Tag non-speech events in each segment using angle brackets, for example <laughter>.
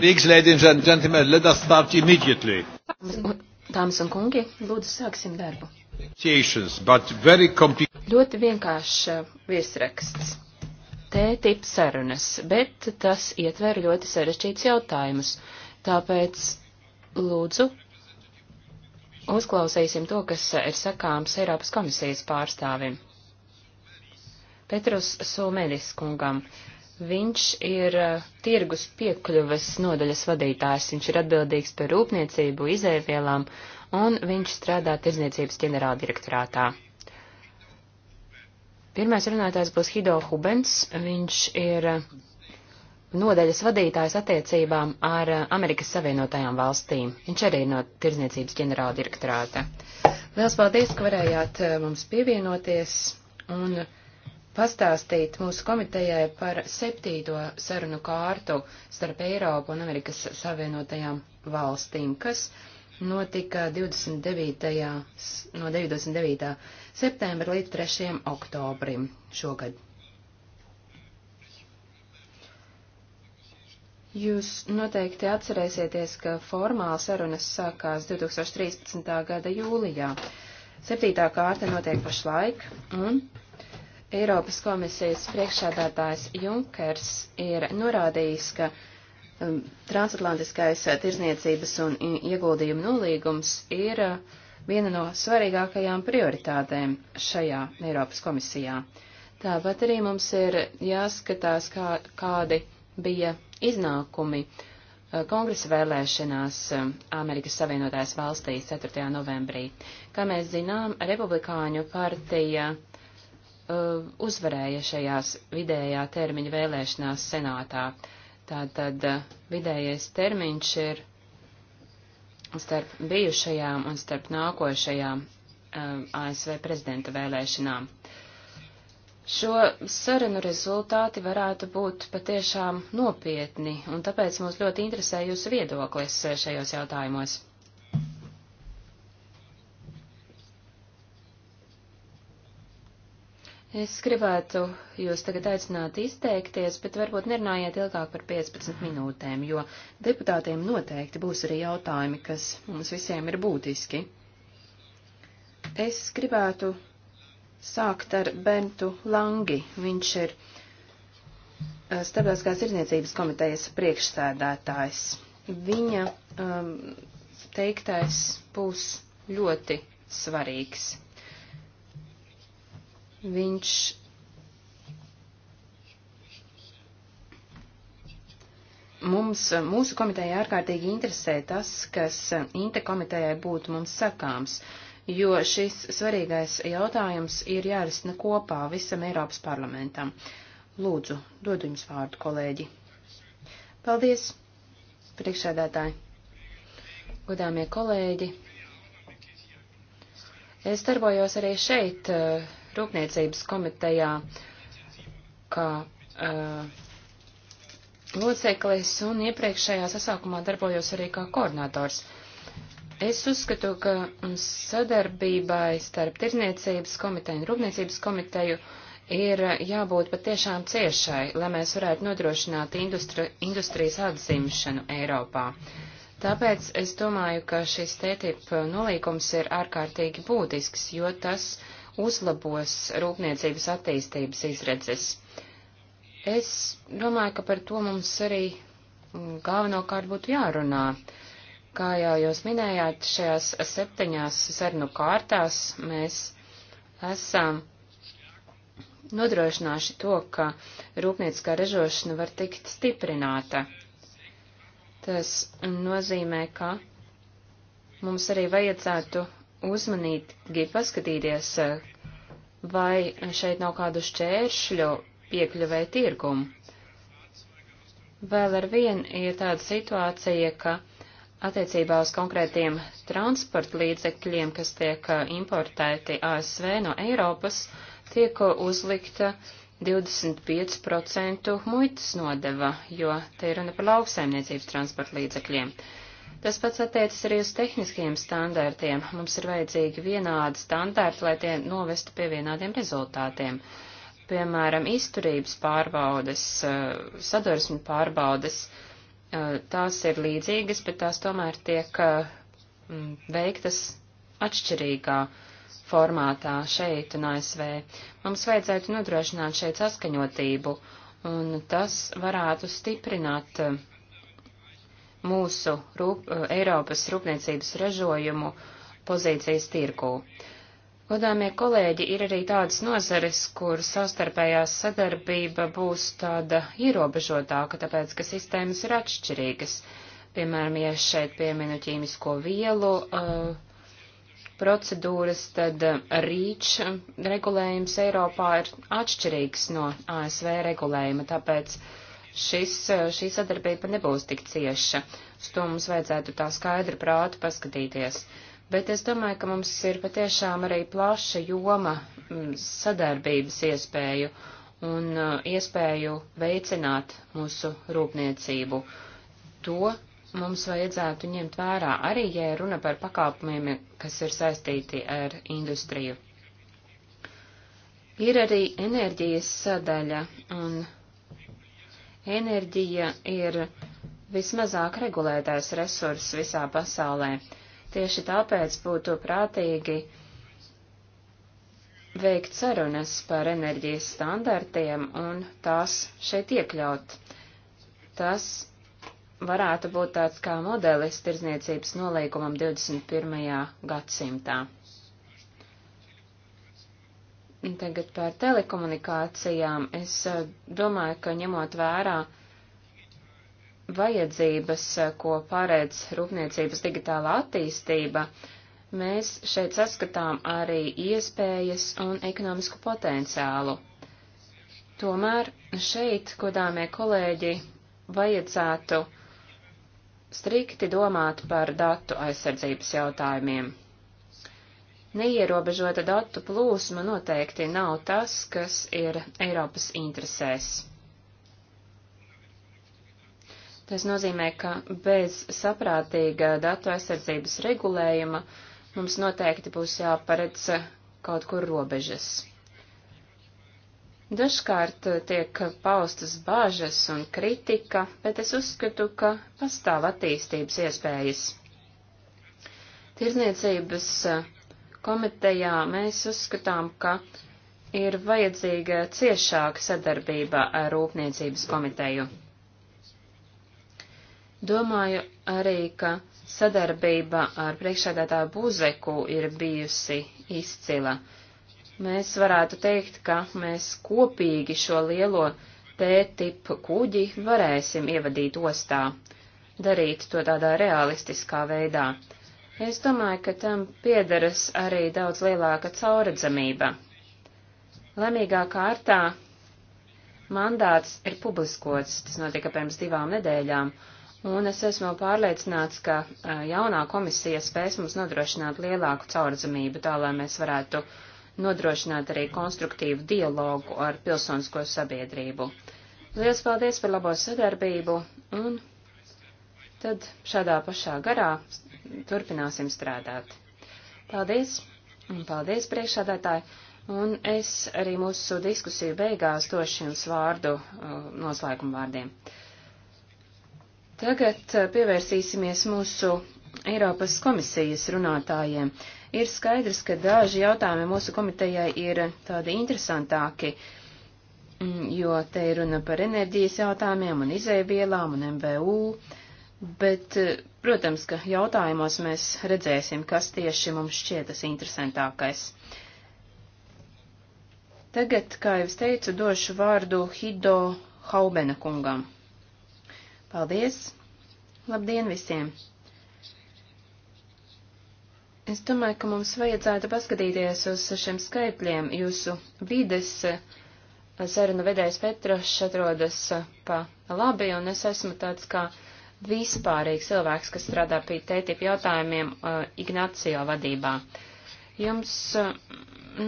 Colleagues, ladies and gentlemen, let us start immediately. Dāmas un kungi, lūdzu sāksim darbu. Ļoti vienkāršs uh, viesraksts. T-tip sarunas, bet tas ietver ļoti sarežģīts jautājumus. Tāpēc lūdzu uzklausīsim to, kas uh, ir sakāms Eiropas komisijas pārstāvim. Petrus Sulmedis kungam. Uh, Viņš ir uh, tirgus piekļuves nodaļas vadītājs, viņš ir atbildīgs par rūpniecību, izēvielām, un viņš strādā tirdzniecības ģenerāldirektorātā. Pirmais runātājs būs Hido Hubens, viņš ir uh, nodaļas vadītājs attiecībām ar uh, Amerikas Savienotajām valstīm. Viņš arī ir no tirdzniecības ģenerāldirektorāta. Liels paldies, ka varējāt mums pievienoties, un pastāstīt mūsu komitejai par septīto sarunu kārtu starp Eiropu un Amerikas Savienotajām valstīm, kas notika 29. no 29. septembra līdz 3. oktobrim šogad. Jūs noteikti atcerēsieties, ka formāli sarunas sākās 2013. gada jūlijā. Septītā kārta notiek pašlaik, un Eiropas komisijas priekšsādātājs Junkers ir norādījis, ka um, transatlantiskais uh, tirzniecības un ieguldījuma nolīgums ir uh, viena no svarīgākajām prioritātēm šajā Eiropas komisijā. Tāpat arī mums ir jāskatās, kā, kādi bija iznākumi uh, kongresa vēlēšanās uh, Amerikas Savienotās valstīs 4. novembrī. Kā mēs zinām, republikāņu partija uh, Uh, uzvarēja šajās vidējā termiņa vēlēšanās senātā. Tātad uh, vidējais termiņš ir starp bijušajām un starp nākošajām um, uh, ASV prezidenta vēlēšanām. Šo sarunu rezultāti varētu būt patiešām nopietni, un tāpēc mūs ļoti interesē jūsu viedoklis šajos jautājumos. Es gribētu jūs tagad aicināt izteikties, bet varbūt nerunājiet ilgāk par 15 minūtēm, jo deputātiem noteikti būs arī jautājumi, kas mums visiem ir būtiski. Es gribētu sākt ar Bentu Langi. Viņš ir eh, Starptautiskās tirdzniecības komitejas priekšsēdētājs. Viņa um, teiktais būs ļoti svarīgs. Viņš mums, mūsu komitejai ārkārtīgi interesē tas, kas Inte komitejai būtu mums sakāms, jo šis svarīgais jautājums ir jārisina kopā visam Eiropas parlamentam. Lūdzu, dodu jums vārdu, kolēģi. Paldies, priekšsēdētāji. Godāmie kolēģi. Es darbojos arī šeit, Rūpniecības komitejā kā uh, eh, loceklis un iepriekšējā sasākumā darbojos arī kā koordinators. Es uzskatu, ka sadarbībai starp Tirzniecības komiteju un Rūpniecības komiteju ir eh, jābūt patiešām ciešai, lai mēs varētu nodrošināt industri, industrijas atzimšanu Eiropā. Tāpēc es domāju, ka šis TTIP nolīkums ir ārkārtīgi būtisks, jo tas uh, uzlabos rūpniecības attīstības izredzes. Es domāju, ka par to mums arī mm, galvenokārt būtu jārunā. Kā jau jūs minējāt, šajās septiņās sarunu kārtās mēs esam nodrošinājuši to, ka rūpnieciskā ražošana var tikt stiprināta. Tas nozīmē, ka mums arī vajadzētu uzmanīgi paskatīties, vai šeit nav kādu šķēršļu piekļuvē tirgumu. Vēl ar vienu ir tāda situācija, ka attiecībā uz konkrētiem transporta līdzekļiem, kas tiek uh, importēti ASV no Eiropas, tiek uzlikta 25% muitas nodeva, jo te ir runa par lauksaimniecības transporta līdzekļiem. Uh, Tas pats attiecas arī uz tehniskajiem standartiem. Mums ir vajadzīgi vienādi standarti, lai tie novestu pie vienādiem rezultātiem. Piemēram, izturības pārbaudes, eh, sadursmi pārbaudes, eh, tās ir līdzīgas, bet tās tomēr tiek eh, veiktas atšķirīgā formātā šeit un ASV. Mums vajadzētu nodrošināt šeit saskaņotību, un tas varētu stiprināt uh, mūsu rūp, eh, Eiropas rūpniecības ražojumu pozīcijas tirgū. Godāmie kolēģi, ir arī tādas nozares, kur savstarpējā sadarbība būs tāda ierobežotāka, tāpēc, ka sistēmas ir atšķirīgas. Piemēram, ja šeit pieminu ķīmisko vielu uh, procedūras, tad eh, rīč regulējums Eiropā ir atšķirīgs no ASV regulējuma, tāpēc uh, šis, eh, šī sadarbība nebūs tik cieša. Uz to mums vajadzētu tā skaidri prātu paskatīties. Bet es domāju, ka mums ir patiešām arī plaša joma mm, sadarbības iespēju un eh, iespēju veicināt mūsu rūpniecību. To mums vajadzētu ņemt vērā arī, ja runa par pakalpojumiem, kas ir saistīti ar industriju. Ir arī enerģijas sadaļa, un Enerģija ir vismazāk regulētais resurss visā pasaulē. Tieši tāpēc būtu prātīgi veikt sarunas par enerģijas standartiem un tās šeit iekļaut. Tas varētu būt tāds kā modelis tirzniecības nolīgumam 21. gadsimtā. Tagad par telekomunikācijām. Es eh, domāju, ka ņemot vērā vajadzības, eh, ko paredz rūpniecības digitāla attīstība, mēs šeit saskatām arī iespējas un ekonomisku potenciālu. Tomēr šeit, godāmie kolēģi, vajadzētu strikti domāt par datu aizsardzības jautājumiem. Neierobežota datu plūsma noteikti nav tas, kas ir Eiropas interesēs. Tas nozīmē, ka bez saprātīga datu aizsardzības regulējuma mums noteikti būs jāparedz kaut kur robežas. Dažkārt tiek paustas bāžas un kritika, bet es uzskatu, ka pastāv attīstības iespējas. Tirzniecības komitejā mēs uzskatām, ka ir vajadzīga ciešāka sadarbība ar Rūpniecības komiteju. Domāju arī, ka sadarbība ar priekšādātāju Buzeku ir bijusi izcila. Mēs varētu teikt, ka mēs kopīgi šo lielo T-tipu kuģi varēsim ievadīt ostā, darīt to tādā realistiskā veidā. Es domāju, ka tam piederas arī daudz lielāka cauredzamība. Lemīgā kārtā mandāts ir publiskots, tas notika pirms divām nedēļām, un es esmu pārliecināts, ka jaunā komisija spēs mums nodrošināt lielāku caurdzamību, tā lai mēs varētu nodrošināt arī konstruktīvu dialogu ar pilsonsko sabiedrību. Lielas paldies par labo sadarbību, un tad šādā pašā garā turpināsim strādāt. Paldies, un paldies priekšādātāji, un es arī mūsu diskusiju beigās došu jums vārdu uh, noslēguma vārdiem. Tagad uh, pievērsīsimies mūsu Eiropas komisijas runātājiem. Ir skaidrs, ka daži jautājumi mūsu komitejai ir tādi interesantāki, mm, jo te ir runa par enerģijas jautājumiem un izēvielām un MVU, bet uh, Protams, ka jautājumos mēs redzēsim, kas tieši mums šķiet tas interesantākais. Tagad, kā jau es teicu, došu vārdu Hido Haubena kungam. Paldies! Labdien visiem! Es domāju, ka mums vajadzētu paskatīties uz šiem skaitļiem. Jūsu vides sarunu vedējs Petrošs atrodas pa labi, un es esmu tāds kā. Ka vispārīgs cilvēks, kas strādā pie tētip jautājumiem uh, Ignacio vadībā. Jums uh,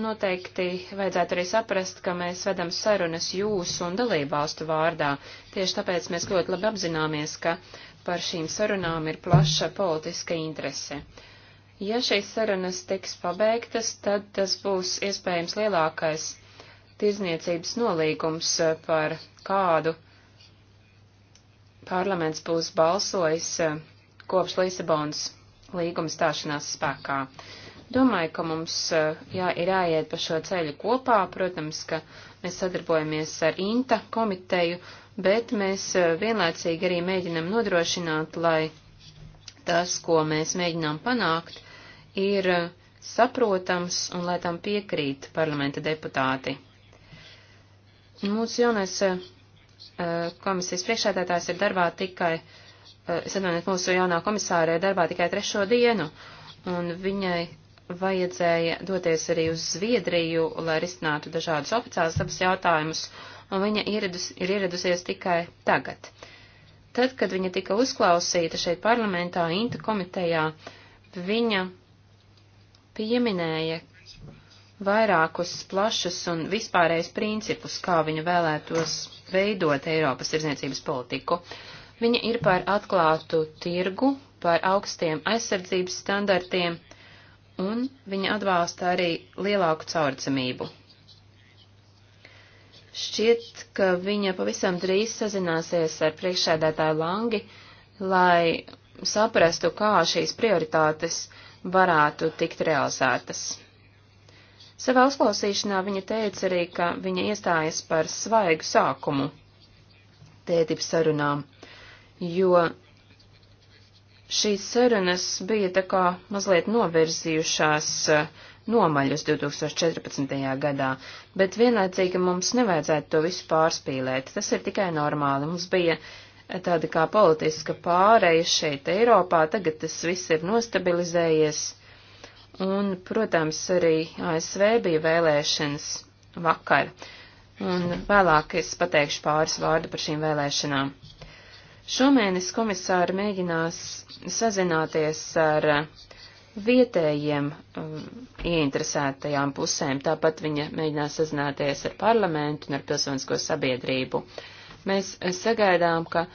noteikti vajadzētu arī saprast, ka mēs vedam sarunas jūsu un dalībvalstu vārdā. Tieši tāpēc mēs ļoti labi apzināmies, ka par šīm sarunām ir plaša politiska interese. Ja šīs sarunas tiks pabeigtas, tad tas būs iespējams lielākais tirzniecības nolīgums uh, par kādu parlaments būs balsojis eh, kopš Lisabonas līguma stāšanās spēkā. Domāju, ka mums eh, jā, ir jāiet pa šo ceļu kopā. Protams, ka mēs sadarbojamies ar INTA komiteju, bet mēs eh, vienlaicīgi arī mēģinam nodrošināt, lai tas, ko mēs mēģinām panākt, ir saprotams un lai tam piekrīt parlamenta deputāti. Mūsu jaunais Eh, komisijas priekšsēdētājs ir darbā tikai, eh, es atvainojos, mūsu jaunā komisāra ir darbā tikai trešo dienu, un viņai vajadzēja doties arī uz Zviedriju, lai risinātu dažādus oficiālus dabas jautājumus, un viņa ieradus, ir ieradusies tikai tagad. Tad, kad viņa tika uzklausīta šeit parlamentā, Inta komitejā, viņa pieminēja vairākus plašus un vispārējus principus, kā viņa vēlētos veidot Eiropas tirzniecības politiku. Viņa ir par atklātu tirgu, par augstiem aizsardzības standartiem, un viņa atbalsta arī lielāku caurdzamību. Šķiet, ka viņa pavisam drīz sazināsies ar priekšsēdētāju Langi, lai saprastu, kā šīs prioritātes varētu tikt realizētas. Savā uzklausīšanā viņa teica arī, ka viņa iestājas par svaigu sākumu tētipu sarunām, jo šīs sarunas bija tā kā mazliet novirzījušās eh, nomaļus 2014. gadā, bet vienlaicīgi mums nevajadzētu to visu pārspīlēt. Tas ir tikai normāli. Mums bija tāda kā politiska pāreja šeit Eiropā, tagad tas viss ir nostabilizējies. Un, protams, arī ASV bija vēlēšanas vakar. Un vēlāk es pateikšu pāris vārdu par šīm vēlēšanām. Šomēnes komisāri mēģinās sazināties ar vietējiem um, ieinteresētajām pusēm, tāpat viņa mēģinās sazināties ar parlamentu un ar pilsonisko sabiedrību. Mēs sagaidām, ka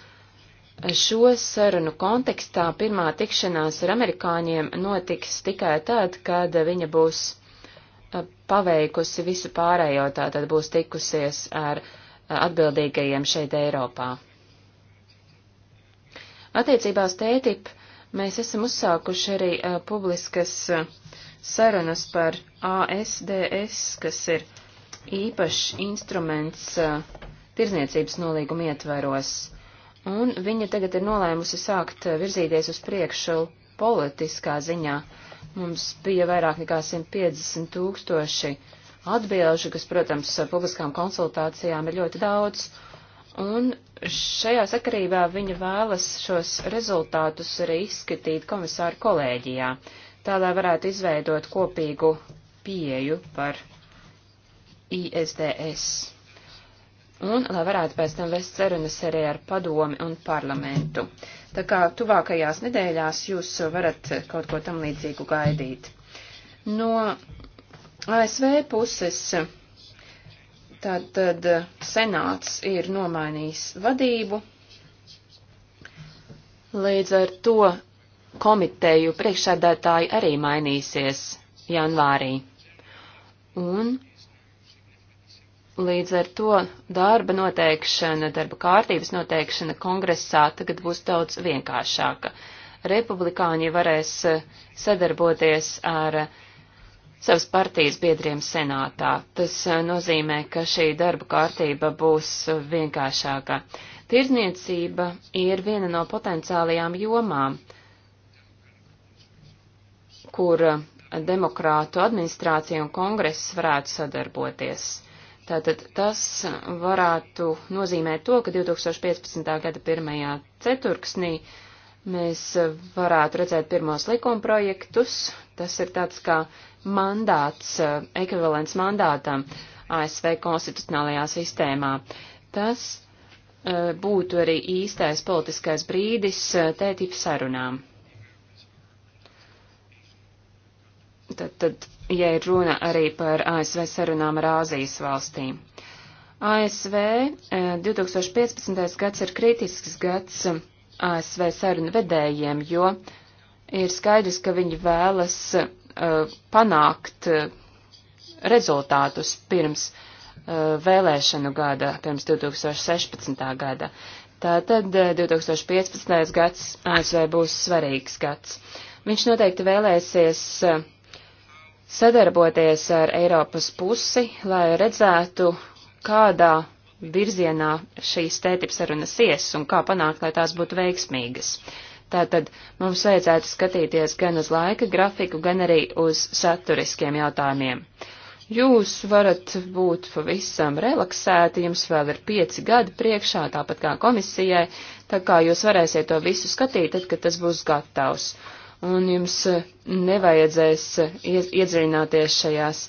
Šo sarunu kontekstā pirmā tikšanās ar amerikāņiem notiks tikai tad, kad viņa būs eh, paveikusi visu pārējo, tātad būs tikusies ar eh, atbildīgajiem šeit Eiropā. Attiecībās tētip mēs esam uzsākuši arī uh, publiskas uh, sarunas par ASDS, kas ir īpašs instruments uh, tirzniecības nolīguma ietveros un viņa tagad ir nolēmusi sākt eh, virzīties uz priekšu politiskā ziņā. Mums bija vairāk nekā 150 tūkstoši atbilžu, kas, protams, publiskām konsultācijām ir ļoti daudz, un šajā sakarībā viņa vēlas šos rezultātus arī izskatīt komisāru kolēģijā, tā lai varētu izveidot kopīgu pieju par ISDS un lai varētu pēc tam vest sarunas arī ar padomi un parlamentu. Tā kā tuvākajās nedēļās jūs varat kaut ko tam līdzīgu gaidīt. No ASV puses tātad senāts ir nomainījis vadību, līdz ar to komiteju priekšsēdētāji arī mainīsies janvārī. Un Līdz ar to darba noteikšana, darba kārtības noteikšana kongresā tagad būs daudz vienkāršāka. Republikāņi varēs eh, sadarboties ar eh, savas partijas biedriem senātā. Tas eh, nozīmē, ka šī darba kārtība būs vienkāršāka. Tirzniecība ir viena no potenciālajām jomām, kur demokrātu administrācija un kongress varētu sadarboties. Tātad tas varētu nozīmēt to, ka 2015. gada pirmajā ceturksnī mēs varētu redzēt pirmos likumprojektus. Tas ir tāds kā mandāts, ekvivalents mandātam ASV konstitucionālajā sistēmā. Tas e, būtu arī īstais politiskais brīdis e, tētību sarunām. Tad, tad ja ir runa arī par ASV sarunām ar Āzijas valstīm. ASV 2015. Eh, gads ir kritisks gads eh, ASV sarunu vedējiem, jo ir skaidrs, ka viņi vēlas uh, panākt uh, rezultātus pirms uh, vēlēšanu gada, pirms 2016. gada. Tātad 2015. gads ASV būs svarīgs gads. Viņš noteikti vēlēsies uh, sadarboties ar Eiropas pusi, lai redzētu, kādā virzienā šīs tētips sarunas ies un kā panākt, lai tās būtu veiksmīgas. Tātad mums vajadzētu skatīties gan uz laika grafiku, gan arī uz saturiskiem jautājumiem. Jūs varat būt pavisam relaksēti, jums vēl ir pieci gadi priekšā, tāpat kā komisijai, tā kā jūs varēsiet to visu skatīt, tad, kad tas būs gatavs un jums e, nevajadzēs e, iedziļināties šajās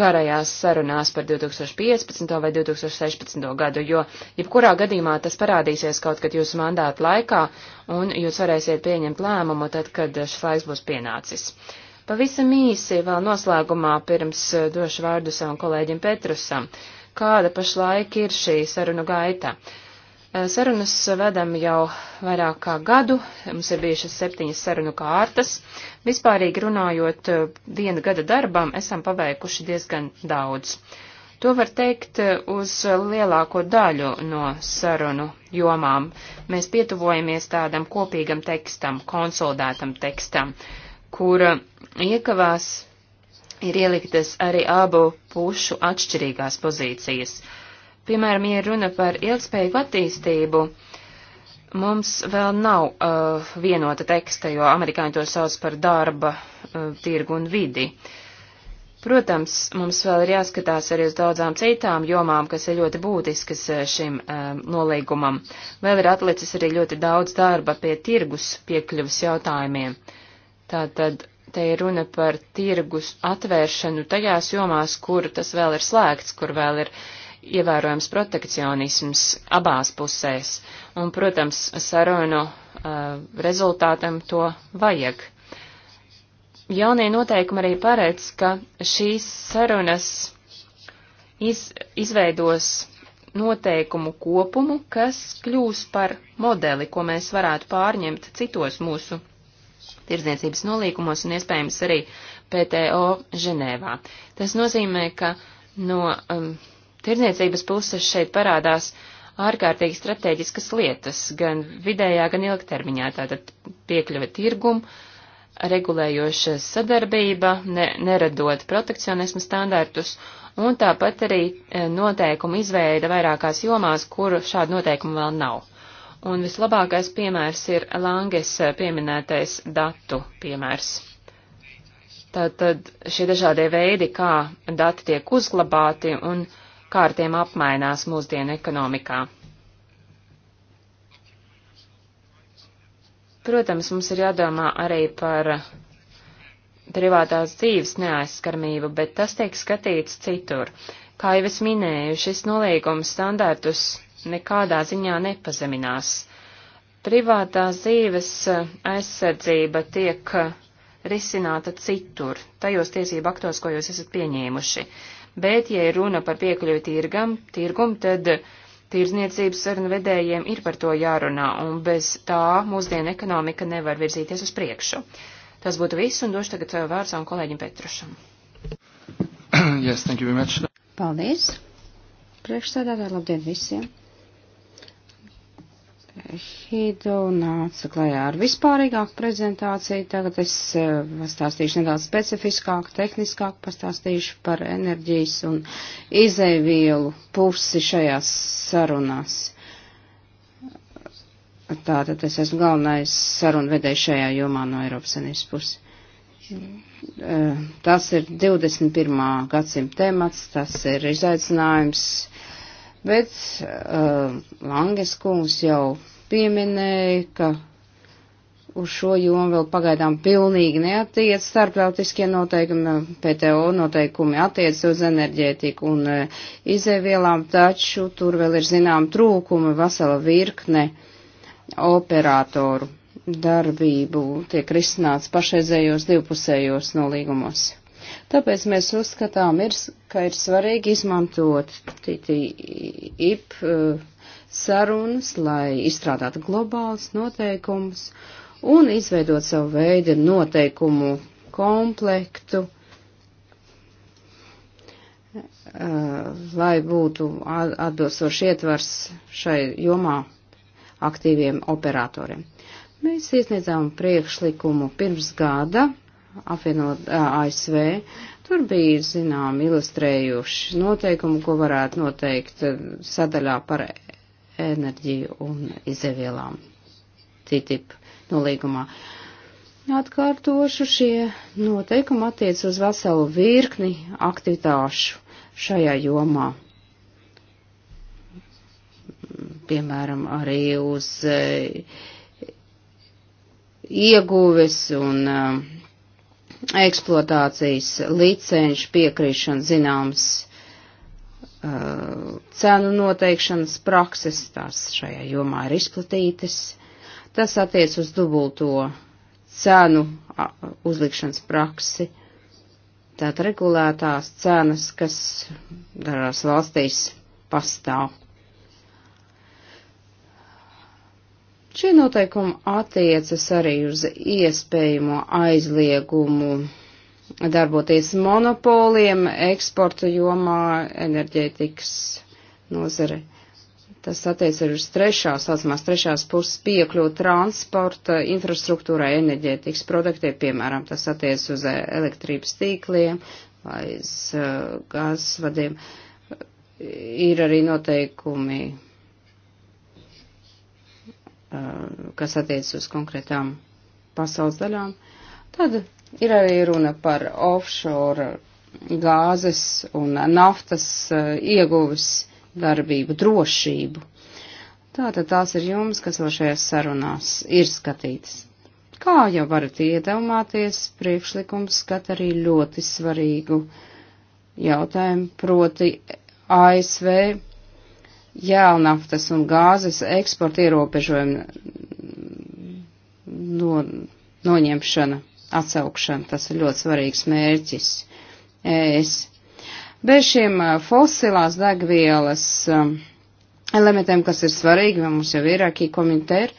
garajās sarunās par 2015. vai 2016. gadu, jo jebkurā gadījumā tas parādīsies kaut kad jūsu mandāta laikā, un jūs varēsiet pieņemt lēmumu tad, kad šis laiks būs pienācis. Pavisam īsi vēl noslēgumā pirms e, došu vārdu savam kolēģim Petrusam. Kāda pašlaik ir šī sarunu gaita? Uh, Eh, sarunas vedam jau vairāk kā gadu, mums ir bijušas septiņas sarunu kārtas. Vispārīgi runājot, eh, viena gada darbam esam paveikuši diezgan daudz. To var teikt eh, uz lielāko daļu no sarunu jomām. Mēs pietuvojamies tādam kopīgam tekstam, konsolidētam tekstam, kura iekavās ir ieliktas arī abu pušu atšķirīgās pozīcijas. Uh, Piemēram, ja runa par ilgspējīgu attīstību, mums vēl nav uh, vienota teksta, jo amerikāņi to sauc par darba, uh, tirgu un vidi. Protams, mums vēl ir jāskatās arī uz daudzām citām jomām, kas ir ļoti būtiskas uh, šim um, nolīgumam. Vēl ir atlicis arī ļoti daudz darba pie tirgus piekļuvas jautājumiem. Tātad te ir runa par tirgus atvēršanu tajās jomās, kur tas vēl ir slēgts, kur vēl ir uh, ievērojams protekcionisms abās pusēs, un, protams, sarunu uh, rezultātam to vajag. Jaunie noteikumi arī paredz, ka šīs sarunas iz, izveidos noteikumu kopumu, kas kļūs par modeli, ko mēs varētu pārņemt citos mūsu tirdzniecības nolīkumos un iespējams arī PTO Ženēvā. Tas nozīmē, ka no um, tirniecības puses šeit parādās ārkārtīgi strateģiskas lietas, gan vidējā, gan ilgtermiņā, tātad piekļuve tirgum, regulējoša sadarbība, ne, neradot protekcionismu standartus, un tāpat arī e, noteikumu izveida vairākās jomās, kur šādu noteikumu vēl nav. Un vislabākais piemērs ir Langes pieminētais datu piemērs. Tātad šie dažādie veidi, kā dati tiek uzglabāti un kā ar tiem apmainās mūsdienu ekonomikā. Protams, mums ir jādomā arī par privātās dzīves neaizskarmību, bet tas tiek skatīts citur. Kā jau es minēju, šis nolīgums standartus nekādā ziņā nepazeminās. Privātās dzīves aizsardzība tiek risināta citur, tajos tiesību aktos, ko jūs esat pieņēmuši bet, ja runa par piekļuvi tirgam, tirgum, tad tirzniecības sarunvedējiem ir par to jārunā, un bez tā mūsdienu ekonomika nevar virzīties uz priekšu. Tas būtu viss, un došu tagad vārdu savam kolēģim Petrušam. Yes, thank you very much. Paldies. Priekšsēdētāji, labdien visiem. Hido nāca klajā ar vispārīgāku prezentāciju, tagad es eh, pastāstīšu nedaudz specifiskāk, tehniskāk, pastāstīšu par enerģijas un izēvielu pusi šajās sarunās. Tātad es esmu galvenais sarunvedējs šajā jomā no Eiropas Sanības puses. Eh, tas ir 21. gadsimta temats, tas ir izaicinājums, bet uh, Langes kungs jau pieminēja, ka uz šo jomu vēl pagaidām pilnīgi neatiec starptautiskie noteikumi, PTO noteikumi attiec uz enerģētiku un izēvielām, taču tur vēl ir zinām trūkumi vesela virkne operatoru darbību tiek risināts pašreizējos divpusējos nolīgumos. Tāpēc mēs uzskatām, ir, ka ir svarīgi izmantot TTIP. Uh, sarunas, lai izstrādātu globālus noteikumus un izveidot savu veidu noteikumu komplektu, eh, lai būtu atbilstoši ietvars šai jomā aktīviem operatoriem. Mēs iesniedzām priekšlikumu pirms gada apvienot eh, ASV. Tur bija, zinām, ilustrējuši noteikumu, ko varētu noteikt eh, sadaļā par enerģiju un izēvielām TTIP nolīgumā. Atkārtošu šie noteikumi attiec uz veselu virkni aktivitāšu šajā jomā. Piemēram, arī uz eh, ieguves un eh, eksploatācijas licenšu piekrišanu zināms cenu noteikšanas prakses, tās šajā jomā ir izplatītas. Tas attiec uz dubulto cenu uzlikšanas praksi. Tātad regulētās cenas, kas dažās valstīs pastāv. Šie noteikumi attiecas arī uz iespējamo aizliegumu darboties monopoliem, eksporta jomā, enerģētikas nozare. Tas attiec arī uz trešās, saucamās trešās puses piekļūt transporta, infrastruktūrai, enerģētikas produktiem, piemēram, tas attiec uz e, elektrības tīkliem vai uz uh, e, gāzes vadiem. Ir arī noteikumi, uh, kas attiec uz konkrētām pasaules daļām. Tad Ir arī runa par offshore gāzes un naftas eh, ieguvis darbību, drošību. Tātad tās ir jums, kas vēl šajās sarunās ir skatītas. Kā jau varat iedomāties, priekšlikums skat arī ļoti svarīgu jautājumu, proti ASV jēlnaftas un gāzes eksporta ierobežojumu no, noņemšana atsaukšana. Tas ir ļoti svarīgs mērķis. Es. Bez šiem fosilās degvielas elementiem, kas ir svarīgi, mums jau ir akī komentēri,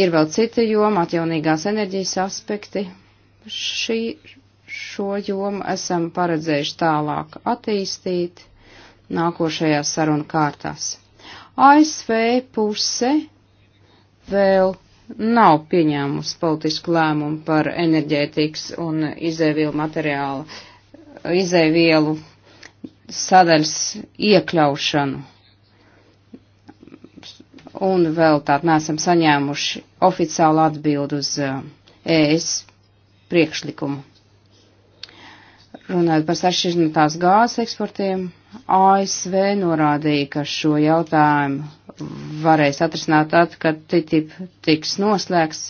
ir vēl cita joma, atjaunīgās enerģijas aspekti. Šī, šo jomu esam paredzējuši tālāk attīstīt nākošajās sarunu kārtās. ASV puse vēl nav pieņēmusi politisku lēmumu par enerģētikas un izēvielu materiālu, izēvielu sadaļas iekļaušanu. Un vēl tādu nesam saņēmuši oficiālu atbildu uz uh, ES priekšlikumu. Runājot par sašķirnotās gāzes eksportiem, ASV norādīja, ka šo jautājumu varēs atrisināt tad, kad TTIP tiks noslēgts,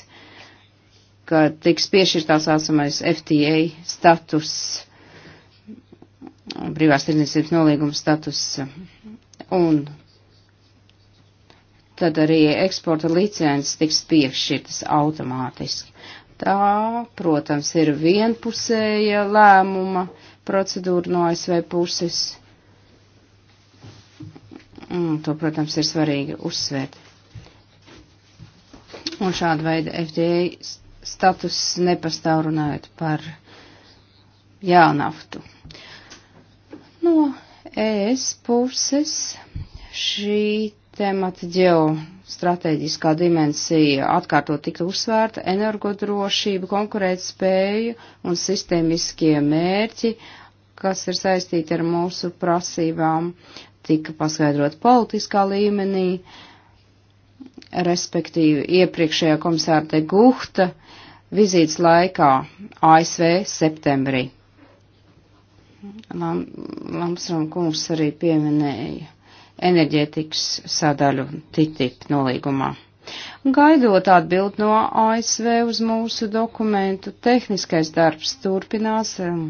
kad tiks piešķirtās āsamais FTA status, brīvās tirdzniecības nolīguma status, un tad arī eksporta licences tiks piešķirtas automātiski. Tā, protams, ir vienpusēja lēmuma procedūra no ASV puses Un to, protams, ir svarīgi uzsvērt. Un šāda veida FDA status nepastāv runājot par jānaftu. No ES puses šī temata ģeostrateģiskā dimensija atkārtot tika uzsvērta energodrošība, konkurētspēja un sistēmiskie mērķi, kas ir saistīti ar mūsu prasībām tika paskaidrot politiskā līmenī, respektīvi iepriekšējā komisāra te Guhta vizītes laikā ASV septembrī. Lam, Lamsram kungs arī pieminēja enerģētikas sadaļu TTIP nolīgumā. Gaidot atbild no ASV uz mūsu dokumentu, tehniskais darbs turpinās. Um,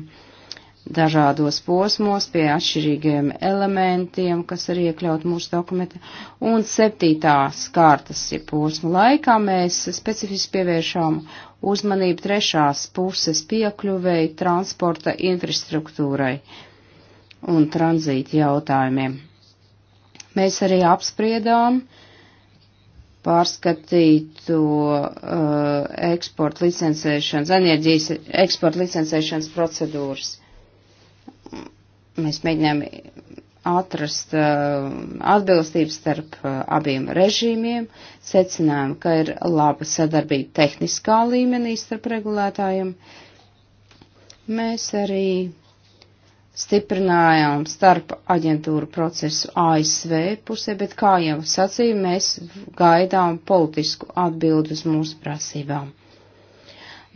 dažādos posmos pie atšķirīgiem elementiem, kas ir iekļaut mūsu dokumentā. Un septītās kārtas ja posma laikā mēs specifiski pievēršām uzmanību trešās puses piekļuvēji transporta infrastruktūrai un tranzīta jautājumiem. Mēs arī apspriedām pārskatītu uh, eksporta licencēšanas, enerģijas eksporta licencēšanas procedūras. Mēs mēģinām atrast uh, atbilstību starp uh, abiem režīmiem, secinājām, ka ir laba sadarbība tehniskā līmenī starp regulētājiem. Mēs arī stiprinājām starp aģentūru procesu ASV pusē, bet, kā jau sacīju, mēs gaidām politisku atbildu uz mūsu prasībām.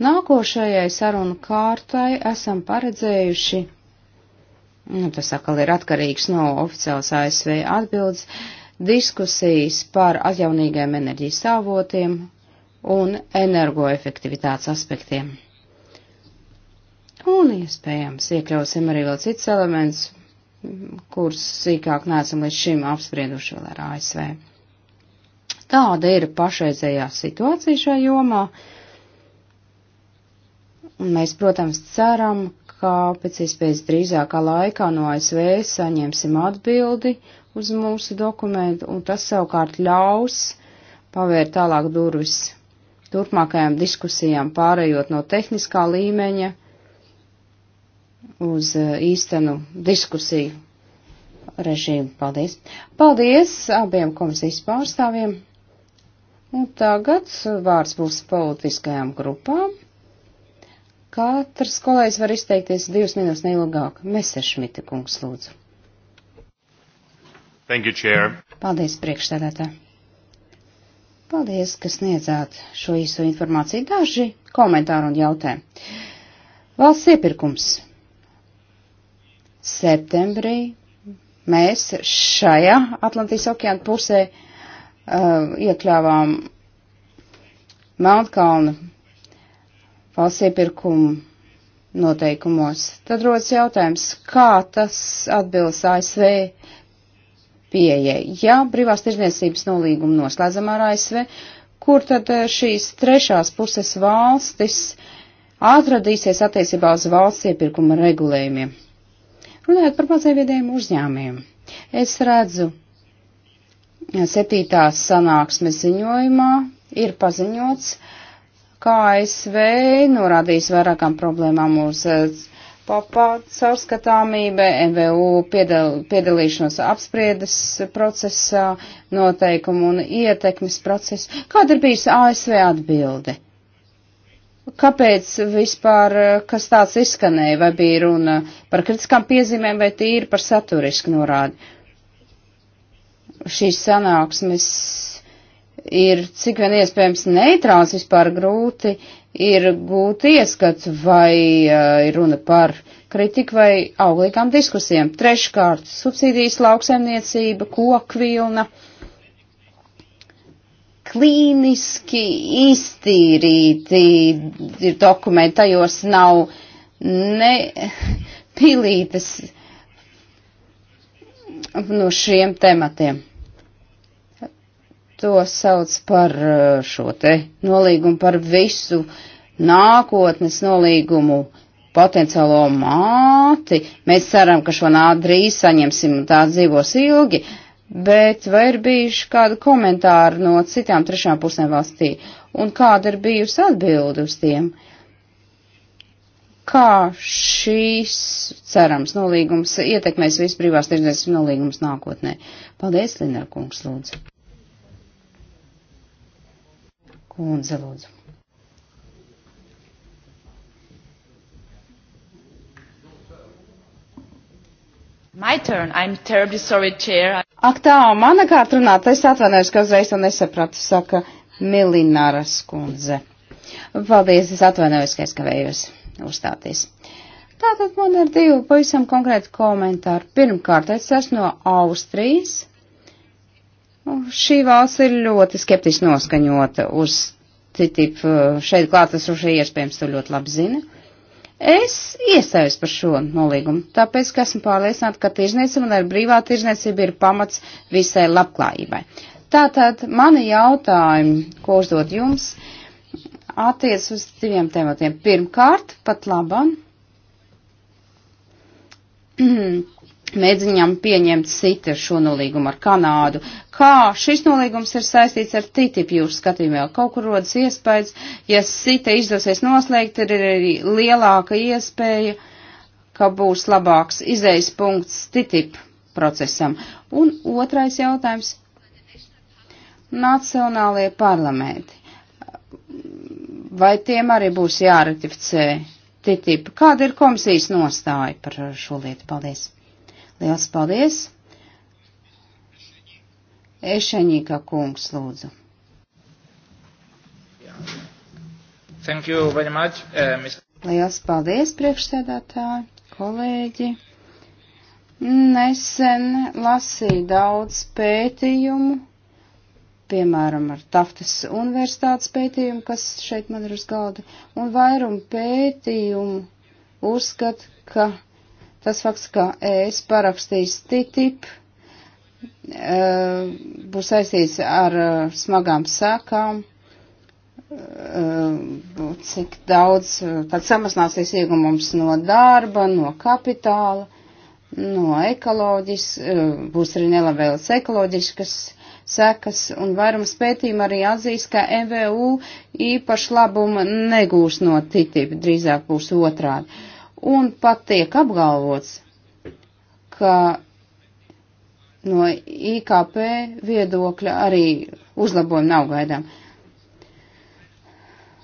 Nākošajai sarunu kārtai esam paredzējuši nu, tas atkal ir atkarīgs no oficiālas ASV atbildes, diskusijas par atjaunīgiem enerģijas avotiem un energoefektivitātes aspektiem. Un iespējams iekļausim arī vēl cits elements, kurus sīkāk neesam līdz šim apsprieduši vēl ar ASV. Tāda ir pašreizējā situācija šajā jomā. Un mēs, protams, ceram, ka pēc iespējas drīzākā laikā no ASV saņemsim atbildi uz mūsu dokumentu, un tas savukārt ļaus pavērt tālāk durvis turpmākajām diskusijām, pārējot no tehniskā līmeņa uz e, īstenu diskusiju režīmu. Paldies! Paldies abiem komisijas pārstāvjiem! Un tagad vārds būs politiskajām grupām. Katrs kolēģis var izteikties divas minūtes neilgāk. Mesešmita kungs, lūdzu. Thank you, Chair. Paldies, priekšstādātā. Paldies, ka sniedzāt šo īso informāciju. Daži komentāri un jautē. Valsts iepirkums. Septembrī mēs šajā Atlantijas okeāna pusē uh, iekļāvām Melnkalnu valsts iepirkumu noteikumos. Tad rodas jautājums, kā tas atbilst ASV pieejai. Ja brīvās tirzniecības nolīgumu noslēdzam ar ASV, kur tad eh, šīs trešās puses valstis atradīsies attiecībā uz valsts iepirkuma regulējumiem? Runājot par mazajiem uzņēmiem, es redzu, septītās sanāksmes ziņojumā ir paziņots, uh, kā ASV norādījis vairākām problēmām uz eh, papā caurskatāmība, MVU piedal, piedalīšanos apspriedes procesā, noteikumu un ietekmes procesu. Kāda ir bijusi ASV atbilde? Kāpēc vispār, eh, kas tāds izskanēja, vai bija runa par kritiskām piezīmēm, vai tīri par saturisku norādi? Šīs sanāksmes ir cik vien iespējams neitrāls vispār grūti ir gūt ieskats, vai uh, ir runa par kritiku vai auglīgām diskusijām. Treškārt, subsīdijas lauksaimniecība, kokvilna, klīniski iztīrīti ir dokumenti, tajos nav ne pilītes no šiem tematiem to sauc par eh, šo te nolīgumu par visu nākotnes nolīgumu potenciālo māti. Mēs ceram, ka šo nādu drīz saņemsim un tā dzīvos ilgi, bet vai ir bijuši kādi komentāri no citām trešām pusēm valstī un kāda ir bijusi atbildi uz tiem? Kā šīs cerams nolīgums ietekmēs visu privās tirdzniecības nolīgums nākotnē? Paldies, Linarkungs, lūdzu. Kundze, lūdzu. My turn. I'm terribly sorry, chair. Ak tā, mana kārt runāt, es atvainojos, ka uzreiz to nesapratu, saka Milināra skundze. Paldies, es atvainojos, ka es kavējos uzstāties. Tātad man ir divi pavisam konkrēti komentāri. Pirmkārt, es esmu no Austrijas Nu, šī valsts ir ļoti skeptiski noskaņota uz TTIP. Eh, šeit klātesošie iespējams to ļoti labi zina. Es iestājos par šo nolīgumu, tāpēc, ka esmu pārliecināta, ka tirzniecība un arī brīvā tirzniecība ir pamats visai labklājībai. Tātad mani jautājumi, ko uzdot jums, attiec uz diviem tematiem. Pirmkārt, pat labam, <clears throat> mēģinām pieņemt sita šo nolīgumu ar Kanādu. Kā šis nolīgums ir saistīts ar TTIP jūsu skatījumā? Kaut kur rodas iespējas, ja sita izdosies noslēgt, ir arī lielāka iespēja, ka būs labāks izējas punkts TTIP procesam. Un otrais jautājums. Nacionālie parlamenti. Vai tiem arī būs jāratificē TTIP? Kāda ir komisijas nostāja par šo lietu? Paldies! Liels paldies! Ešeņīka kungs, lūdzu. Thank you very much, uh, Mr. Liels paldies, priekšsēdētāji, kolēģi. Nesen lasīju daudz pētījumu, piemēram, ar Taftas universitātes pētījumu, kas šeit man ir uz galda, un vairumu pētījumu uzskat, ka Tas fakts, ka es parakstīs TTIP, eh, būs saistīts ar eh, smagām sākām, eh, cik daudz, tad samazināsies iegumums no darba, no kapitāla, no ekoloģis, būs arī nelabvēlas ekoloģiskas sekas, un vairums pētījuma arī atzīst, ka MVU īpaši labumu negūs no TTIP, drīzāk būs otrādi un pat tiek apgalvots, ka no IKP viedokļa arī uzlabojumi nav gaidām.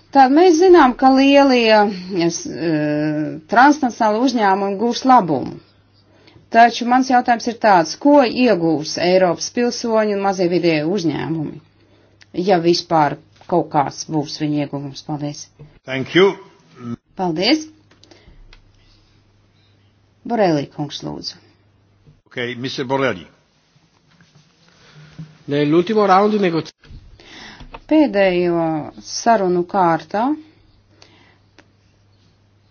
Tātad mēs zinām, ka lielie uh, transnacionāli uzņēmumi gūs labumu. Taču mans jautājums ir tāds, ko iegūs Eiropas pilsoņi un mazie vidēji uzņēmumi, ja vispār kaut kāds būs viņa ieguvums. Paldies! Thank you! Paldies! Borelī kungs lūdzu. Ok, Mr. Borelī. Nell'ultimo round negozi... Pēdējo sarunu kārtā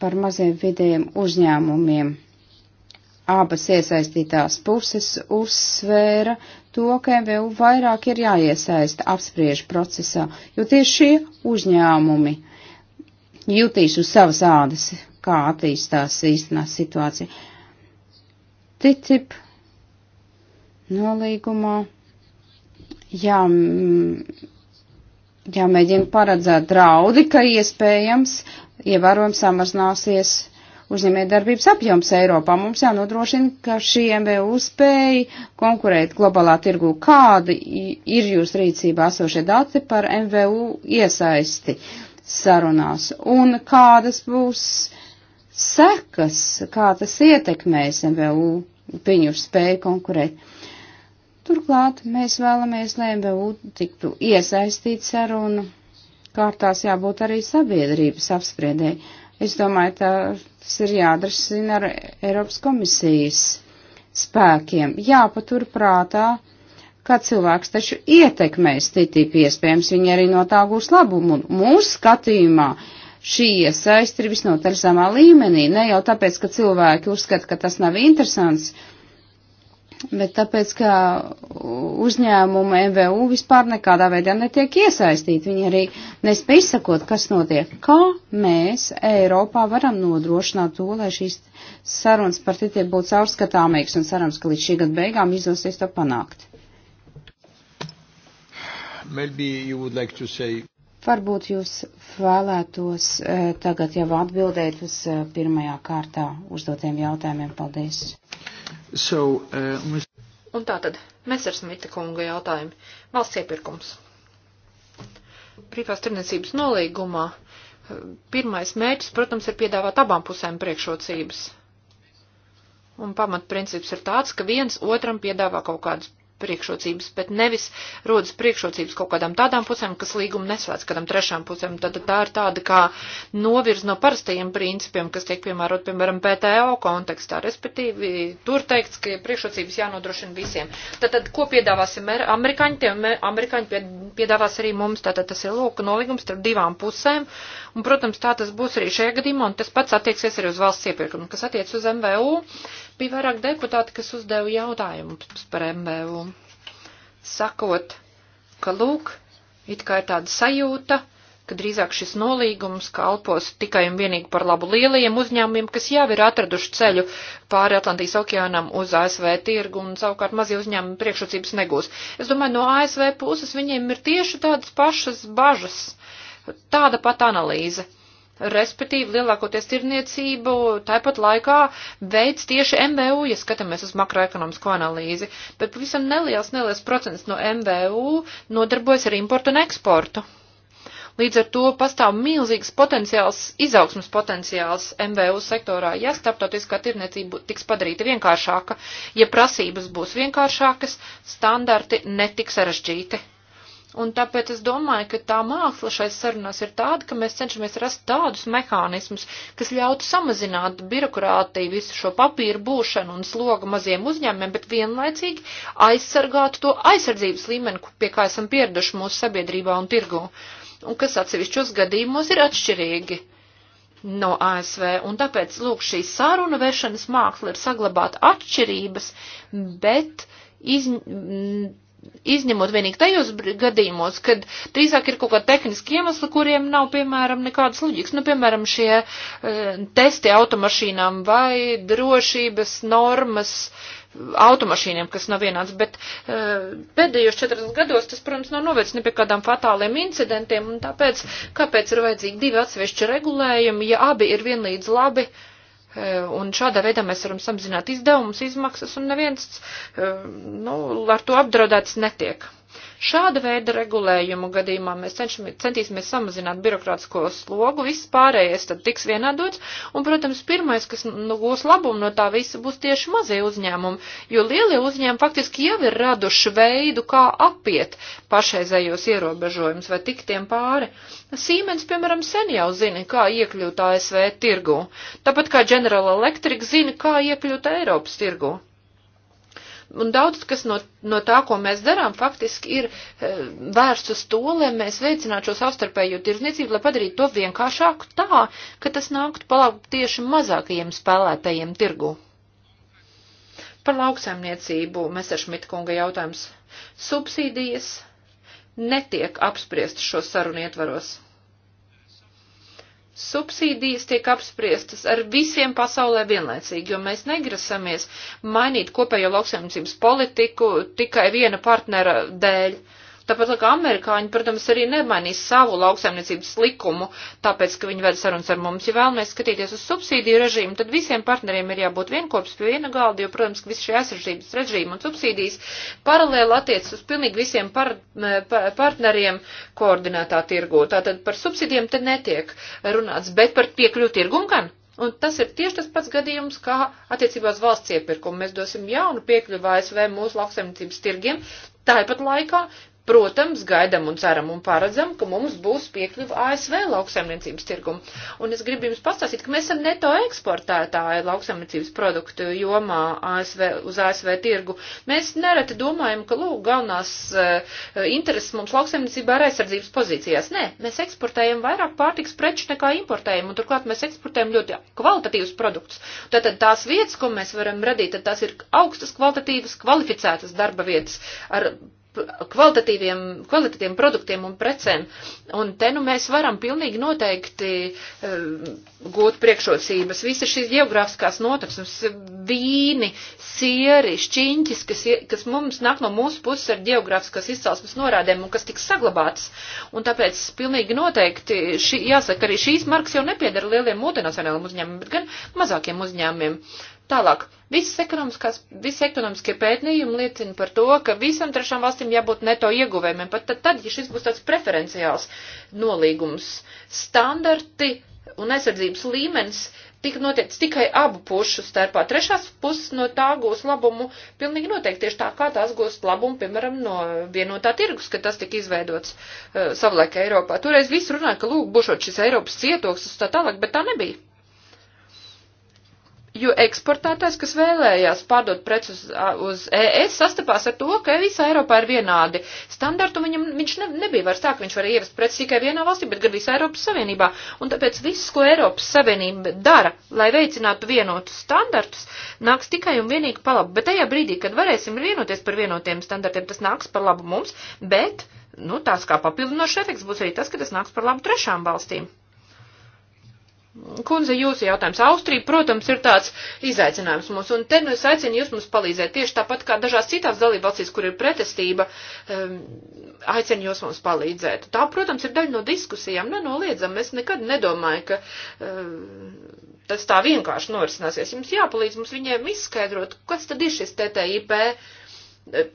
par maziem vidējiem uzņēmumiem abas iesaistītās puses uzsvēra to, ka MVU vairāk ir jāiesaista apspriež procesā, jo tieši šie uzņēmumi jutīs uz savas ādas kā attīstās īstenā situācija. TTIP nolīgumā jā, mm, jāmēģina paredzēt draudi, ka iespējams ievērojams samazināsies uzņēmējdarbības apjoms Eiropā. Mums jānodrošina, ka šī MBU spēja konkurēt globālā tirgu. Kādi ir jūs rīcībā esošie dati par MBU iesaisti sarunās? Un kādas būs sekas, kā tas ietekmēs MVU viņu spēju konkurēt. Turklāt mēs vēlamies, lai MVU tiktu iesaistīt sarunu, kārtās jābūt arī sabiedrības apspriedēji. Es domāju, tā, tas ir jāatrisina ar Eiropas komisijas spēkiem. Jāpatur prātā, ka cilvēks taču ietekmēs TTIP, iespējams, viņi arī no tā gūs labumu. Mūsu skatījumā uh, šī iesaist ir visnotaļ samā līmenī. Ne jau tāpēc, ka cilvēki uzskata, ka tas nav interesants, bet tāpēc, ka uzņēmumu MVU vispār nekādā veidā netiek iesaistīti. Viņi arī nespēj izsakot, kas notiek. Kā mēs Eiropā varam nodrošināt to, lai šīs sarunas par titiem būtu caurskatāmīgas un cerams, ka līdz šī gada beigām izdosies to panākt? Maybe you would like to say Varbūt jūs vēlētos e, tagad jau atbildēt uz e, pirmajā kārtā uzdotiem jautājumiem. Paldies! So, uh, mēs... Un tātad, Mesersmita kunga jautājumi. Valsts iepirkums. Privās tirniecības nolīgumā pirmais mērķis, protams, ir piedāvāt abām pusēm priekšrocības. Un pamatprincips ir tāds, ka viens otram piedāvā kaut kādas priekšrocības, bet nevis rodas priekšrocības kaut kādām tādām pusēm, kas līgumu neslēdz kādam trešām pusēm. Tad tā ir tāda kā novirz no parastajiem principiem, kas tiek piemērot, piemēram, PTO kontekstā. Respektīvi, tur teikts, ka priekšrocības jānodrošina visiem. Tad, tad ko piedāvāsim amerikāņi? Tie amerikāņi piedāvās arī mums. Tātad tas ir lūk nolīgums starp divām pusēm. Un, protams, tā tas būs arī šajā gadījumā, un tas pats attieksies arī uz valsts iepirkumu, kas attiec uz MVU. Bija vairāk deputāti, kas uzdeva jautājumus par MVU, sakot, ka lūk, it kā ir tāda sajūta, ka drīzāk šis nolīgums kalpos tikai un vienīgi par labu lielajiem uzņēmumiem, kas jau ir atraduši ceļu pāri Atlantijas okeānam uz ASV tirgu un savukārt mazie uzņēmumi priekšrocības negūs. Es domāju, no ASV puses viņiem ir tieši tādas pašas bažas, tāda pat analīze respektīvi lielākoties tirniecību tāpat laikā veids tieši MVU, ja skatāmies uz makroekonomisko analīzi, bet pavisam neliels, neliels procents no MVU nodarbojas ar importu un eksportu. Līdz ar to pastāv milzīgs potenciāls, izaugsmas potenciāls MVU sektorā, ja starptautiskā tirniecība tiks padarīta vienkāršāka, ja prasības būs vienkāršākas, standarti netiks sarežģīti. Un tāpēc es domāju, ka tā māksla šais sarunās ir tāda, ka mēs cenšamies rast tādus mehānismus, kas ļautu samazināt birokrātiju, visu šo papīru būšanu un slogu maziem uzņēmumiem, bet vienlaicīgi aizsargātu to aizsardzības līmeni, pie kā esam pieraduši mūsu sabiedrībā un tirgu, un kas atsevišķos gadījumos ir atšķirīgi no ASV. Un tāpēc, lūk, šī saruna vešanas māksla ir saglabāt atšķirības, bet iz, m, izņemot vienīgi tajos gadījumos, kad drīzāk ir kaut kāda tehniska iemesla, kuriem nav, piemēram, nekādas loģikas. Nu, piemēram, šie e, testi automašīnām vai drošības normas automašīniem, kas nav vienāds, bet e, pēdējos 40 gados tas, protams, nav novērts ne pie kādām fatāliem incidentiem, un tāpēc, kāpēc ir vajadzīgi divi atsevišķi regulējumi, ja abi ir vienlīdz labi? E, Eh, un šādā veidā mēs varam samazināt izdevumus, izmaksas, un neviens eh, nu, ar to apdraudēts netiek. Šāda veida regulējumu gadījumā mēs cenšamies, centīsimies samazināt birokrātisko slogu, viss pārējais tad tiks vienādots, un, protams, pirmais, kas nu, būs labumu no tā visa, būs tieši mazie uzņēmumi, jo lielie uzņēmumi faktiski jau ir raduši veidu, kā apiet pašreizējos ierobežojumus vai tikt tiem pāri. Siemens, piemēram, sen jau zina, kā iekļūt ASV tirgu, tāpat kā General Electric zina, kā iekļūt Eiropas tirgu. Un daudz kas no, no tā, ko mēs darām, faktiski ir e, vērsts uz to, lai mēs veicinātu šo savstarpējo tirzniecību, lai padarītu to vienkāršāku tā, ka tas nāktu palaukt tieši mazākajiem spēlētājiem tirgu. Par lauksaimniecību Messeršmita kunga jautājums. Subsīdijas netiek apspriestas šo sarunu ietvaros subsīdijas tiek apspriestas ar visiem pasaulē vienlaicīgi, jo mēs negrasamies mainīt kopējo lauksaimniecības politiku tikai viena partnera dēļ. Uh, Tāpat kā amerikāņi, protams, arī nemainīs savu lauksaimniecības likumu, tāpēc, ka viņi ved sarunas ar mums. Ja vēlamies skatīties uz subsīdiju režīmu, tad visiem partneriem ir jābūt vienkopus pie viena galda, jo, protams, ka visi šie aizsardzības režīmi un subsīdijas paralēli attiecas uz pilnīgi visiem par, par, partneriem koordinētā tirgu. Tātad par subsīdiem te netiek runāts, bet par piekļuvu tirgumu gan. Un tas ir tieši tas pats gadījums, kā attiecībā uz valsts iepirkumu. Mēs dosim jaunu piekļuvu ASV mūsu lauksaimniecības tirgiem, tāpat laikā Protams, gaidam un ceram un paredzam, ka mums būs piekļuva ASV lauksaimniecības tirgumu. Un es gribu jums pastāstīt, ka mēs esam neto eksportētāji lauksaimniecības produktu jomā ASV, uz ASV tirgu. Mēs nereti domājam, ka, lūk, galvenās uh, intereses mums lauksaimniecībā ir aizsardzības pozīcijās. Nē, mēs eksportējam vairāk pārtiks preču nekā importējam, un turklāt mēs eksportējam ļoti kvalitatīvus produktus. Tātad tās vietas, ko mēs varam radīt, tad tās ir augstas kvalitatīvas, kvalificētas darba vietas ar kvalitatīviem, kvalitatīviem produktiem un precēm. Un te nu mēs varam pilnīgi noteikti uh, gūt priekšrocības. Visa šīs geogrāfiskās notiksmes, vīni, sieri, šķiņķis, kas, kas mums nāk no mūsu puses ar geogrāfiskās izcelsmes norādēm un kas tiks saglabātas. Un tāpēc pilnīgi noteikti, šī, jāsaka, arī šīs markas jau nepiedara lieliem multinacionāliem uzņēmumiem, bet gan mazākiem uzņēmumiem. Uh, Tālāk, visas ekonomiskās, visas ekonomiskie pētījumi liecina par to, ka visam trešām valstīm jābūt neto ieguvējumiem, pat tad, tad, ja šis būs tāds preferenciāls nolīgums, standarti un aizsardzības līmenis tik notiek tikai abu pušu starpā. Trešās puses no tā gūs labumu pilnīgi noteikti tieši tā, kā tās gūst labumu, piemēram, no vienotā tirgus, ka tas tika izveidots uh, savulaik Eiropā. Toreiz viss runāja, ka lūk, būšot šis Eiropas cietoksnis tā tālāk, bet tā nebija jo eksportētājs, kas vēlējās pārdot preces uz ES, sastapās ar to, ka visā Eiropā ir vienādi standarti, un viņam, viņš ne, nebija vairs tā, ka viņš var ievest preces tikai vienā valstī, bet gan visā Eiropas Savienībā. Un tāpēc viss, ko Eiropas Savienība dara, lai veicinātu vienotus standartus, nāks tikai un vienīgi par labu. Bet tajā brīdī, kad varēsim vienoties par vienotiem standartiem, tas nāks par labu mums, bet, nu, tās kā papildinošs efekts būs arī tas, ka tas nāks par labu trešām valstīm. Kundze, jūsu jautājums. Austrija, protams, ir tāds izaicinājums mums, un te nu es aicinu jūs mums palīdzēt tieši tāpat kā dažās citās dalībvalstīs, kur ir pretestība, um, aicinu jūs mums palīdzēt. Tā, protams, ir daļa no diskusijām, nenoliedzam, es nekad nedomāju, ka um, tas tā vienkārši norisināsies. Jums jāpalīdz mums viņiem izskaidrot, kas tad ir šis TTIP. Uh,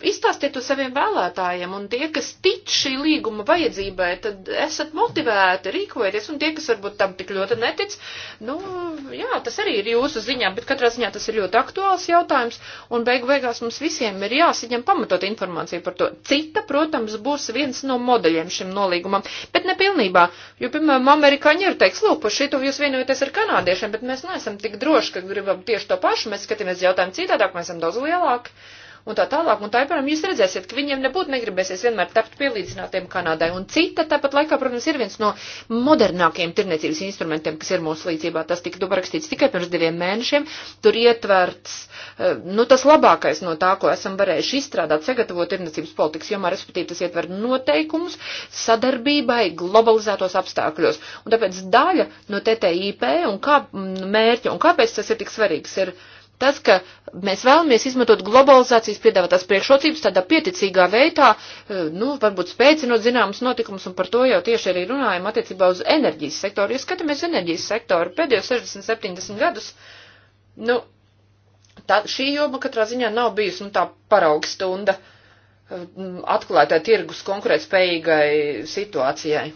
Izstāstiet to saviem vēlētājiem, un tie, kas tic šī līguma vajadzībai, tad esat motivēti, rīkojieties, un tie, kas varbūt tam tik ļoti netic, nu, jā, tas arī ir jūsu ziņā, bet katrā ziņā tas ir ļoti aktuāls jautājums, un beigu beigās mums visiem ir jāsaņem pamatot informāciju par to. Cita, protams, būs viens no modeļiem šim nolīgumam, bet ne pilnībā, jo, piemēram, amerikāņi ir teiks, lūk, par šito jūs vienojaties ar kanādiešiem, bet mēs neesam tik droši, ka gribam tieši to pašu, mēs skatāmies jautājumu citādāk, mēs esam daudz lielāki un tā tālāk. Un tā, piemēram, jūs redzēsiet, ka viņiem nebūtu negribēsies vienmēr tapt pielīdzinātiem Kanādai. Un cita tāpat laikā, protams, ir viens no modernākajiem tirniecības instrumentiem, kas ir mūsu līdzībā. Tas tika rakstīts tikai pirms diviem mēnešiem. Tur ietverts, eh, nu, tas labākais no tā, ko esam varējuši izstrādāt, sagatavot tirniecības politikas jomā, respektīvi tas ietver noteikumus sadarbībai globalizētos apstākļos. Un tāpēc daļa no TTIP un kā mērķa un kāpēc tas ir tik svarīgs ir Tas, ka mēs vēlamies izmantot globalizācijas piedāvātās priekšrocības tādā pieticīgā veidā, e, nu, varbūt spēcinot zināmas notikumus, un par to jau tieši arī runājam attiecībā uz enerģijas sektoru. Ja skatāmies enerģijas sektoru pēdējos 60-70 gadus, nu, tā, šī joma katrā ziņā nav bijusi, nu, tā paraugstunda e, atklātā tirgus konkurētspējīgai situācijai.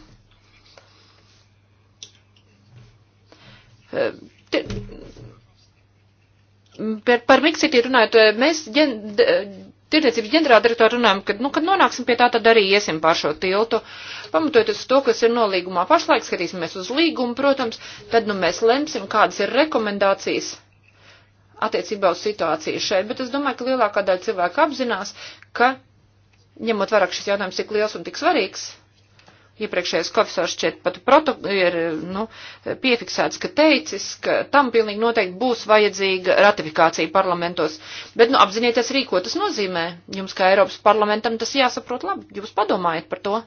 E, T Par, par Miksitī runājot, mēs ģen, tirniecības ģenerāldirektoru runājam, ka, nu, kad nonāksim pie tā, tad arī iesim pār šo tiltu. Pamatojoties uz to, kas ir nolīgumā pašlaik, skatīsimies uz līgumu, protams, tad, nu, mēs lemsim, kādas ir rekomendācijas attiecībā uz situāciju šeit, bet es domāju, ka lielākā daļa cilvēku apzinās, ka, ņemot vairāk šis jautājums tik liels un tik svarīgs, iepriekšējais komisārs šķiet pat proto, ir nu, piefiksēts, ka teicis, ka tam pilnīgi noteikti būs vajadzīga ratifikācija parlamentos. Bet nu, apzinieties arī, ko tas nozīmē. Jums kā Eiropas parlamentam tas jāsaprot labi. Jūs padomājiet par to,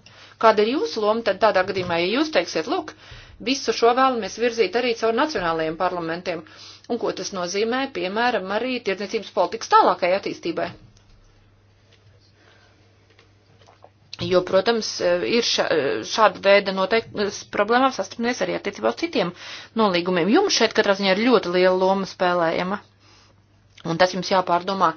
kāda ir jūsu loma tad tādā gadījumā, ja jūs teiksiet, lūk, visu šo vēlamies virzīt arī caur nacionālajiem parlamentiem. Un ko tas nozīmē, piemēram, arī tirdzniecības politikas tālākai attīstībai. Jo, protams, ir šā, šāda veida noteikti problēmām sastrādāties arī attiecībā uz citiem nolīgumiem. Jums šeit katrā ziņā ir ļoti liela loma spēlējama. Un tas jums jāpārdomā.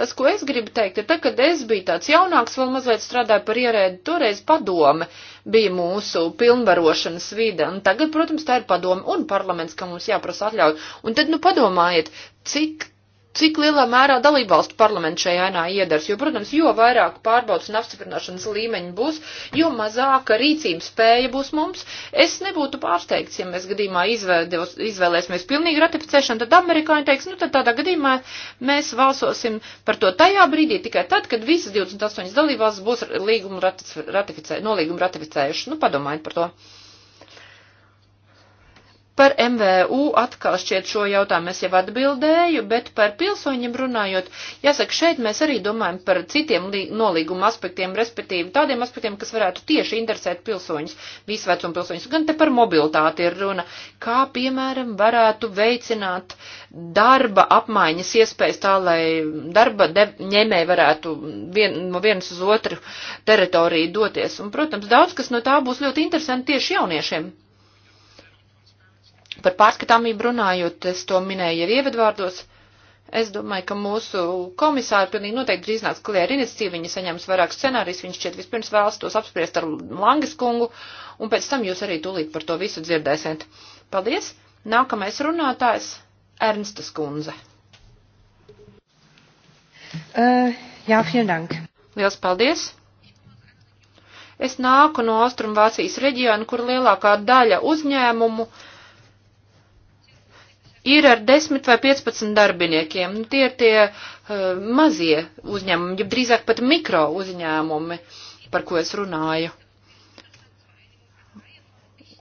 Tas, ko es gribu teikt, ir tad, kad es biju tāds jaunāks, vēl mazliet strādāju par ierēdi, toreiz padome bija mūsu pilnvarošanas vide, un tagad, protams, tā ir padome un parlaments, ka mums jāprasa atļauj. Un tad, nu, padomājiet, cik cik lielā mērā dalībvalstu parlaments šajā ainā iedars, jo, protams, jo vairāk pārbaudas un apstiprināšanas līmeņi būs, jo mazāka rīcības spēja būs mums. Es nebūtu pārsteigts, ja mēs gadījumā izvēdos, izvēlēsimies pilnīgu ratificēšanu, tad amerikāņi teiks, nu tad tādā gadījumā mēs valsosim par to tajā brīdī tikai tad, kad visas 28 dalībvalstis būs līgumu ratificē, nolīgumu ratificējuši. Nu, padomājiet par to. Par MVU atkal šķiet šo jautājumu es jau atbildēju, bet par pilsoņiem runājot, jāsaka, šeit mēs arī domājam par citiem nolīguma aspektiem, respektīvi tādiem aspektiem, kas varētu tieši interesēt pilsoņus, visu vecumu pilsoņus. Gan te par mobilitāti ir runa, kā piemēram varētu veicināt darba apmaiņas iespējas tā, lai darba ņēmēji varētu vien, no vienas uz otru teritoriju doties. Un, protams, daudz kas no tā būs ļoti interesanti tieši jauniešiem. Par pārskatāmību runājot, es to minēju jau ievadvārdos. Es domāju, ka mūsu komisāri pilnīgi noteikti drīz nāks klajā ar iniciatīvu, viņi saņems vairāk scenārijus, viņš šķiet vispirms vēlas tos apspriest ar Langas kungu, un pēc tam jūs arī tūlīt par to visu dzirdēsiet. Paldies! Nākamais runātājs - Ernsta Skundze. Uh, jā, vielen dank. Liels paldies! Es nāku no Austrumvācijas reģiona, kur lielākā daļa uzņēmumu uh, ir ar 10 vai 15 darbiniekiem. Nu, tie ir tie uh, mazie uzņēmumi, ja drīzāk pat mikro uzņēmumi, par ko es runāju.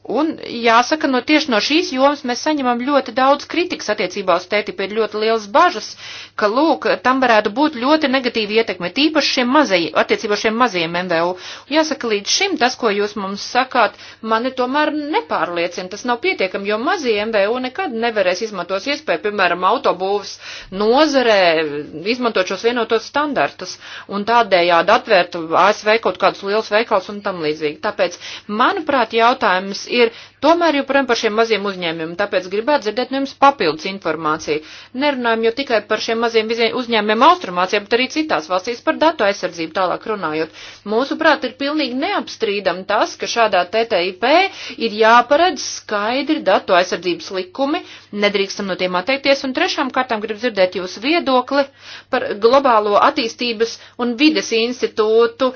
Un jāsaka, no tieši no šīs jomas mēs saņemam ļoti daudz kritikas attiecībā uz tētipu, ir ļoti liels bažas, ka, lūk, tam varētu būt ļoti negatīva ietekme, tīpaši šiem mazajiem, attiecībā šiem mazajiem MVU. Un jāsaka, līdz šim tas, ko jūs mums sakāt, mani tomēr nepārliecina, tas nav pietiekami, jo mazie MVU nekad nevarēs izmantos iespēju, piemēram, autobūvas nozarē, izmantot šos vienotos standartus un tādējādi atvērt ASV kaut kādus liels veikals un tam līdzīgi. Tāpēc, manuprāt, jautājums ir, ir Tomēr joprojām par šiem maziem uzņēmumiem, tāpēc gribētu dzirdēt no jums papildus informāciju. Nerunājam jau tikai par šiem maziem uzņēmumiem Austrumācijā, bet arī citās valstīs par datu aizsardzību tālāk runājot. Mūsuprāt, ir pilnīgi neapstrīdam tas, ka šādā TTIP ir jāparedz skaidri datu aizsardzības likumi, nedrīkstam no tiem atteikties, un trešām kārtām grib dzirdēt jūsu viedokli par globālo attīstības un vides institūtu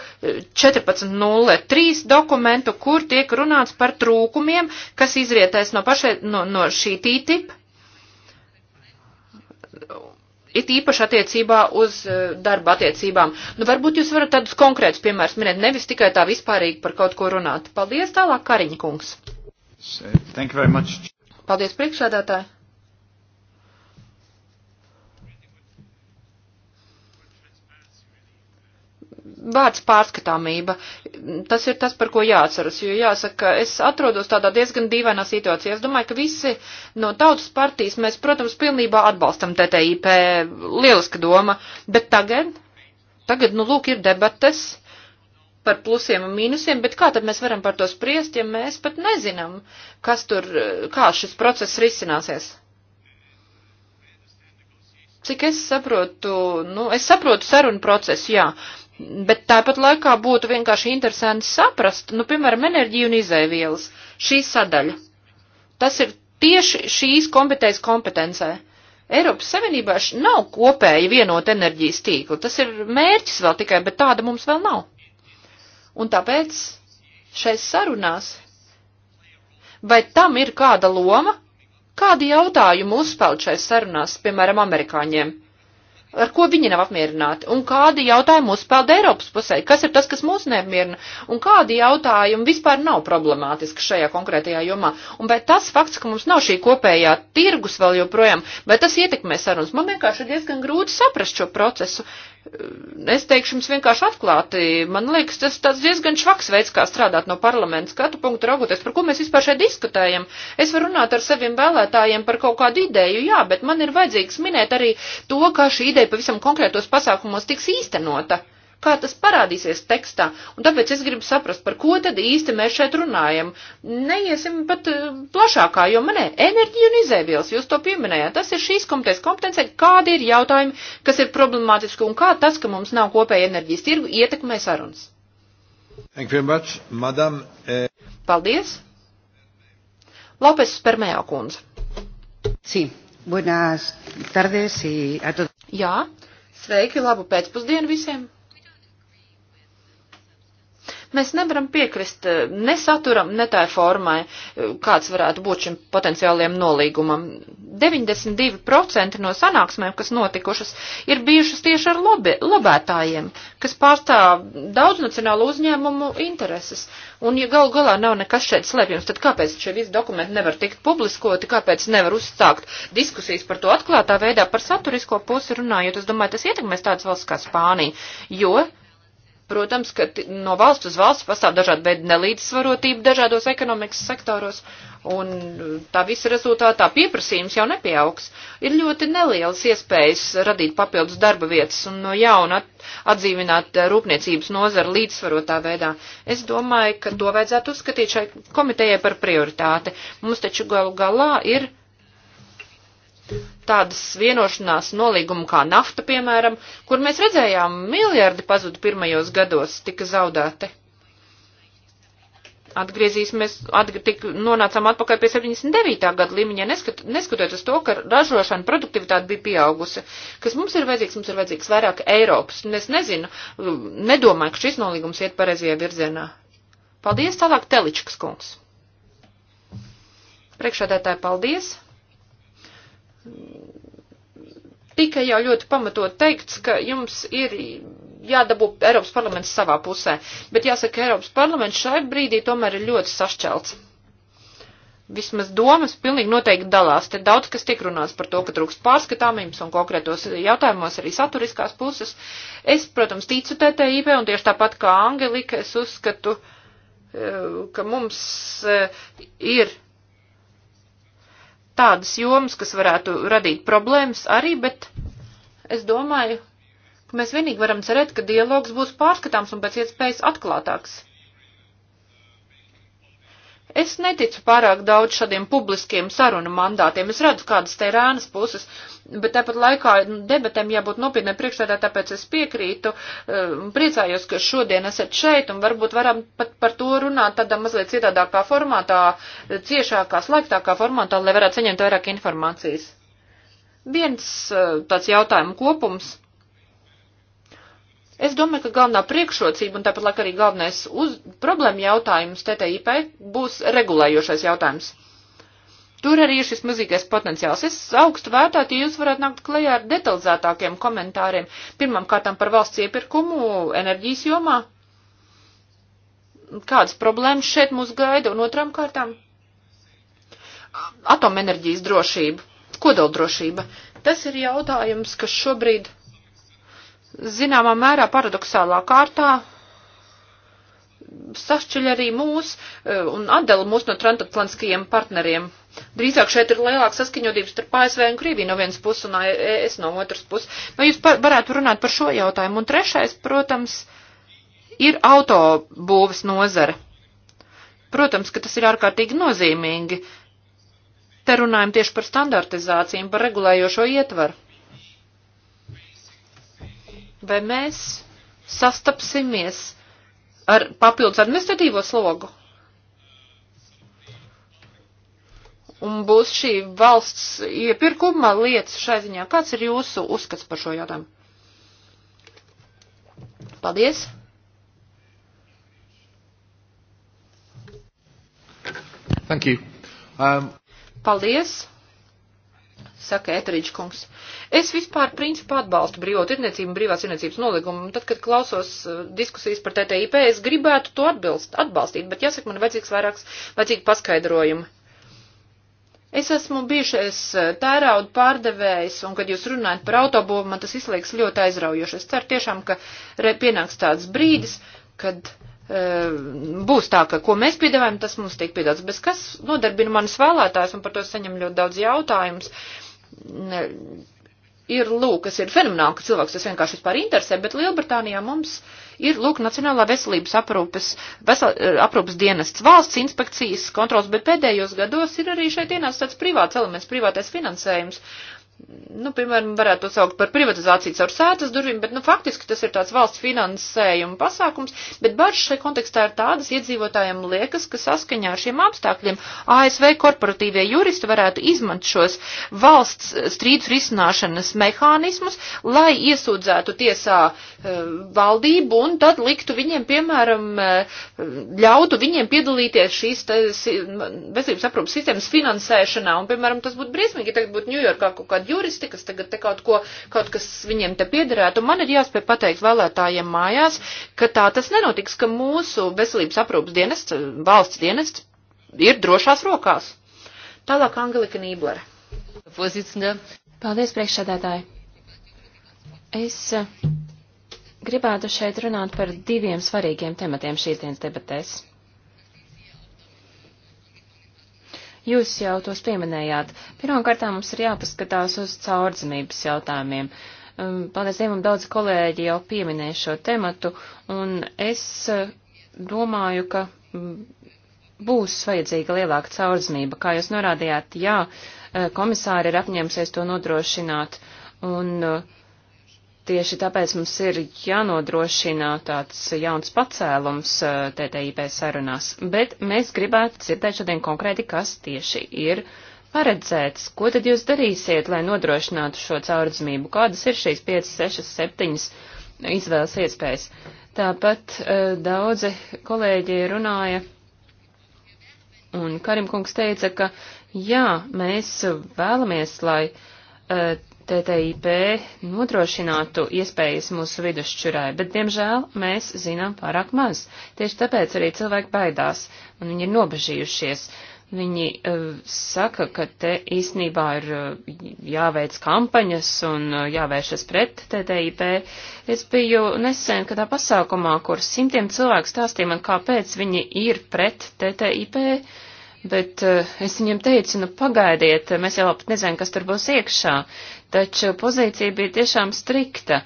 14.03 eh, dokumentu, kur tiek runāts par trūkumiem, kas izrietēs no, pašai, no, no šī TTIP, it īpaši attiecībā uz eh, darba attiecībām. Nu, varbūt jūs varat tādus konkrētus piemērus minēt, nevis tikai tā vispārīgi par kaut ko runāt. Paldies tālāk, Kariņa kungs. Paldies, priekšsēdētāji. vārds pārskatāmība. Tas ir tas, par ko jāatceras, jo jāsaka, es atrodos tādā diezgan dīvainā situācijā. Es domāju, ka visi no tautas partijas mēs, protams, pilnībā atbalstam TTIP. Lieliska doma. Bet tagad, tagad, nu, lūk, ir debates par plusiem un mīnusiem, bet kā tad mēs varam par to spriest, ja mēs pat nezinām, kas tur, kā šis process risināsies? Cik es saprotu, nu, es saprotu sarunu procesu, jā, bet tāpat laikā būtu vienkārši interesanti saprast, nu, piemēram, enerģiju un izēvielas, šī sadaļa. Tas ir tieši šīs kompetences kompetencē. Eiropas Savienībā nav kopēja vienota enerģijas tīkla. Tas ir mērķis vēl tikai, bet tāda mums vēl nav. Un tāpēc šais sarunās, vai tam ir kāda loma, kādi jautājumi uzspēl šais sarunās, piemēram, amerikāņiem? ar ko viņi nav apmierināti, un kādi jautājumi mūs pelda Eiropas pusē, kas ir tas, kas mūs nemierina, un kādi jautājumi vispār nav problemātiski šajā konkrētajā jomā, un vai tas fakts, ka mums nav šī kopējā tirgus vēl joprojām, vai tas ietekmē sarunas, man vienkārši ir diezgan grūti saprast šo procesu, es teikšu jums vienkārši atklāti, man liekas, tas tāds diezgan švaks veids, kā strādāt no parlamenta skatu punktu raugoties, par ko mēs vispār šeit diskutējam. Es varu runāt ar saviem vēlētājiem par kaut kādu ideju, jā, bet man ir vajadzīgs minēt arī to, kā šī ideja pavisam konkrētos pasākumos tiks īstenota kā tas parādīsies tekstā. Un tāpēc es gribu saprast, par ko tad īsti mēs šeit runājam. Neiesim pat eh, plašākā, jo manē enerģija un izēvielas, jūs to pieminējāt, tas ir šīs komitejas kompetence, kādi ir jautājumi, kas ir problemātiski un kā tas, ka mums nav kopēja enerģijas tirgu, ietekmē sarunas. Thank you very much, madam. Eh... Paldies. Lopes Spermējā kundze. Sí, buenas tardes y a todos. Jā, sveiki, labu pēcpusdienu visiem. Mēs nevaram piekrist eh, ne saturam, ne tai formai, eh, kāds varētu būt šim potenciāliem nolīgumam. 92% no sanāksmēm, kas notikušas, ir bijušas tieši ar lobby, lobētājiem, kas pārstāv daudznacionālu uzņēmumu intereses. Un, ja gal galā nav nekas šeit slēpjams, tad kāpēc šie visi dokumenti nevar tikt publiskoti, kāpēc nevar uzsākt diskusijas par to atklātā veidā, par saturisko pusi runājot? Es domāju, tas ietekmēs tādas valsts kā Spānija, jo Protams, ka no valsts uz valsts pastāv dažāda veida nelīdzsvarotība dažādos ekonomikas sektoros, un uh, tā visa rezultātā pieprasījums jau nepieaugs. Ir ļoti nelielas iespējas radīt papildus darba vietas un no jauna atdzīvināt uh, rūpniecības nozaru līdzsvarotā veidā. Es domāju, ka to vajadzētu uzskatīt šai komitejai par prioritāti. Mums taču galu galā ir tādas vienošanās nolīgumu kā nafta, piemēram, kur mēs redzējām miljardi pazudu pirmajos gados, tika zaudēti. Atgriezīsimies, atg tik, nonācām atpakaļ pie 79. gada līmeņa, neskat, neskatoties uz to, ka ražošana produktivitāte bija pieaugusi. Kas mums ir vajadzīgs? Mums ir vajadzīgs vairāk Eiropas. Un es nezinu, nedomāju, ka šis nolīgums iet pareizajā virzienā. Paldies, tālāk Teličkas kungs. Priekšādētāji, paldies! tika jau ļoti pamatot teikts, ka jums ir jādabū Eiropas parlaments savā pusē. Bet jāsaka, Eiropas parlaments šai brīdī tomēr ir ļoti sašķelts. Vismaz domas pilnīgi noteikti dalās. Te daudz, kas tiek runāts par to, ka trūks pārskatāmības un konkrētos jautājumos arī saturiskās puses. Es, protams, ticu TTIP un tieši tāpat kā Angelika, es uzskatu, eh, ka mums eh, ir tādas jomas, kas varētu radīt problēmas arī, bet es domāju, ka mēs vienīgi varam cerēt, ka dialogs būs pārskatāms un pēc iespējas atklātāks. Es neticu pārāk daudz šādiem publiskiem sarunu mandātiem. Es redzu, kādas te ir ēnas puses, bet tāpat laikā debatēm jābūt nopietniem priekšstādā, tāpēc es piekrītu, eh, priecājos, ka šodien esat šeit un varbūt varam pat par to runāt tādā mazliet citādākā formātā, ciešākā, slēgtākā formātā, lai varētu saņemt vairāk informācijas. Viens eh, tāds jautājumu kopums Es domāju, ka galvenā priekšrocība un tāpat laik arī galvenais uz, problēma jautājums TTIP būs regulējošais jautājums. Tur arī ir šis mazīgais potenciāls. Es augstu vērtētu, ja jūs varētu nākt klajā ar detalizētākiem komentāriem. Pirmam kārtām par valsts iepirkumu enerģijas jomā. Kādas problēmas šeit mūs gaida? Un otram kārtām atomenerģijas drošība, kodoldrošība. Tas ir jautājums, kas šobrīd zināmā mērā paradoxālā kārtā sašķeļ arī mūs e, un atdala mūs no transatlantiskajiem partneriem. Drīzāk šeit ir lielāka saskaņotības starp ASV un Krieviju no vienas puses un ES no otras puses. Vai jūs varētu runāt par šo jautājumu? Un trešais, protams, ir autobūvas nozare. Protams, ka tas ir ārkārtīgi nozīmīgi. Te runājam tieši par standartizāciju un par regulējošo ietvaru. Vai mēs sastapsimies ar papildus administratīvo slogu? Un būs šī valsts iepirkuma lietas šai ziņā. Kāds ir jūsu uzskats par šo jautājumu? Paldies! Thank you. Um... Paldies! saka Eteriģis kungs. Es vispār principā atbalstu brīvo tirniecību un brīvās tirniecības nolīgumu, un tad, kad klausos uh, diskusijas par TTIP, es gribētu to atbilst, atbalstīt, bet jāsaka, man vajadzīgs vairāks, vajadzīgi paskaidrojumi. Es esmu bijušais uh, tērauda pārdevējs, un kad jūs runājat par autobūvu, man tas izliekas ļoti aizraujoši. Es ceru tiešām, ka pienāks tāds brīdis, kad e, būs tā, ka ko mēs piedāvājam, tas mums tiek piedāts. Bet kas nodarbina manas vēlētājs, un par to saņem ļoti daudz jautājumus, ir, lūk, kas ir fenomenāli, ka cilvēks tas vienkārši vispār interesē, bet Lielbritānijā mums ir, lūk, Nacionālā veselības aprūpes, vesel, eh, aprūpes dienests valsts inspekcijas kontrols, bet pēdējos gados ir arī šeit ienācis tāds privāts elements, privātais finansējums nu, piemēram, varētu to saukt par privatizāciju caur sētas durvīm, bet, nu, faktiski tas ir tāds valsts finansējuma pasākums, bet bažas šai kontekstā ir tādas iedzīvotājiem liekas, ka saskaņā ar šiem apstākļiem ASV korporatīvie juristi varētu izmant šos valsts strīdus risināšanas mehānismus, lai iesūdzētu tiesā eh, valdību un tad liktu viņiem, piemēram, eh, ļautu viņiem piedalīties šīs veselības aprūpas sistēmas finansēšanā, un, piemēram, tas būtu briesmīgi, ja tagad būtu Ņujorkā kaut kāda kādi juristi, kas tagad te kaut ko, kaut kas viņiem te piederētu. Man ir jāspēj pateikt vēlētājiem mājās, ka tā tas nenotiks, ka mūsu veselības aprūpas dienests, valsts dienests ir drošās rokās. Tālāk Angelika Nīblere. Paldies, priekšsēdētāji. Es eh, gribētu šeit runāt par diviem svarīgiem tematiem šīs dienas debatēs. Jūs jau tos pieminējāt. Pirmkārt, mums ir jāpaskatās uz caurdzamības jautājumiem. Um, paldies Dievam, daudz kolēģi jau pieminēja šo tematu, un es uh, domāju, ka mm, būs vajadzīga lielāka caurdzamība. Kā jūs norādījāt, jā, uh, komisāri ir apņēmusies to nodrošināt, un uh, Tieši tāpēc mums ir jānodrošina tāds jauns pacēlums eh, TTIP sarunās, bet mēs gribētu dzirdēt šodien konkrēti, kas tieši ir paredzēts. Ko tad jūs darīsiet, lai nodrošinātu šo caurdzmību? Kādas ir šīs 5, 6, 7 izvēles iespējas? Tāpat eh, daudzi kolēģi runāja, un Karim kungs teica, ka jā, mēs vēlamies, lai eh, TTIP nodrošinātu iespējas mūsu vidusšķirai, bet, diemžēl, mēs zinām pārāk maz. Tieši tāpēc arī cilvēki baidās, un viņi ir nobežījušies. Viņi uh, saka, ka te īstenībā ir uh, jāveic kampaņas un uh, jāvēršas pret TTIP. Es biju nesen kādā pasākumā, kur simtiem cilvēku stāstīja man, kāpēc viņi ir pret TTIP. Bet uh, es viņiem teicu, nu pagaidiet, mēs jau labi nezinām, kas tur būs iekšā taču pozīcija bija tiešām strikta,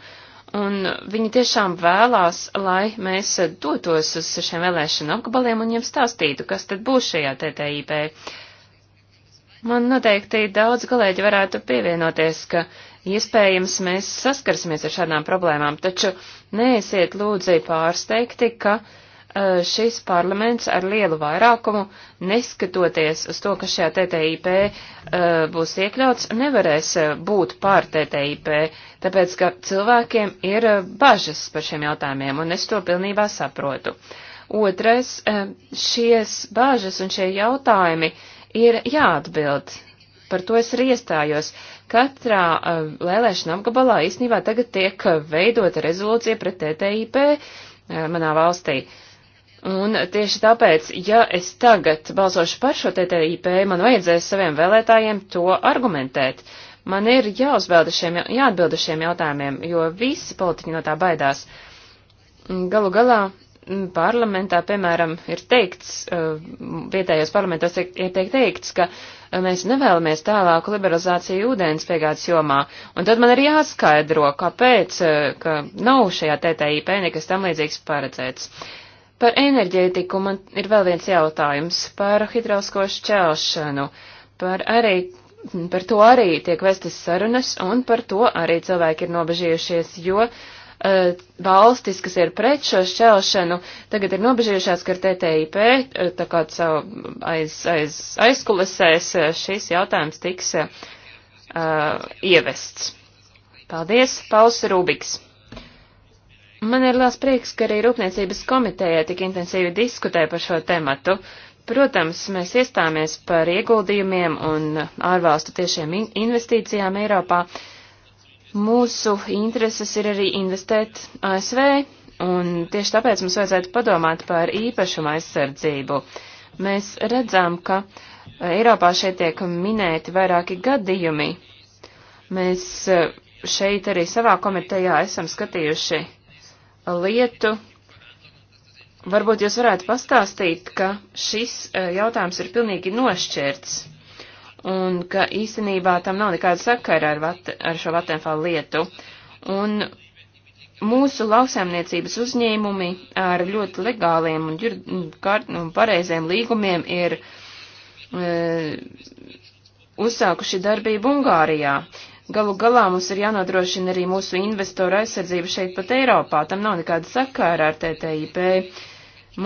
un viņi tiešām vēlās, lai mēs dotos uz šiem vēlēšanu apgabaliem un viņiem stāstītu, kas tad būs šajā TTIP. Man noteikti daudz kolēģi varētu pievienoties, ka iespējams mēs saskarsimies ar šādām problēmām, taču neesiet lūdzu pārsteigti, ka uh, Uh, šis parlaments ar lielu vairākumu, neskatoties uz to, ka šajā TTIP uh, būs iekļauts, nevarēs uh, būt pār TTIP, tāpēc ka cilvēkiem ir bažas par šiem jautājumiem, un es to pilnībā saprotu. Otrais, šies bāžas un šie jautājumi ir jāatbild. Par to es arī iestājos. Katrā lēlēšana apgabalā īstenībā tagad tiek veidota rezolūcija pret TTIP manā valstī. Uh, Un tieši tāpēc, ja es tagad balsošu par šo TTIP, man vajadzēs saviem vēlētājiem to argumentēt. Man ir jāuzbilda šiem, jāatbilda šiem jautājumiem, jo visi politiķi no tā baidās. Galu galā parlamentā, piemēram, ir teikts, e, vietējos parlamentos ir teik teikts, ka e, mēs nevēlamies tālāku liberalizāciju ūdens piegādes jomā. Un tad man ir jāskaidro, kāpēc, e, ka nav šajā TTIP nekas tam līdzīgs paredzēts. Par enerģētiku man ir vēl viens jautājums par hidrausko šķelšanu, par arī. Par to arī tiek vestas sarunas, un par to arī cilvēki ir nobežījušies, jo uh, valstis, kas ir pret šo šķelšanu, tagad ir nobežījušās, ka ar TTIP, eh, tā kā savu aiz, aiz, aizkulisēs, eh, šis jautājums tiks uh, ievests. Paldies, Pauls Rubiks. Man ir liels prieks, ka arī Rūpniecības komitejā tik intensīvi diskutē par šo tematu. Protams, mēs iestāmies par ieguldījumiem un ārvalstu tiešiem investīcijām Eiropā. Mūsu intereses ir arī investēt ASV, un tieši tāpēc mums vajadzētu padomāt par īpašuma aizsardzību. Mēs redzam, ka Eiropā šeit tiek minēti vairāki gadījumi. Mēs eh, šeit arī savā komitejā esam skatījuši lietu. Varbūt jūs varētu pastāstīt, ka šis e, jautājums ir pilnīgi nošķirts un ka īstenībā tam nav nekāda sakara ar, vat, ar šo Vatenfālu lietu. Un mūsu lauksaimniecības uzņēmumi ar ļoti legāliem un, ģir, un pareiziem līgumiem ir e, uzsākuši darbību Ungārijā. E, Galu galā mums ir jānodrošina arī mūsu investoru aizsardzība šeit pat Eiropā. Tam nav nekāda sakara ar TTIP.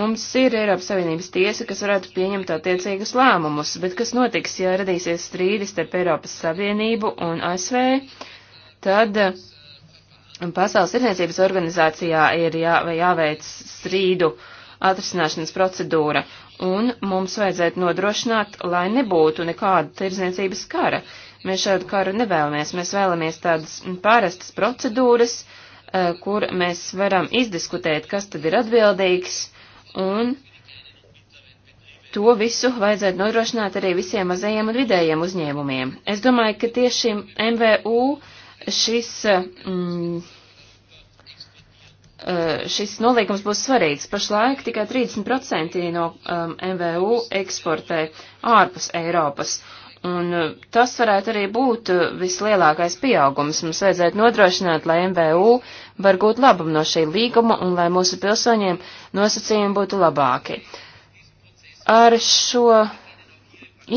Mums ir Eiropas Savienības tiesa, kas varētu pieņemt attiecīgus lēmumus, bet kas notiks, ja radīsies strīdis starp Eiropas Savienību un ASV, tad um, Pasaules tirdzniecības organizācijā ir jā, jāveic strīdu atrisināšanas procedūra, un mums vajadzētu nodrošināt, lai nebūtu nekāda tirdzniecības kara. Mēs šādu karu nevēlamies. Mēs vēlamies tādas pārastas procedūras, eh, kur mēs varam izdiskutēt, kas tad ir atbildīgs, un to visu vajadzētu nodrošināt arī visiem mazajiem un vidējiem uzņēmumiem. Es domāju, ka tieši MVU šis, eh, mm, eh, šis nolīgums būs svarīgs. Pašlaik tikai 30% no um, MVU eksportē ārpus Eiropas. Uh, Un e, tas varētu arī būt e, vislielākais pieaugums. Mums vajadzētu nodrošināt, lai MVU var gūt labumu no šī līguma un lai mūsu pilsoņiem nosacījumi būtu labāki. Ar šo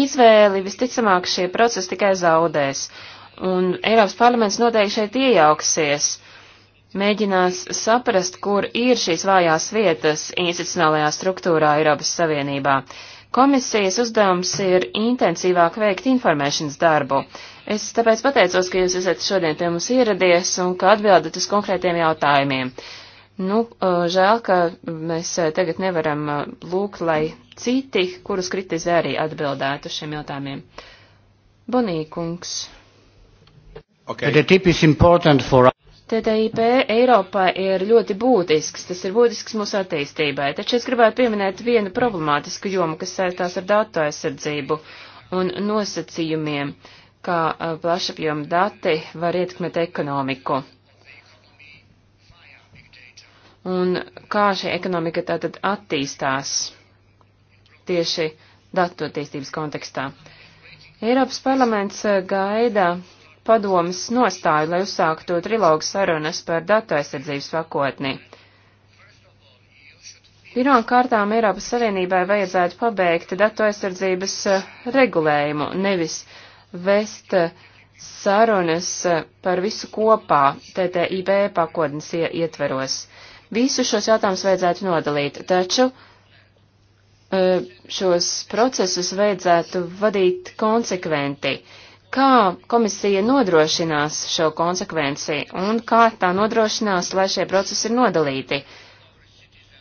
izvēli visticamāk šie procesi tikai zaudēs, un Eiropas parlaments noteikti šeit iejauksies, mēģinās saprast, kur ir šīs vājās vietas institucionālajā struktūrā Eiropas Savienībā. Uh, Komisijas uzdevums ir intensīvāk veikt informēšanas darbu. Es tāpēc pateicos, ka jūs esat šodien pie mums ieradies un ka atbildat uz konkrētiem jautājumiem. Nu, eh, žēl, ka mēs eh, tagad nevaram eh, lūgt, lai citi, kurus kritizē arī atbildētu šiem jautājumiem. Bonīkungs. Okay. TTIP Eiropā ir ļoti būtisks, tas ir būtisks mūsu attīstībai, taču es gribētu pieminēt vienu problemātisku jomu, kas saistās ar datu aizsardzību un nosacījumiem, kā plašapjoma dati var ietekmēt ekonomiku. Un kā šī ekonomika tātad attīstās tieši datu attīstības kontekstā. Eiropas parlaments gaida padomas nostāju, lai uzsāktu trilogu sarunas par datu aizsardzības pakotni. Pirmām kārtām Eiropas Savienībai vajadzētu pabeigt datu aizsardzības eh, regulējumu, nevis vest eh, sarunas eh, par visu kopā TTIP pakotnes ietveros. Visu šos jautājumus vajadzētu nodalīt, taču šos procesus vajadzētu vadīt konsekventi. Kā komisija nodrošinās šo konsekvenci un kā tā nodrošinās, lai šie procesi ir nodalīti?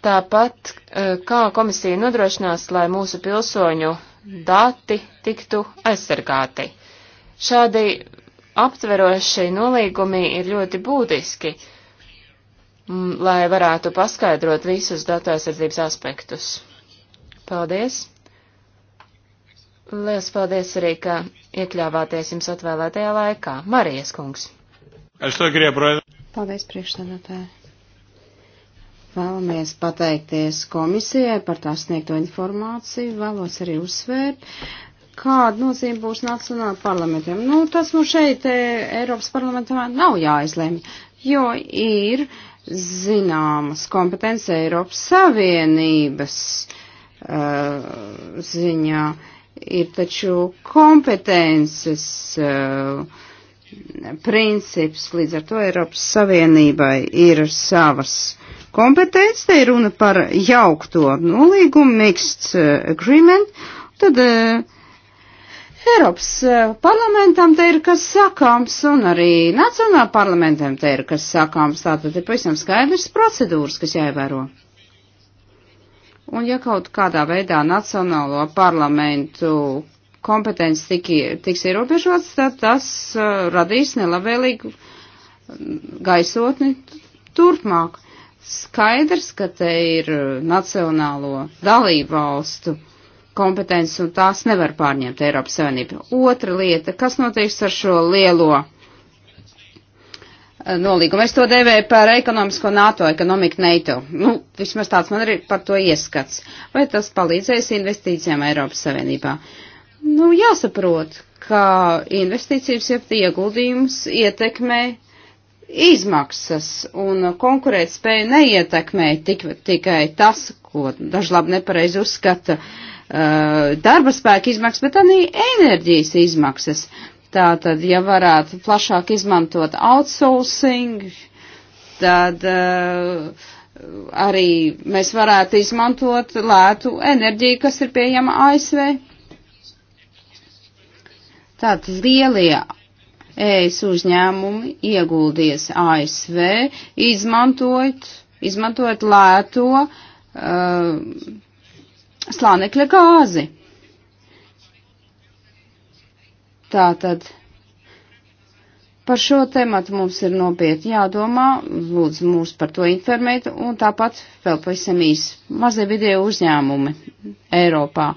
Tāpat, e, kā komisija nodrošinās, lai mūsu pilsoņu dati tiktu aizsargāti. Šādi aptveroši nolīgumi ir ļoti būtiski, lai varētu paskaidrot visus datu aizsardzības aspektus. Paldies! Lielas paldies arī, ka iekļāvāties jums atvēlētajā laikā. Marijas kungs. Es to gribu, brāl. Paldies, priekšsēdētāji. Vēlamies pateikties komisijai par tā sniegto informāciju. Vēlos arī uzsvērt, kāda nozīme būs nacionāla parlamentiem. Nu, tas mums nu šeit e, Eiropas parlamentā nav jāizlemj, jo ir zināmas kompetences Eiropas Savienības uh, ziņā. Uh, Ir taču kompetences uh, princips, līdz ar to Eiropas Savienībai ir savas kompetences, te ir runa par jaukto nolīgumu, mixed eh, agreement, tad uh, Eiropas parlamentam te ir kas sakāms, un arī Nacionālajā parlamentam te ir kas sakāms. Tātad ir pavisam skaidrs procedūras, kas jāievēro. Un ja kaut kādā veidā Nacionālo parlamentu kompetences tik, tiks ierobežots, tad tas uh, radīs nelabvēlīgu mm, gaisotni turpmāk. Skaidrs, ka te ir uh, nacionālo dalību valstu kompetences un tās nevar pārņemt Eiropas Savienība. Otra lieta, kas notiks ar šo lielo Eh, nolīgumu. Es to devēju par ekonomisko NATO, ekonomiku NATO. Nu, vismaz tāds man ir par to ieskats. Vai tas palīdzēs investīcijām Eiropas Savienībā? Nu, jāsaprot, ka investīcijas, ja ieguldījums ietekmē izmaksas un konkurētspēju neietekmē tik, tikai tas, ko dažlab nepareiz uzskata uh, darba spēka izmaksas, bet arī enerģijas izmaksas. Tātad, ja varētu plašāk izmantot outsourcing, tad uh, arī mēs varētu izmantot lētu enerģiju, kas ir pieejama ASV. Tātad lielie ES uzņēmumi ieguldies ASV, izmantojot, izmantojot lēto uh, slānekļa gāzi. Tātad par šo tematu mums ir nopietni jādomā, lūdzu mūs par to informēt, un tāpat vēl pavisam īsi mazie video uzņēmumi Eiropā.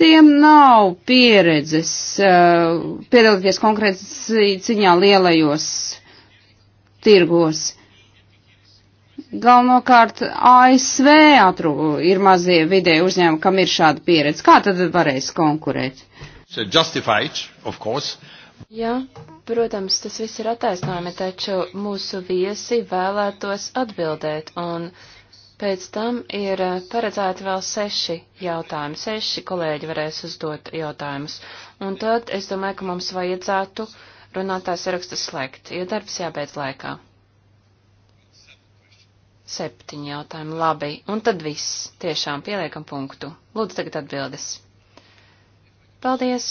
Tiem nav pieredzes uh, piedalīties konkrēti ciņā lielajos tirgos. Galvenokārt ASV atru ir mazie video uzņēmumi, kam ir šāda pieredze. Kā tad varēs konkurēt? Uh, Jā, protams, tas viss ir attaisnojami, taču mūsu viesi vēlētos atbildēt, un pēc tam ir eh, paredzēti vēl seši jautājumi. Seši kolēģi varēs uzdot jautājumus, un tad es domāju, ka mums vajadzētu runātājs raksta slēgt, jo darbs jābeidz laikā. Septiņi jautājumi, labi, un tad viss, tiešām pieliekam punktu. Lūdzu tagad atbildes. Paldies!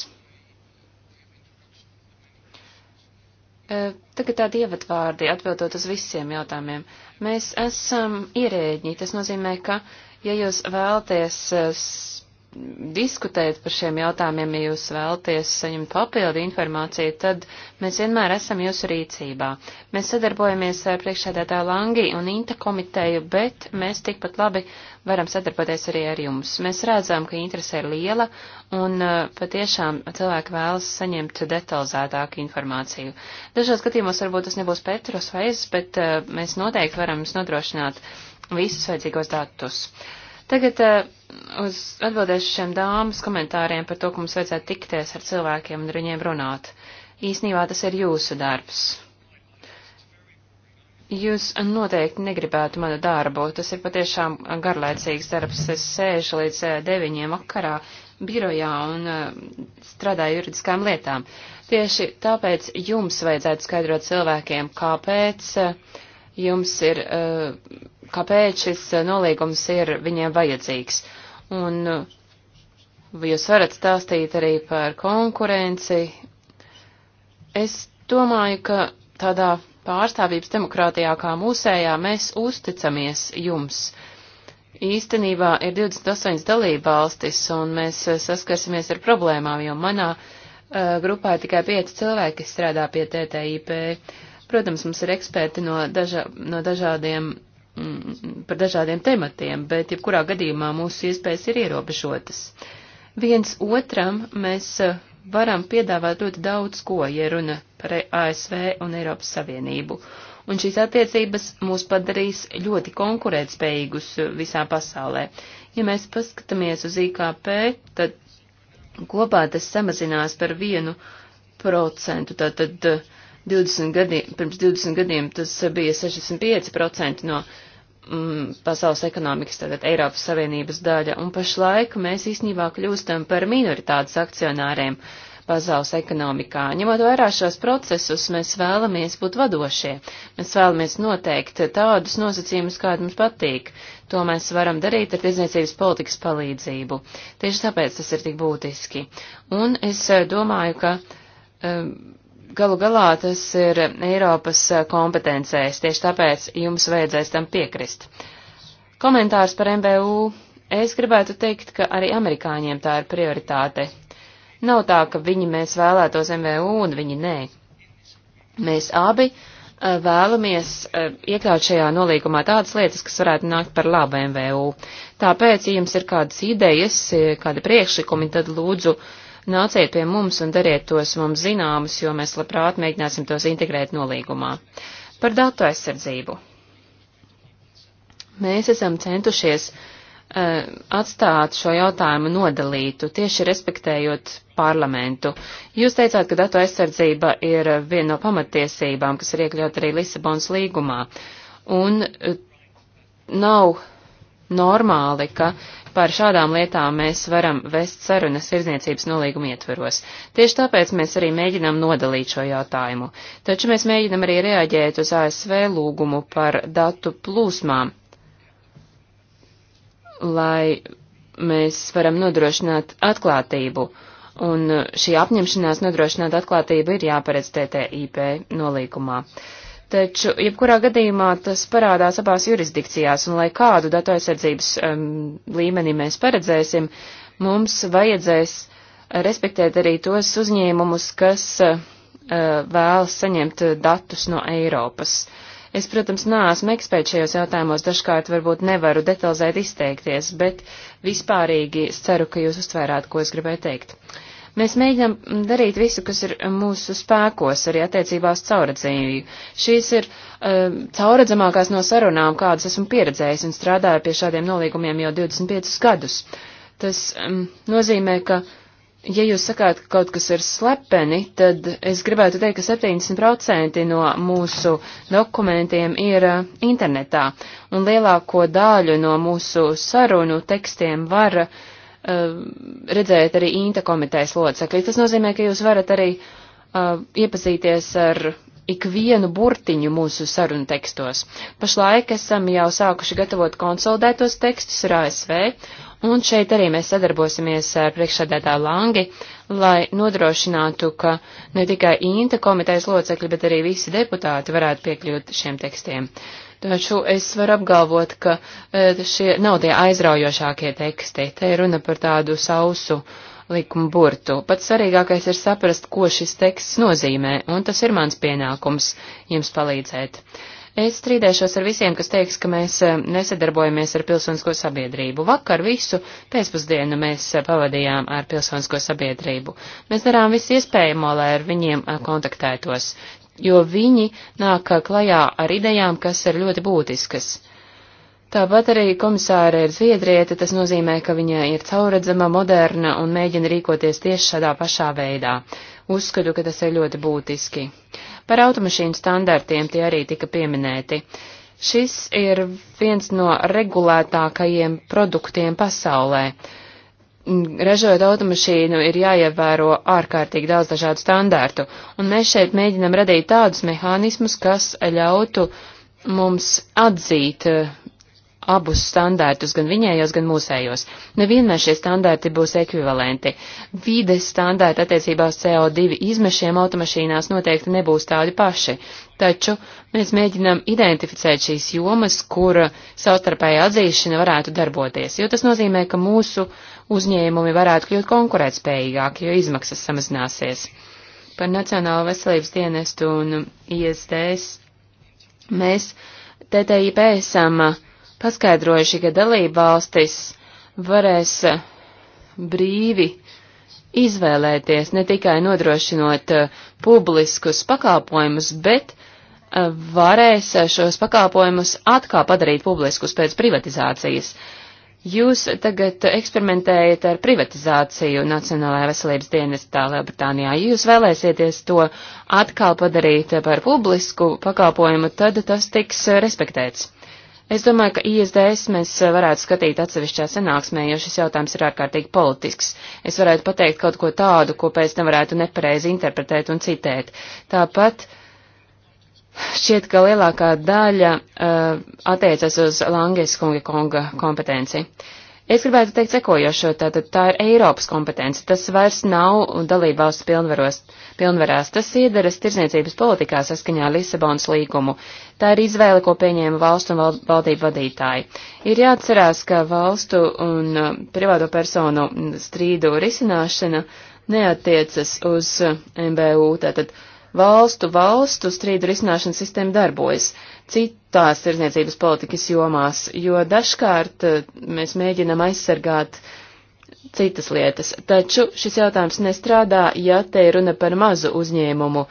E, tagad tādi ievadvārdi, atbildot uz visiem jautājumiem. Mēs esam ierēģi, tas nozīmē, ka, ja jūs vēlaties e, diskutēt par šiem jautājumiem, ja jūs vēlties saņemt papildu informāciju, tad mēs vienmēr esam jūsu rīcībā. Mēs sadarbojamies ar priekšsēdētāju Langi un Inta komiteju, bet mēs tikpat labi varam sadarboties arī ar jums. Mēs redzam, ka interese ir liela un uh, patiešām cilvēki vēlas saņemt detalizētāku informāciju. Dažos gadījumos varbūt tas nebūs Petros vai es, bet uh, mēs noteikti varam jums nodrošināt visus vajadzīgos datus. Uh, Tagad eh, uz atbildēšu šiem dāmas komentāriem par to, ka mums vajadzētu tikties ar cilvēkiem un ar viņiem runāt. Īsnībā tas ir jūsu darbs. Jūs noteikti negribētu manu darbu, tas ir patiešām garlaicīgs darbs. Es sēžu līdz eh, deviņiem vakarā birojā un eh, strādāju juridiskām lietām. Tieši tāpēc jums vajadzētu skaidrot cilvēkiem, kāpēc jums ir, eh, kāpēc šis eh, nolīgums ir viņiem vajadzīgs. Un eh, jūs varat stāstīt arī par konkurenci. Es domāju, ka tādā pārstāvības demokrātijā kā mūsējā mēs uzticamies jums. Īstenībā ir 28 dalība valstis, un mēs saskarsimies ar problēmām, jo manā uh, grupā tikai 5 cilvēki strādā pie TTIP. Uh, Protams, mums ir eksperti no, daža, no dažādiem, mm, par dažādiem tematiem, bet jebkurā gadījumā mūsu iespējas ir ierobežotas. Viens otram mēs eh, varam piedāvāt ļoti daudz ko, ja runa par ASV un Eiropas Savienību. Un šīs attiecības mūs padarīs ļoti konkurētspējīgus eh, visā pasaulē. Ja mēs paskatāmies uz IKP, tad kopā tas samazinās par vienu procentu. Tātad uh, 20 gadiem, pirms 20 gadiem tas bija 65% no mm, pasaules ekonomikas, tātad Eiropas Savienības daļa, un pašlaik mēs īstenībā kļūstam par minoritātes akcionāriem pasaules ekonomikā. Ņemot vērā šos procesus, mēs vēlamies būt vadošie. Mēs vēlamies noteikt tādus nosacījumus, kādi mums patīk. To mēs varam darīt ar tirdzniecības politikas palīdzību. Tieši tāpēc tas ir tik būtiski. Un es eh, domāju, ka um, galu galā tas ir Eiropas kompetencēs, tieši tāpēc jums vajadzēs tam piekrist. Komentārs par MBU. Es gribētu teikt, ka arī amerikāņiem tā ir prioritāte. Nav tā, ka viņi mēs vēlētos MVU un viņi nē. Mēs abi eh, vēlamies eh, iekļaut šajā nolīgumā tādas lietas, kas varētu nākt par labu MVU. Tāpēc, ja jums ir kādas idejas, eh, kādi priekšlikumi, tad lūdzu uh, Nāciet pie mums un dariet tos mums zināmus, jo mēs labprāt mēģināsim tos integrēt nolīgumā. Par datu aizsardzību. Mēs esam centušies uh, atstāt šo jautājumu nodalītu, tieši respektējot parlamentu. Jūs teicāt, ka datu aizsardzība ir viena no pamatiesībām, kas ir iekļaut arī Lisabons līgumā. Un uh, nav normāli, ka uh, Par šādām lietām mēs varam vest sarunas virzniecības nolīguma ietveros. Tieši tāpēc mēs arī mēģinām nodalīt šo jautājumu. Taču mēs mēģinām arī reaģēt uz ASV lūgumu par datu plūsmām, lai mēs varam nodrošināt atklātību. Un šī apņemšanās nodrošināt atklātību ir jāparedz TTIP nolīgumā. Uh, Taču, jebkurā gadījumā tas parādās abās jurisdikcijās, un lai kādu datu aizsardzības um, līmeni mēs paredzēsim, mums vajadzēs respektēt arī tos uzņēmumus, kas uh, vēlas saņemt datus no Eiropas. Es, protams, neesmu eksperts šajos jautājumos, dažkārt varbūt nevaru detalizēt izteikties, bet vispārīgi es ceru, ka jūs uztvērāt, ko es gribēju teikt. Uh, Mēs mēģinām darīt visu, kas ir mūsu spēkos, arī attiecībās cauradzēju. Šīs ir um, cauradzamākās no sarunām, kādas esmu pieredzējis un strādāju pie šādiem nolīgumiem jau 25 gadus. Tas um, nozīmē, ka, ja jūs sakāt, ka kaut kas ir slepeni, tad es gribētu teikt, ka 70% no mūsu dokumentiem ir uh, internetā, un lielāko daļu no mūsu sarunu tekstiem var uh, Eh, redzējat arī Inta komitejas locekļi. Tas nozīmē, ka jūs varat arī uh, iepazīties ar ikvienu burtiņu mūsu sarunu tekstos. Pašlaik esam jau sākuši gatavot konsolidētos tekstus ar ASV, un šeit arī mēs sadarbosimies ar priekšsēdētāju Langi, lai nodrošinātu, ka ne tikai Inta komitejas locekļi, bet arī visi deputāti varētu piekļūt šiem tekstiem. Uh, Taču es varu apgalvot, ka e, šie nav tie aizraujošākie teksti. Te ir runa par tādu sausu likumu burtu. Pats svarīgākais ir saprast, ko šis teksts nozīmē, un tas ir mans pienākums jums palīdzēt. Es strīdēšos ar visiem, kas teiks, ka mēs e, nesadarbojamies ar pilsonisko sabiedrību. Vakar visu pēcpusdienu mēs e, pavadījām ar pilsonisko sabiedrību. Mēs darām visu iespējamo, lai ar viņiem kontaktētos jo viņi nāk klajā ar idejām, kas ir ļoti būtiskas. Tāpat arī komisāra ir zviedriete, tas nozīmē, ka viņa ir cauredzama, moderna un mēģina rīkoties tieši šādā pašā veidā. Uzskatu, ka tas ir ļoti būtiski. Par automašīnu standartiem tie arī tika pieminēti. Šis ir viens no regulētākajiem produktiem pasaulē. Uh, ražojot automašīnu, ir jāievēro ārkārtīgi daudz dažādu standārtu. Un mēs šeit mēģinam radīt tādus mehānismus, kas ļautu mums atzīt e, abus standārtus, gan viņējos, gan mūsējos. Nevienmēr šie standārti būs ekvivalenti. Vides standārti attiecībā uz CO2 izmešiem automašīnās noteikti nebūs tādi paši, taču mēs mēģinām identificēt šīs jomas, kur savstarpēja atzīšana varētu darboties, jo tas nozīmē, ka mūsu uh, uzņēmumi varētu kļūt konkurētspējīgāki, jo izmaksas samazināsies. Par Nacionālo veselības dienestu un ISDS mēs TTIP esam paskaidrojuši, ka dalība valstis varēs brīvi izvēlēties ne tikai nodrošinot eh, publiskus pakalpojumus, bet eh, varēs šos pakalpojumus atkal padarīt publiskus pēc privatizācijas. Jūs tagad eksperimentējat ar privatizāciju Nacionālajā veselības dienestā Lielbritānijā. Ja jūs vēlēsieties to atkal padarīt par publisku pakalpojumu, tad tas tiks respektēts. Es domāju, ka ISDS mēs varētu skatīt atsevišķā sanāksmē, jo šis jautājums ir ārkārtīgi politisks. Es varētu pateikt kaut ko tādu, ko pēc tam varētu nepareizi interpretēt un citēt. Tāpat Šķiet, ka lielākā daļa uh, attiecas uz Langes kunga konga kompetenci. Es gribētu teikt sekojošo, tātad tā ir Eiropas kompetence, tas vairs nav dalībvalsts pilnvarās, tas iedaras tirzniecības politikā saskaņā Lisabonas līgumu. Tā ir izvēle, ko pieņēma valstu un valdību vadītāji. Ir jāatcerās, ka valstu un eh, privāto personu strīdu risināšana neatiecas uz MBU, tātad. Uh, valstu valstu strīdu risināšanas sistēma darbojas citās tirzniecības politikas jomās, jo dažkārt eh, mēs mēģinam aizsargāt citas lietas. Taču šis jautājums nestrādā, ja te ir runa par mazu uzņēmumu,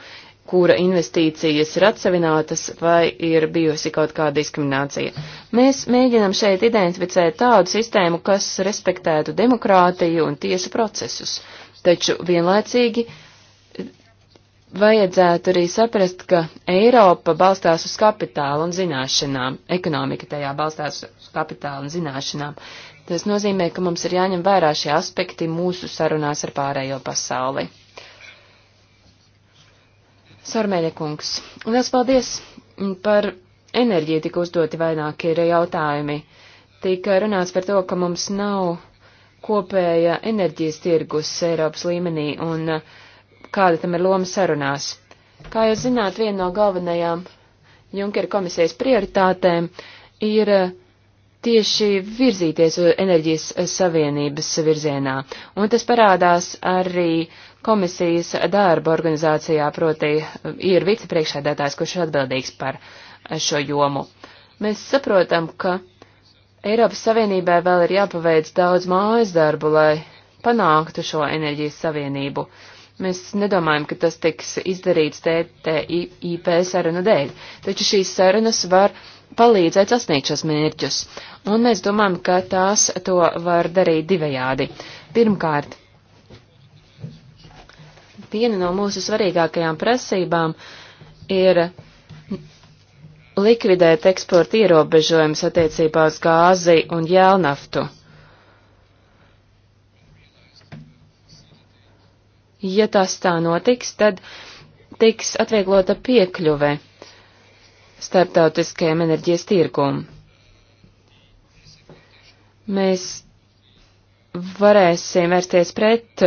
kura investīcijas ir atsevinātas vai ir bijusi kaut kāda diskriminācija. Mēs mēģinam šeit identificēt tādu sistēmu, kas respektētu demokrātiju un tiesu procesus, taču vienlaicīgi vajadzētu arī saprast, ka Eiropa balstās uz kapitālu un zināšanām, ekonomika tajā balstās uz kapitālu un zināšanām. Tas nozīmē, ka mums ir jāņem vērā šie aspekti mūsu sarunās ar pārējo pasauli. Sormēļa kungs, liels paldies par enerģētiku uzdoti vairāki ir jautājumi. Tika runāts par to, ka mums nav kopēja enerģijas tirgus Eiropas līmenī un uh, kāda tam ir loma sarunās. Kā jūs zināt, viena no galvenajām Junkera komisijas prioritātēm ir eh, tieši virzīties enerģijas eh, savienības virzienā, un tas parādās arī komisijas darba organizācijā, proti eh, ir vicepriekšēdētājs, kurš ir atbildīgs par šo jomu. Mēs saprotam, ka Eiropas Savienībai vēl ir jāpaveic daudz mājas darbu, lai panāktu šo enerģijas savienību. Uh, Mēs nedomājam, ka tas tiks izdarīts TTIP sarunu dēļ, taču šīs sarunas var palīdzēt sasniegt šos mērķus, un mēs domājam, ka tās to var darīt divējādi. Pirmkārt, viena no mūsu svarīgākajām prasībām ir likvidēt eksporta ierobežojumus attiecībā uz gāzi un jēlnaftu. ja tas tā notiks, tad tiks atvieglota piekļuve starptautiskajam enerģijas tirgum. Mēs varēsim vērsties pret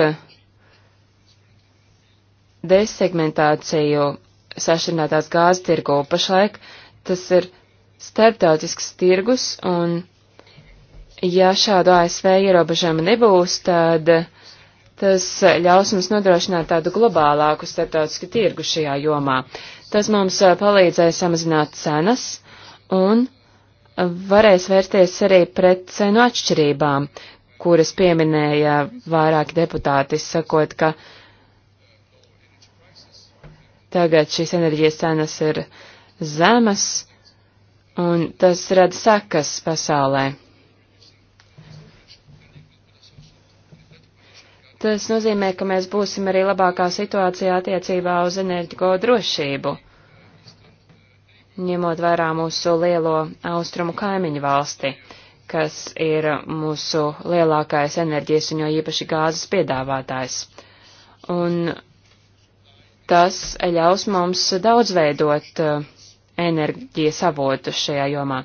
desegmentāciju sašķirinātās gāzes tirgu. Pašlaik tas ir starptautisks tirgus, un ja šādu ASV ierobežojumu nebūs, tad uh, Tas ļaus mums nodrošināt tādu globālāku starptautisku tirgu šajā jomā. Tas mums palīdzēja samazināt cenas un varēs vērsties arī pret cenu atšķirībām, kuras pieminēja vairāki deputāti, sakot, ka tagad šīs enerģijas cenas ir zemas, un tas rada sekas pasaulē. Tas nozīmē, ka mēs būsim arī labākā situācijā attiecībā uz enerģiko drošību, ņemot vērā mūsu lielo austrumu kaimiņu valsti, kas ir mūsu lielākais enerģijas un jo īpaši gāzes piedāvātājs. Un tas ļaus mums daudzveidot eh, enerģijas avotus šajā jomā.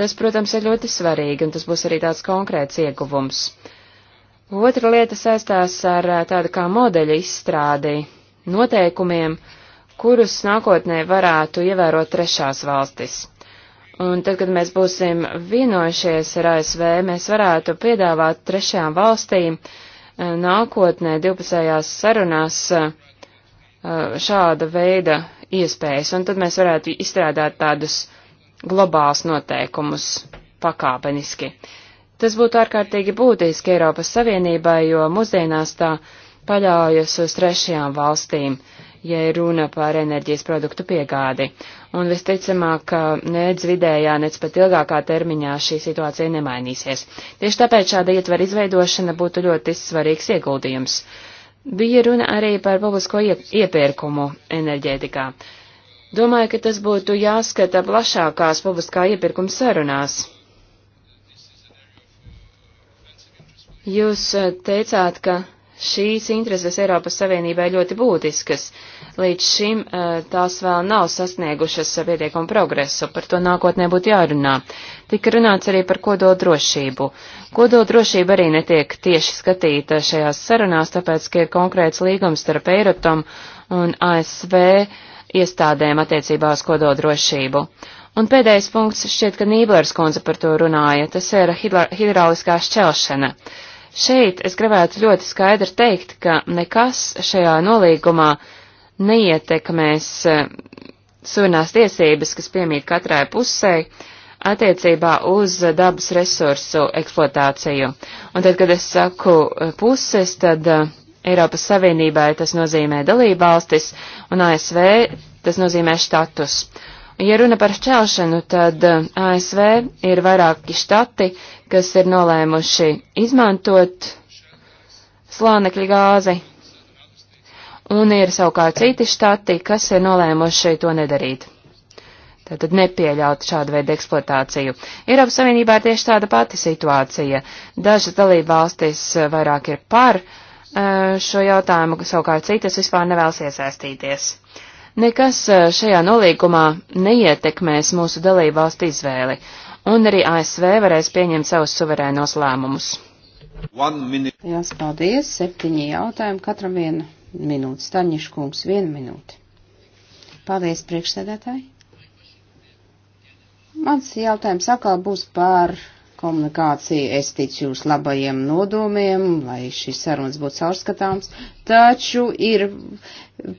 Tas, protams, ir ļoti svarīgi, un tas būs arī tāds konkrēts ieguvums. Otra lieta saistās ar eh, tādu kā modeļa izstrādi, noteikumiem, kurus nākotnē varētu ievērot trešās valstis. Un tad, kad mēs būsim vienojušies ar ASV, mēs varētu piedāvāt trešajām valstīm eh, nākotnē divpusējās sarunās eh, šāda veida iespējas, un tad mēs varētu izstrādāt tādus globālus noteikumus pakāpeniski. Uh, Tas būtu ārkārtīgi būtiski Eiropas Savienībai, jo mūsdienās tā paļaujas uz trešajām valstīm, ja ir runa par enerģijas produktu piegādi. Un visticamāk, ka nec vidējā, nec pat ilgākā termiņā šī situācija nemainīsies. Tieši tāpēc šāda ietvera izveidošana būtu ļoti svarīgs ieguldījums. Bija runa arī par publisko iepirkumu enerģētikā. Domāju, ka tas būtu jāskata plašākās publiskā iepirkuma sarunās Jūs eh, teicāt, ka šīs intereses Eiropas Savienībai ļoti būtiskas. Līdz šim eh, tās vēl nav sasniegušas pietiekumu progresu, par to nākotnē būtu jārunā. Tika runāts arī par kodoldrošību. Kodoldrošība arī netiek tieši skatīta šajās sarunās, tāpēc, ka ir konkrēts līgums starp Eirotom un ASV iestādēm attiecībā uz kodoldrošību. Un pēdējais punkts šķiet, ka Nīblers kundze par to runāja, tas ir hidrauliskā šķelšana. Uh, Šeit es gribētu ļoti skaidri teikt, ka nekas šajā nolīgumā neietekmēs eh, suverēnās tiesības, kas piemīt katrai pusē, attiecībā uz dabas resursu eksploatāciju. Un tad, kad es saku eh, puses, tad eh, Eiropas Savienībai tas nozīmē dalībvalstis un ASV tas nozīmē status. Ja runa par šķelšanu, tad eh, ASV ir vairāki štati, kas ir nolēmuši izmantot slānekļa gāzi, un ir savukārt citi štati, kas ir nolēmuši to nedarīt. Tātad nepieļaut šādu veidu eksploatāciju. Eiropas Savienībā ir tieši tāda pati situācija. Dažas dalība valstis eh, vairāk ir par eh, šo jautājumu, savukārt citas vispār nevēlas iesaistīties. Nekas eh, šajā nolīgumā neietekmēs mūsu dalībvalstu izvēli, un arī ASV varēs pieņemt savus suverēnos lēmumus. Jās paldies, septiņi jautājumi, katram viena minūte. Staņiškungs, viena minūte. Paldies, priekšsēdētāji. Mans jautājums atkal būs par komunikāciju. Es ticu jūs labajiem nodomiem, lai šis sarunas būtu caurskatāms, taču ir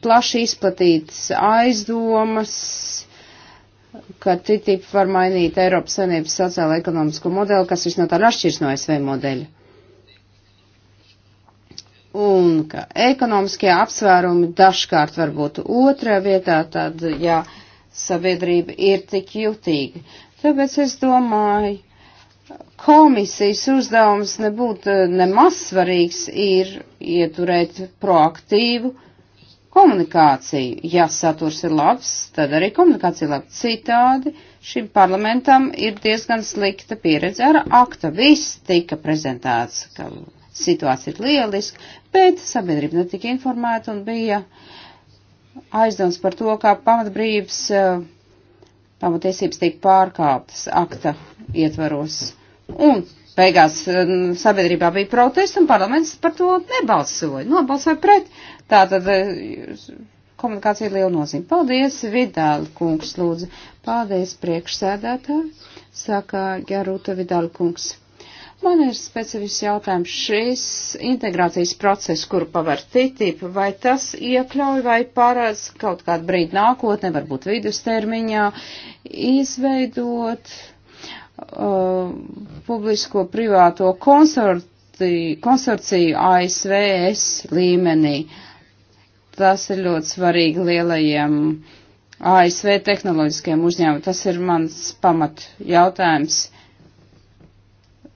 plaši izplatītas aizdomas ka TTIP var mainīt Eiropas Savienības sociālo ekonomisko modeli, kas visnotaļ atšķirs no SV modeļa. Un ka ekonomiskie apsvērumi dažkārt var būt otrā vietā, tad, ja sabiedrība ir tik jutīga. Tāpēc es domāju, komisijas uzdevums nebūtu eh, nemaz svarīgs, ir ieturēt proaktīvu komunikāciju. Ja saturs ir labs, tad arī komunikācija ir laba. Citādi šim parlamentam ir diezgan slikta pieredze ar akta. Viss tika prezentēts, ka situācija ir lieliska, bet sabiedrība netika informēta un bija aizdoms par to, kā pamatbrības, eh, pamatiesības tika pārkāptas akta ietvaros. Un beigās sabiedrībā bija protests, un parlaments par to nebalsoja. Nobalsoja pret. Tātad e, komunikācija ir liela nozīme. Paldies, Vidāli kungs, lūdzu. Paldies, priekšsēdētā, saka Gerūta Vidāli kungs. Man ir specifisks jautājums. Šis integrācijas process, kuru pavar TTIP, vai tas iekļauj vai pārādz kaut kādu brīdi nākotnē, varbūt vidustermiņā, izveidot uh, publisko privāto konsorti, konsorciju ASVS līmenī. Tas ir ļoti svarīgi lielajiem ASV tehnoloģiskiem uzņēmumiem. Tas ir mans pamat jautājums.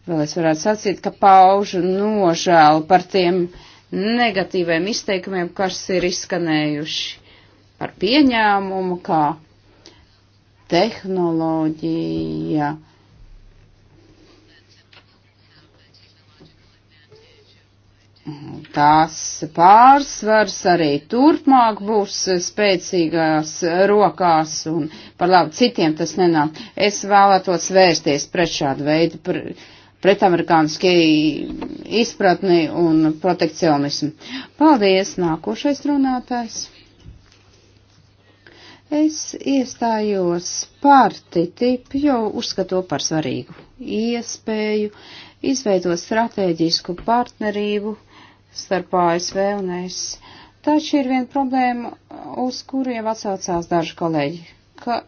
Vēl es varētu sacīt, ka paužu nožēlu par tiem negatīviem izteikumiem, kas ir izskanējuši par pieņēmumu, kā tehnoloģija tās pārsvars arī turpmāk būs spēcīgās rokās un par labu citiem tas nenāk. Es vēlētos vērsties pret šādu veidu pr pretamerikāniskie izpratni un protekcionismu. Paldies, nākošais runātājs. Es iestājos par TTIP, jo uzskatu par svarīgu iespēju izveidot stratēģisku partnerību starp ASV un es. Taču ir viena problēma, uz kuru jau atsaucās daži kolēģi, ka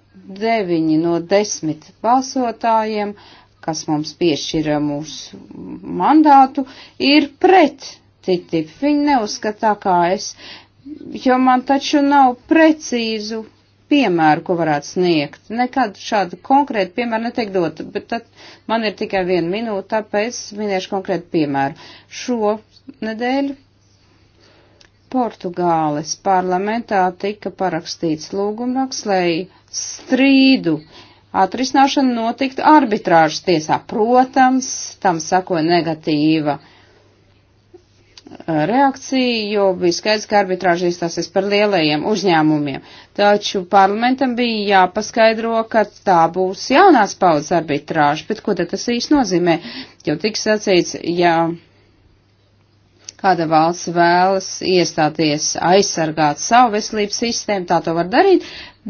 deviņi no desmit balsotājiem, kas mums piešķira mūsu mandātu, ir pret TTIP. Viņi neuzskatā kā es, jo man taču nav precīzu piemēru, ko varētu sniegt. Nekad šādu konkrētu piemēru netiek dot, bet tad man ir tikai viena minūte, tāpēc minēšu konkrētu piemēru. Šo nedēļu Portugāles parlamentā tika parakstīts lūgumraksts, lai strīdu atrisināšana notiktu arbitrāžas tiesā. Protams, tam sakoja negatīva reakcija, jo bija skaidrs, ka arbitrāži iestāsies par lielajiem uzņēmumiem. Taču parlamentam bija jāpaskaidro, ka tā būs jaunās paudzes arbitrāža, bet ko tad tas īsti nozīmē? Jo tik sacīts, ja. Jā kāda valsts vēlas iestāties aizsargāt savu veselības sistēmu, tā to var darīt,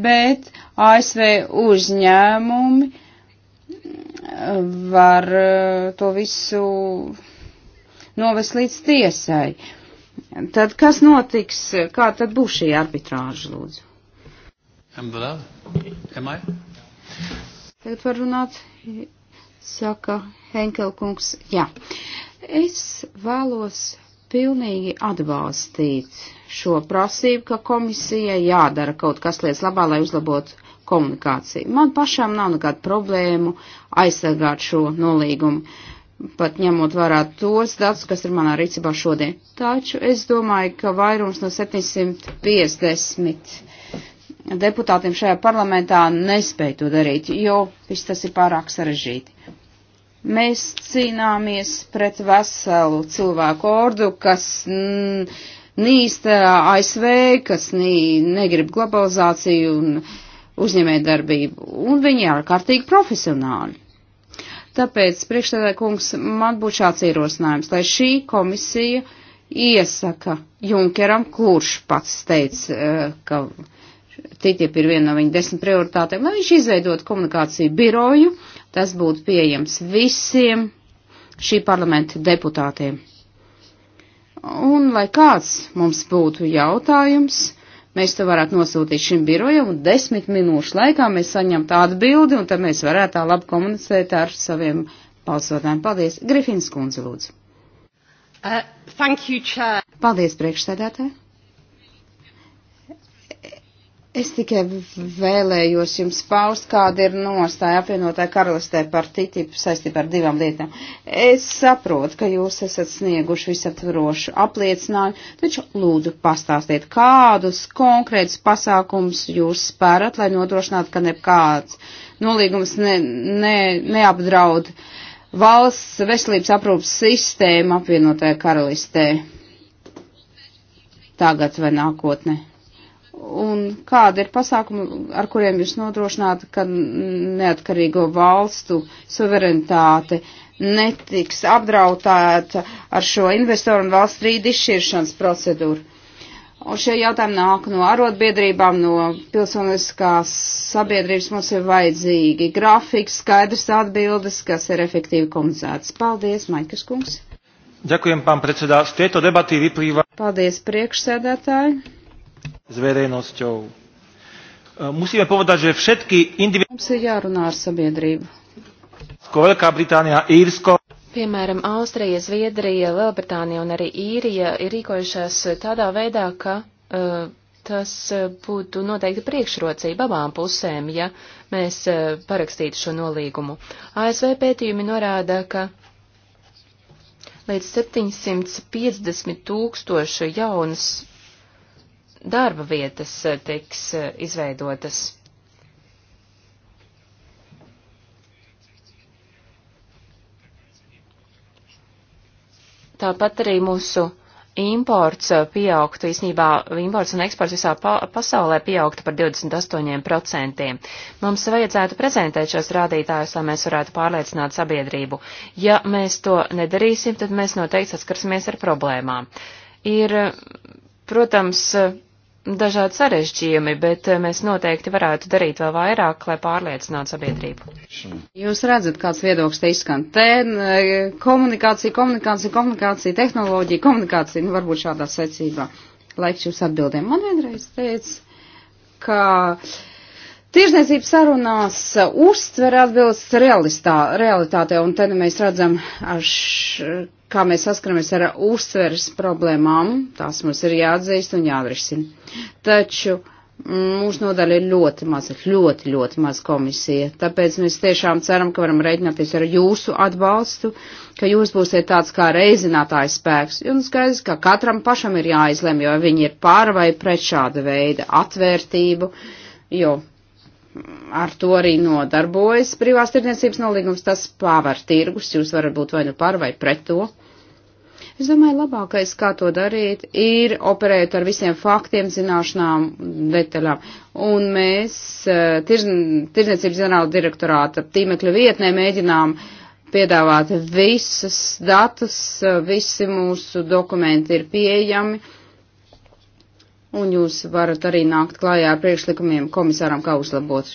bet ASV uzņēmumi mm, var eh, to visu novest līdz tiesai. Tad kas notiks, kā tad būs šī arbitrāža, lūdzu? Tagad var runāt, saka Henkelkungs. Jā, es vēlos pilnīgi atbalstīt šo prasību, ka komisijai jādara kaut kas lietas labā, lai uzlabotu komunikāciju. Man pašām nav nekādu problēmu aizsargāt šo nolīgumu, pat ņemot vērā tos datus, kas ir manā rīcībā šodien. Taču es domāju, ka vairums no 750 deputātiem šajā parlamentā nespēja to darīt, jo viss tas ir pārāk sarežģīti. Mēs cīnāmies pret veselu cilvēku ordu, kas nīsta ASV, kas nī, negrib globalizāciju un uzņēmē darbību, un viņi ir ārkārtīgi profesionāļi. Tāpēc, priekšstādā kungs, man būtu šāds ierosinājums, lai šī komisija iesaka Junkeram, kurš pats teica, ka TTIP ir viena no viņa desmit prioritātēm, lai viņš izveidot komunikāciju biroju, tas būtu pieejams visiem šī parlamenta deputātiem. Un lai kāds mums būtu jautājums, mēs to varētu nosūtīt šim birojam, un desmit minūšu laikā mēs saņemtu atbildi, un tad mēs varētu tā labi komunicēt ar saviem balsotājiem. Paldies, Grifins kundze, lūdzu. Uh, thank you, Chair. Paldies, priekšsēdētāji. Es tikai vēlējos jums paust, kāda ir nostāja apvienotāja karalistē par TTIP saistībā ar divām lietām. Es saprotu, ka jūs esat snieguši visaptvarošu apliecinājumu, taču lūdzu pastāstiet, kādus konkrētus pasākums jūs spērat, lai nodrošinātu, ka nekāds nolīgums ne, ne, neapdraud valsts veselības aprūpas sistēmu apvienotāja karalistē tagad vai nākotnē un kāda ir pasākuma, ar kuriem jūs nodrošināt, ka neatkarīgo valstu suverenitāte netiks apdrautēta ar šo investoru un valsts strīdu izšķiršanas procedūru. Un šie jautājumi nāk no arotbiedrībām, no pilsoniskās sabiedrības. Mums ir vajadzīgi grafiks, skaidrs atbildes, kas ir efektīvi komunicētas. Paldies, Maikas kungs. Ďakujem, pán predsedá. Z tejto debaty vyplýva. Paldies, priekšsēdētāji s verejnosťou. E, musíme povedať, že všetky individuálne... Mums ir jārunā ar sabiedrību. Ko Veľká Britānija, Īrsko... Piemēram, Austrija, Zviedrija, Lielbritānija un arī Īrija ir rīkojušās tādā veidā, ka uh, tas būtu noteikti priekšrocība abām pusēm, ja mēs uh, parakstītu šo nolīgumu. ASV pētījumi norāda, ka līdz 750 tūkstoši jaunas darba vietas eh, tiks eh, izveidotas. Tāpat arī mūsu imports eh, pieaugtu, īsnībā imports un eksports visā pa pasaulē pieaugtu par 28%. Mums vajadzētu prezentēt šos rādītājus, lai mēs varētu pārliecināt sabiedrību. Ja mēs to nedarīsim, tad mēs noteikti saskarsimies ar problēmām. Ir, protams, dažādi sarežģījumi, bet eh, mēs noteikti varētu darīt vēl vairāk, lai pārliecinātu sabiedrību. Jūs redzat, kāds viedoklis te izskan. Te eh, komunikācija, komunikācija, komunikācija, tehnoloģija, komunikācija, nu varbūt šādā secībā. Laiks jūs atbildēm. Man vienreiz teica, ka. Uh, Tirzniecības sarunās uh, uztver atbilst realistā, realitātei, un te nu mēs redzam, š, kā mēs saskaramies ar uztveres problēmām, tās mums ir jāatzīst un jāatrisina. Taču mm, mūsu nodaļa ir ļoti maza, ļoti, ļoti maza komisija, tāpēc mēs tiešām ceram, ka varam reiķināties ar jūsu atbalstu, ka jūs būsiet tāds kā reizinātājs spēks, un skaidrs, ka katram pašam ir jāizlem, jo viņi ir pār vai pret šāda veida atvērtību, jo ar to arī nodarbojas privās tirdzniecības nolīgums, tas pāver tirgus, jūs varat būt vai nu par vai pret to. Es domāju, labākais, kā to darīt, ir operēt ar visiem faktiem, zināšanām, detaļām. Un mēs eh, tirdzniecības ģenerāla direktorāta tīmekļa vietnē mēģinām piedāvāt visas datus, eh, visi mūsu dokumenti ir pieejami un jūs varat arī nākt klājā ar priekšlikumiem komisāram, kā uzlabot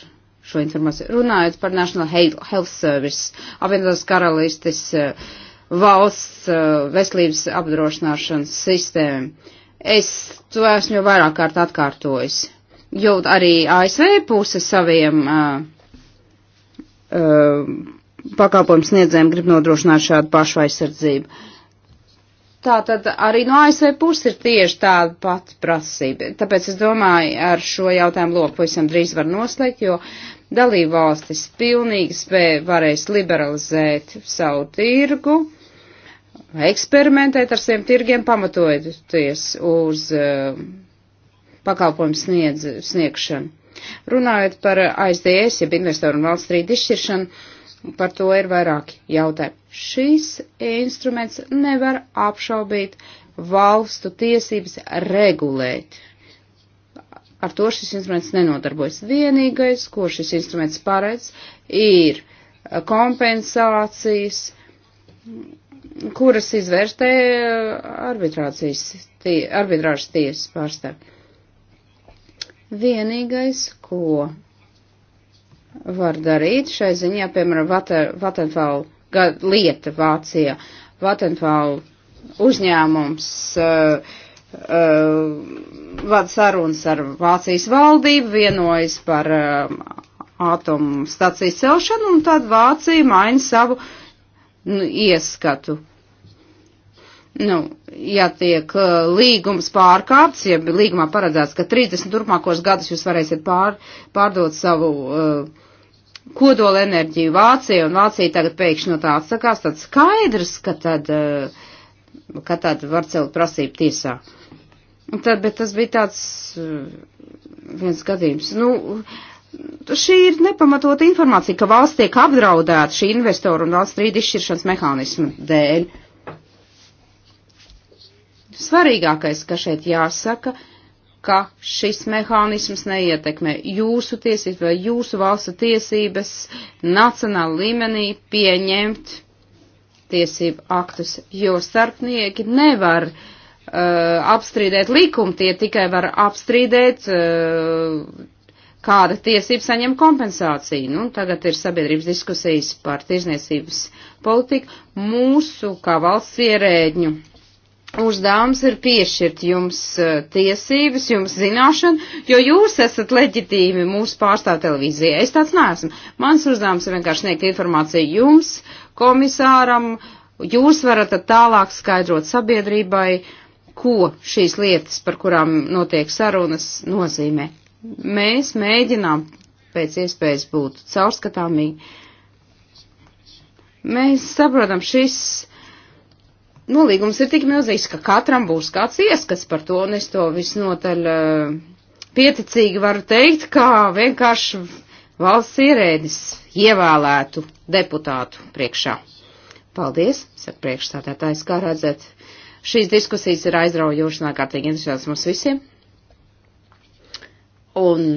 šo informāciju. Runājot par National Health Service, apvienotās karalistes eh, valsts eh, veselības apdrošināšanas sistēmu, es to esmu jau vairāk kārt atkārtojis. Jo arī ASV puse saviem uh, uh, pakalpojumu sniedzējiem grib nodrošināt šādu pašu aizsardzību. Tā tad arī no ASV puses ir tieši tāda pati prasība. Tāpēc es domāju, ar šo jautājumu loku pavisam drīz var noslēgt, jo dalībvalstis pilnīgi spēja varēs liberalizēt savu tirgu, eksperimentēt ar saviem tirgiem, pamatojoties uz uh, pakalpojumu sniedz, sniegšanu. Runājot par ASDS, jeb investoru un valsts strīdu izšķiršanu, par to ir vairāki jautājumi šis instruments nevar apšaubīt valstu tiesības regulēt. Ar to šis instruments nenodarbojas. Vienīgais, ko šis instruments paredz, ir kompensācijas, kuras izvērstē arbitrācijas, tie, arbitrāžas tiesas pārstāvji. Vienīgais, ko var darīt šai ziņā, piemēram, Vatafālu. Water, gada lieta Vācijā. Vatenfālu uzņēmums uh, uh, vada sarunas ar Vācijas valdību, vienojas par uh, atomu staciju celšanu, un tad Vācija maina savu nu, ieskatu. Nu, ja tiek uh, līgums pārkāpts, ja līgumā paredzēts, ka 30 turpmākos gadus jūs varēsiet pār, pārdot savu uh, kodola enerģiju Vācija un Vācija tagad pēkšņi no tā atsakās, tad skaidrs, ka tad, eh, ka tad var celt prasību tiesā. Un tad, bet tas bija tāds eh, viens gadījums. Nu, šī ir nepamatota informācija, ka valsts tiek apdraudēta šī investoru un valsts strīdu izšķiršanas mehānismu dēļ. Svarīgākais, ka šeit jāsaka, ir ka šis mehānisms neietekmē jūsu tiesības vai jūsu valsts tiesības nacionāla līmenī pieņemt tiesību aktus, jo starpnieki nevar uh, apstrīdēt likumu, tie tikai var apstrīdēt, uh, kāda tiesība saņem kompensāciju. Nu, tagad ir sabiedrības diskusijas par tirzniecības politiku. Mūsu, kā valsts ierēģņu uzdevums ir piešķirt jums e, tiesības, jums zināšanu, jo jūs esat leģitīmi mūsu pārstāv televīzijā. Es tāds neesmu. Mans uzdevums ir vienkārši sniegt informāciju jums, komisāram, jūs varat tālāk skaidrot sabiedrībai, ko šīs lietas, par kurām notiek sarunas, nozīmē. Mēs mēģinām pēc iespējas būt caurskatāmīgi. Mēs saprotam, šis nolīgums nu, ir tik milzīgs, ka katram būs kāds ieskats par to, un es to visnotaļ eh, pieticīgi varu teikt, kā vienkārši valsts ierēdis ievēlētu deputātu priekšā. Paldies, saka priekšstādātājs, kā redzat, šīs diskusijas ir aizraujošas, nākārtīgi interesants mums visiem. Un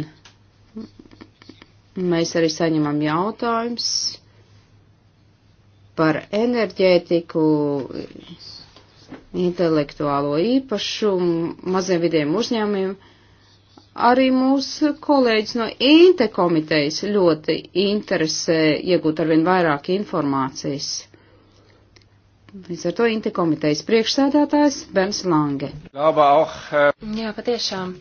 mēs arī saņemam jautājumus par enerģētiku, intelektuālo īpašumu, maziem vidiem uzņēmumiem. Arī mūsu kolēģis no INTE komitejas ļoti interesē iegūt arvien vairāk informācijas. Līdz ar to INTE komitejas priekšsēdētājs Bens Lange. Äh, Jā, patiešām.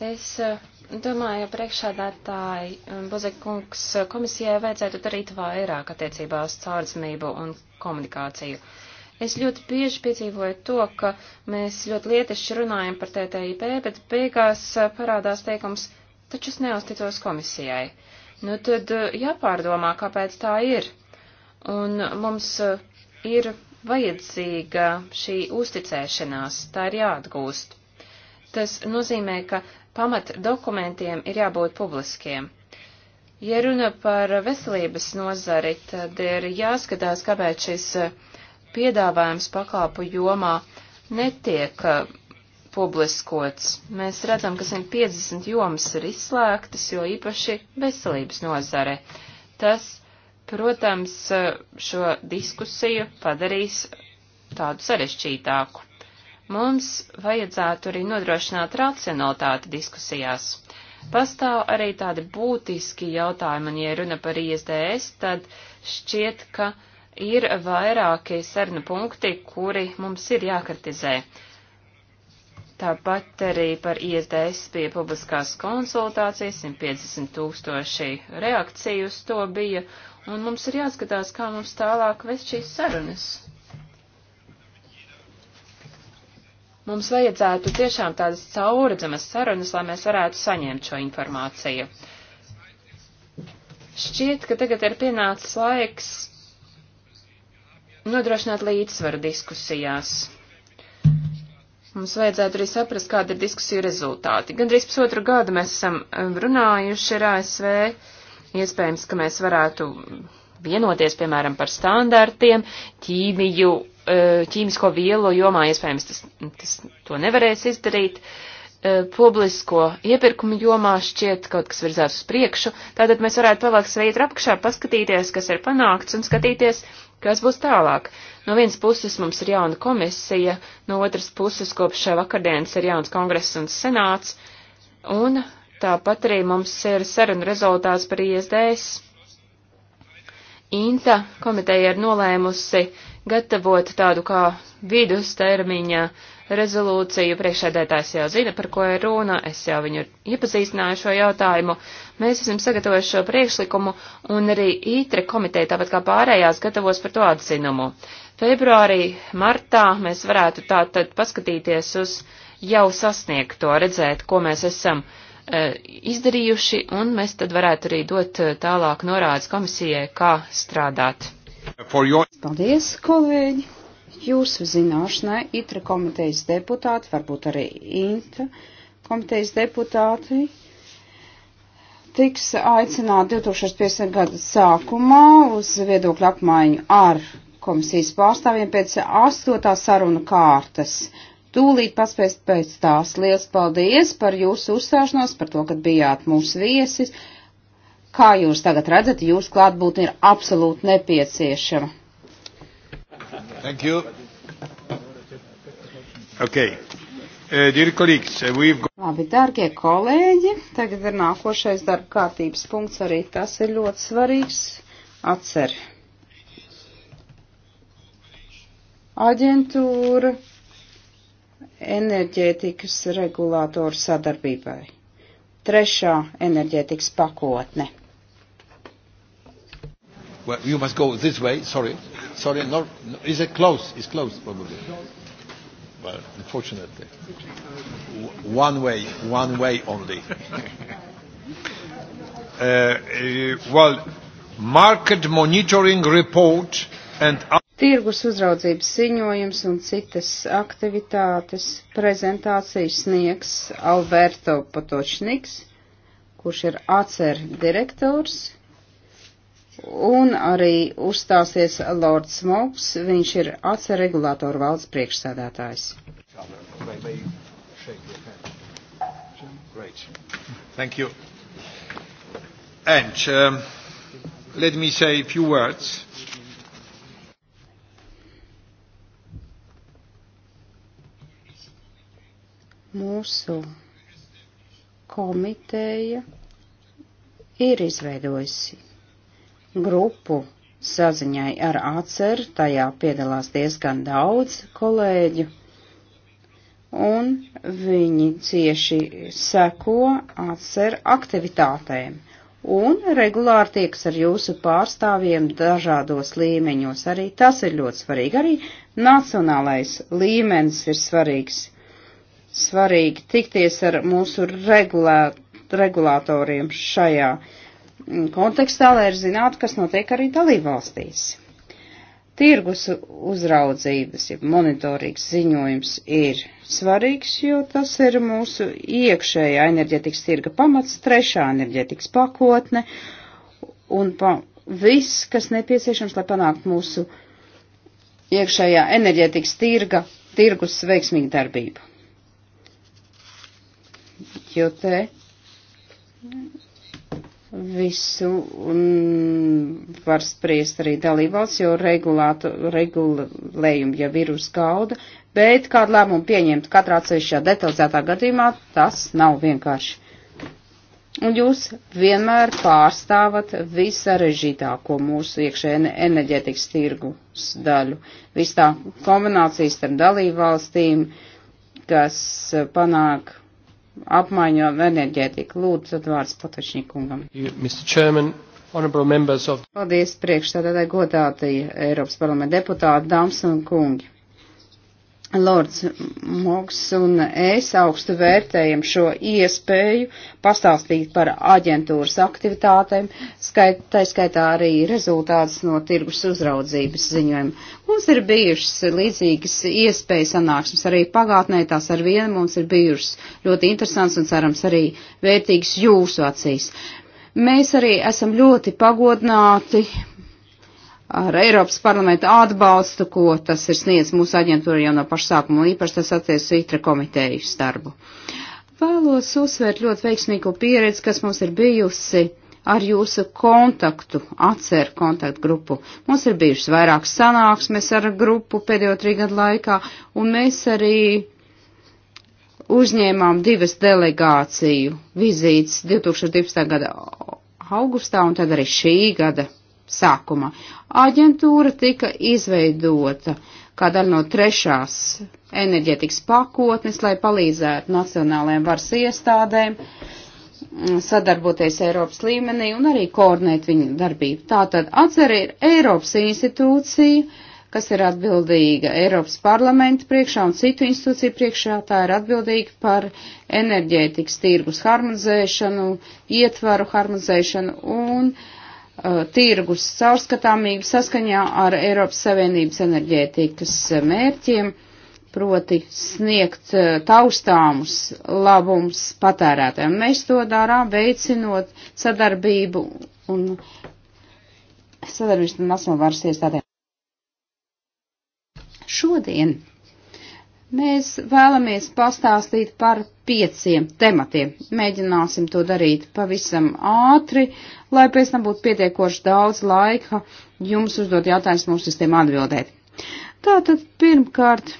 Es uh, Domāju, priekšādātāji, um, Bozekungs, komisijai vajadzētu darīt vairāk attiecībā uz caurdzamību un komunikāciju. Es ļoti bieži piedzīvoju to, ka mēs ļoti lietišķi runājam par TTIP, bet beigās uh, parādās teikums, taču es neusticos komisijai. Nu tad uh, jāpārdomā, kāpēc tā ir. Un mums uh, ir vajadzīga šī uzticēšanās, tā ir jāatgūst. Tas nozīmē, ka pamat dokumentiem ir jābūt publiskiem. Ja runa par veselības nozari, tad ir jāskatās, kāpēc šis eh, piedāvājums pakāpu jomā netiek eh, publiskots. Mēs redzam, ka 150 jomas ir izslēgtas, jo īpaši veselības nozare. Tas, protams, eh, šo diskusiju padarīs tādu sarešķītāku mums vajadzētu arī nodrošināt racionalitāti diskusijās. Pastāv arī tādi būtiski jautājumi, un ja runa par ISDS, tad šķiet, ka ir vairākie sarunu punkti, kuri mums ir jākritizē. Tāpat arī par ISDS pie publiskās konsultācijas 150 tūkstoši reakciju uz to bija, un mums ir jāskatās, kā mums tālāk vest šīs sarunas. Mums vajadzētu tiešām tādas cauradzamas sarunas, lai mēs varētu saņemt šo informāciju. Šķiet, ka tagad ir pienācis laiks nodrošināt līdzsvaru diskusijās. Mums vajadzētu arī saprast, kāda ir diskusija rezultāti. Gandrīz pusotru gadu mēs esam runājuši ar ASV. Iespējams, ka mēs varētu vienoties, piemēram, par standartiem, ķīmiju, eh, ķīmisko vielu jomā, iespējams, tas, tas to nevarēs izdarīt. Eh, publisko iepirkumu jomā šķiet kaut kas virzās uz priekšu, tātad mēs varētu pavākt sveitu apakšā, paskatīties, kas ir panākts un skatīties, kas būs tālāk. No vienas puses mums ir jauna komisija, no otras puses kopš vakardienas ir jauns kongress un senāts, un tāpat arī mums ir saruna rezultāts par ISDS. INTA komiteja ir nolēmusi gatavot tādu kā vidustermiņa rezolūciju. Priekšēdētājs jau zina, par ko ir runa, es jau viņu iepazīstināju šo jautājumu. Mēs esam sagatavojuši šo priekšlikumu un arī ITRE komiteja, tāpat kā pārējās, gatavos par to atzinumu. Februārī, martā mēs varētu tātad paskatīties uz jau sasniegto, redzēt, ko mēs esam uh, E, izdarījuši, un mēs tad varētu arī dot e, tālāk norādes komisijai, kā strādāt. Your... Paldies, kolēģi! Jūsu zināšanai ITRA komitejas deputāti, varbūt arī INTA komitejas deputāti, tiks aicināti 2050. gada sākumā uz viedokļu apmaiņu ar komisijas pārstāvjiem pēc astotā saruna kārtas tūlīt paspēst pēc tās. Liels paldies par jūsu uzstāšanos, par to, ka bijāt mūsu viesis. Kā jūs tagad redzat, jūsu klātbūtne ir absolūti nepieciešama. Thank you. Okay. Uh, uh got... Labi, dārgie kolēģi, tagad ir nākošais darba kārtības punkts, arī tas ir ļoti svarīgs. Atcer. Aģentūra enerģētikas regulātoru sadarbībai. Trešā enerģētikas pakotne. Well, you must go this way. Sorry, sorry. No, no, is it close? It's closed probably. Well, unfortunately, one way, one way only. <laughs> uh, well, market monitoring report and tirgus uzraudzības ziņojums un citas aktivitātes prezentācijas sniegs Alberto Potočniks, kurš ir ACER direktors, un arī uzstāsies Lords Smokes, viņš ir ACER regulātoru valdes priekšsēdētājs. Thank you. And um, let me say a few words Mūsu komiteja ir izveidojusi grupu saziņai ar ACER, tajā piedalās diezgan daudz kolēģu, un viņi cieši seko ACER aktivitātēm un regulāri tieks ar jūsu pārstāvjiem dažādos līmeņos. Arī tas ir ļoti svarīgi. Arī nacionālais līmenis ir svarīgs svarīgi tikties ar mūsu regulā, regulātoriem šajā mm, kontekstā, lai ir zinātu, kas notiek arī dalībvalstīs. Tirgus uzraudzības, ja monitorīgs ziņojums ir svarīgs, jo tas ir mūsu iekšējā enerģetikas tirga pamats, trešā enerģetikas pakotne un pa viss, kas nepieciešams, lai panāktu mūsu iekšējā enerģetikas tirga, tirgus veiksmīgu darbību jo te visu var spriest arī dalībvalsts, jo regulējumi jau ir uz gauda, bet kādu lēmumu pieņemt katrā ceļšā detalizētā gadījumā, tas nav vienkārši. Un jūs vienmēr pārstāvat visarežģītāko mūsu iekšējā enerģētikas tirgus daļu. Viss tā kombinācijas starp dalībvalstīm, kas eh, panāk apmaiņu ar enerģētiku. Lūdzu, tad vārds Potočņikungam. Of... Paldies priekšstādātāji godātie Eiropas parlamenta deputāti, dāmas un kungi. Lords Mogs un es augstu vērtējam šo iespēju pastāstīt par aģentūras aktivitātēm, skait, tā skaitā arī rezultātus no tirgus uzraudzības ziņojuma. Mums ir bijušas līdzīgas iespējas sanāksmes arī pagātnē, tās ar vienu mums ir bijušas ļoti interesants un cerams arī vērtīgs jūsu acīs. Mēs arī esam ļoti pagodināti ar Eiropas parlamenta atbalstu, ko tas ir sniedz mūsu aģentūra jau no paša sākuma, īpaši tas attiecas ITRA komitejas darbu. Vēlos uzsvērt ļoti veiksmīgo pieredzi, kas mums ir bijusi ar jūsu kontaktu, atceru kontaktu grupu. Mums ir bijušas vairākas sanāksmes ar grupu pēdējo trī gadu laikā, un mēs arī uzņēmām divas delegāciju vizītes 2012. gada augustā un tad arī šī gada sākuma. Aģentūra tika izveidota kā daļa no trešās enerģetikas pakotnes, lai palīdzētu nacionālajiem varas iestādēm mm, sadarboties Eiropas līmenī un arī koordinēt viņu darbību. Tātad atzara ir Eiropas institūcija, kas ir atbildīga Eiropas parlamenta priekšā un citu institūciju priekšā, tā ir atbildīga par enerģētikas tirgus harmonizēšanu, ietvaru harmonizēšanu un uh, Uh, tirgus caurskatāmību saskaņā ar Eiropas Savienības enerģētikas uh, mērķiem, proti sniegt uh, taustāmus labums patērētājiem. Mēs to darām veicinot sadarbību un sadarbības nacionālajām varas iestādēm. Šodien mēs vēlamies pastāstīt par pieciem tematiem. Mēģināsim to darīt pavisam ātri, lai pēc tam būtu pietiekoši daudz laika jums uzdot jautājumus mūsu sistēmu atbildēt. Tātad pirmkārt,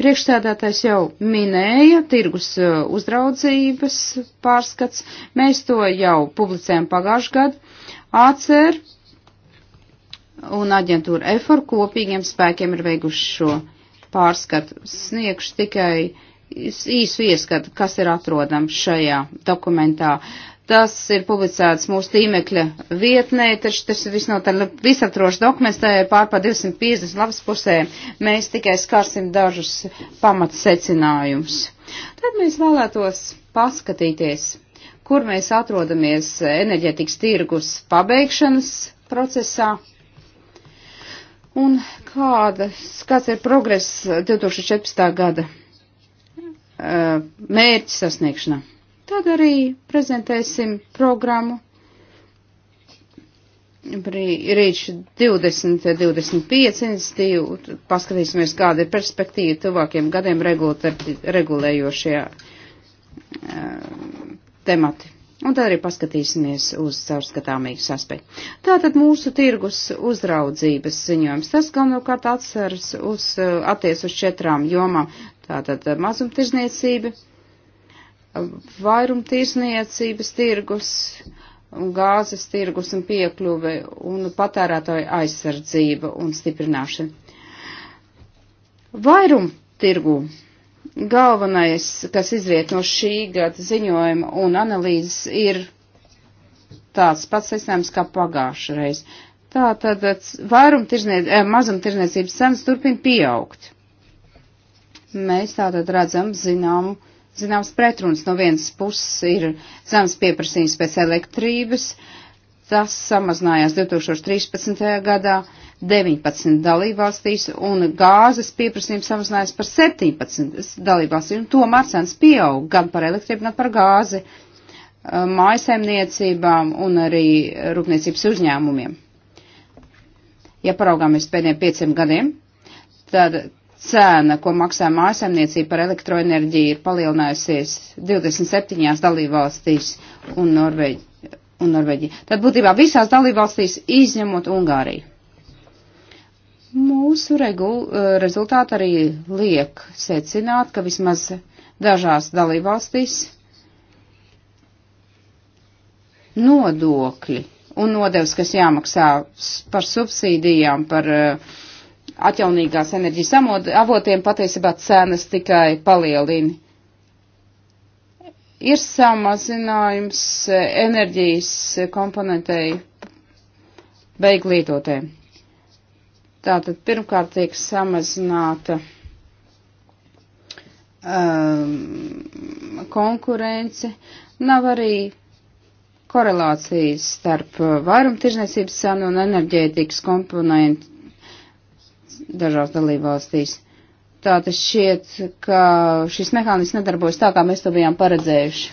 priekšstādātais jau minēja tirgus uh, uzraudzības pārskats. Mēs to jau publicējam pagājušajā gadu. ACR un aģentūra EFOR kopīgiem spēkiem ir veikuši šo pārskatu. Sniegšu tikai uh, īsu ieskatu, kas ir atrodams šajā dokumentā. Tas ir publicēts mūsu tīmekļa vietnē, taču tas ir visnotaļ visaptrošs dokuments, tā ir pārpār 250 labas pusē. Mēs tikai skarsim dažus pamatsecinājumus. Tad mēs vēlētos paskatīties, kur mēs atrodamies enerģetikas tirgus pabeigšanas procesā, un kāda, kāds ir progress 2014. gada Uh, mērķu sasniegšanā. Tad arī prezentēsim programmu. Rīč 20, 25 institīvu, paskatīsimies, kāda ir perspektīva tuvākiem gadiem regulējošie uh, temati. Un tad arī paskatīsimies uz caurskatāmīgas aspektu. Tātad mūsu tirgus uzraudzības ziņojums, tas galvenokārt atsars uz, uh, attiec uz četrām jomām Tātad eh, mazumtirzniecība, vairumtirzniecības tirgus, gāzes tirgus un piekļuve un patērētāju aizsardzība un stiprināšana. Vairumtirgu galvenais, kas izriet no šī gada ziņojuma un analīzes, ir tāds pats secinājums kā pagājušajā reizē. Tātad eh, eh, mazumtirzniecības cenas turpina pieaugt mēs tātad redzam zinām, zināms pretruns. No vienas puses ir zemes pieprasījums pēc elektrības, tas samazinājās 2013. gadā 19 dalībvalstīs, un gāzes pieprasījums samazinājās par 17 dalībvalstīs, un tomēr cenas pieaug gan par elektrību, gan par gāzi eh, mājasēmniecībām un arī rūpniecības uzņēmumiem. Ja paraugāmies pēdējiem pieciem gadiem, tad cēna, ko maksā mājasemniecība par elektroenerģiju, ir palielinājusies 27 dalībvalstīs un, Norveģi, un Norveģija. Tad būtībā visās dalībvalstīs izņemot Ungāriju. Mūsu regul, eh, rezultāti arī liek secināt, ka vismaz dažās dalībvalstīs nodokļi un nodevs, kas jāmaksā par subsīdijām, par uh, atjaunīgās enerģijas avotiem patiesībā cenas tikai palielina. Ir samazinājums e, enerģijas komponentei beiglītotē. Tātad pirmkārt tiek samazināta um, konkurence, nav arī korelācijas starp vairumtirdzniecības cenu un enerģētikas komponentu dažās dalībvalstīs. Tātad šķiet, ka šis mehānisms nedarbojas tā, kā mēs to bijām paredzējuši.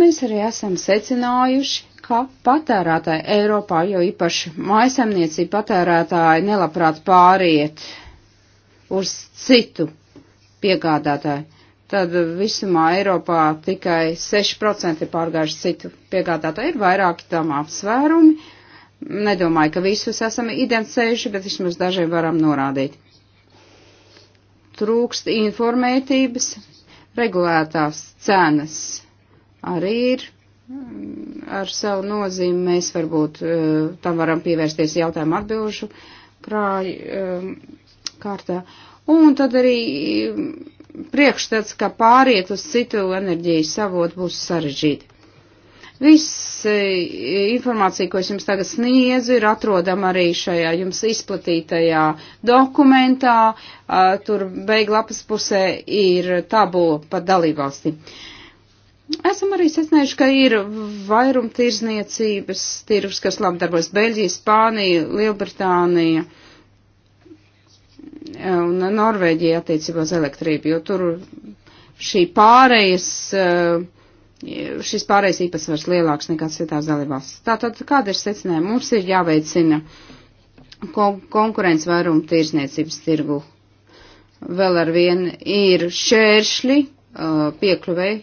Mēs arī esam secinājuši, ka patērētāji Eiropā, jo īpaši mājasemniecība patērētāji nelabprāt pāriet uz citu piegādātāju. Tad visumā Eiropā tikai 6% ir pārgājuši citu piegādātāju. Ir vairāki tam apsvērumi Nedomāju, ka visus esam identificējuši, bet vismaz dažiem varam norādīt. Trūkst informētības, regulētās cenas arī ir ar savu nozīmi. Mēs varbūt e, tam varam pievērsties jautājumu atbilžu krāju e, kārtā. Un tad arī e, priekšstats, ka pāriet uz citu enerģijas savotu būs sarežģīti. Viss informācija, ko es jums tagad sniedzu, ir atrodama arī šajā jums izplatītajā dokumentā. Tur beiglapas pusē ir tabula par dalībvalsti. Esam arī secinājuši, ka ir vairumtirzniecības tirgus, kas labdarbojas Beļģija, Spānija, Lielbritānija un Norvēģija attiecībā uz elektrību, jo tur šī pārējas uh, šis pārējais īpatsvars lielāks nekā citās dalībvalstīs. Tātad, kāda ir secinājuma? Mums ir jāveicina kon konkurence vairuma tirzniecības tirgu. Vēl ar vienu ir šēršļi uh, piekļuvēji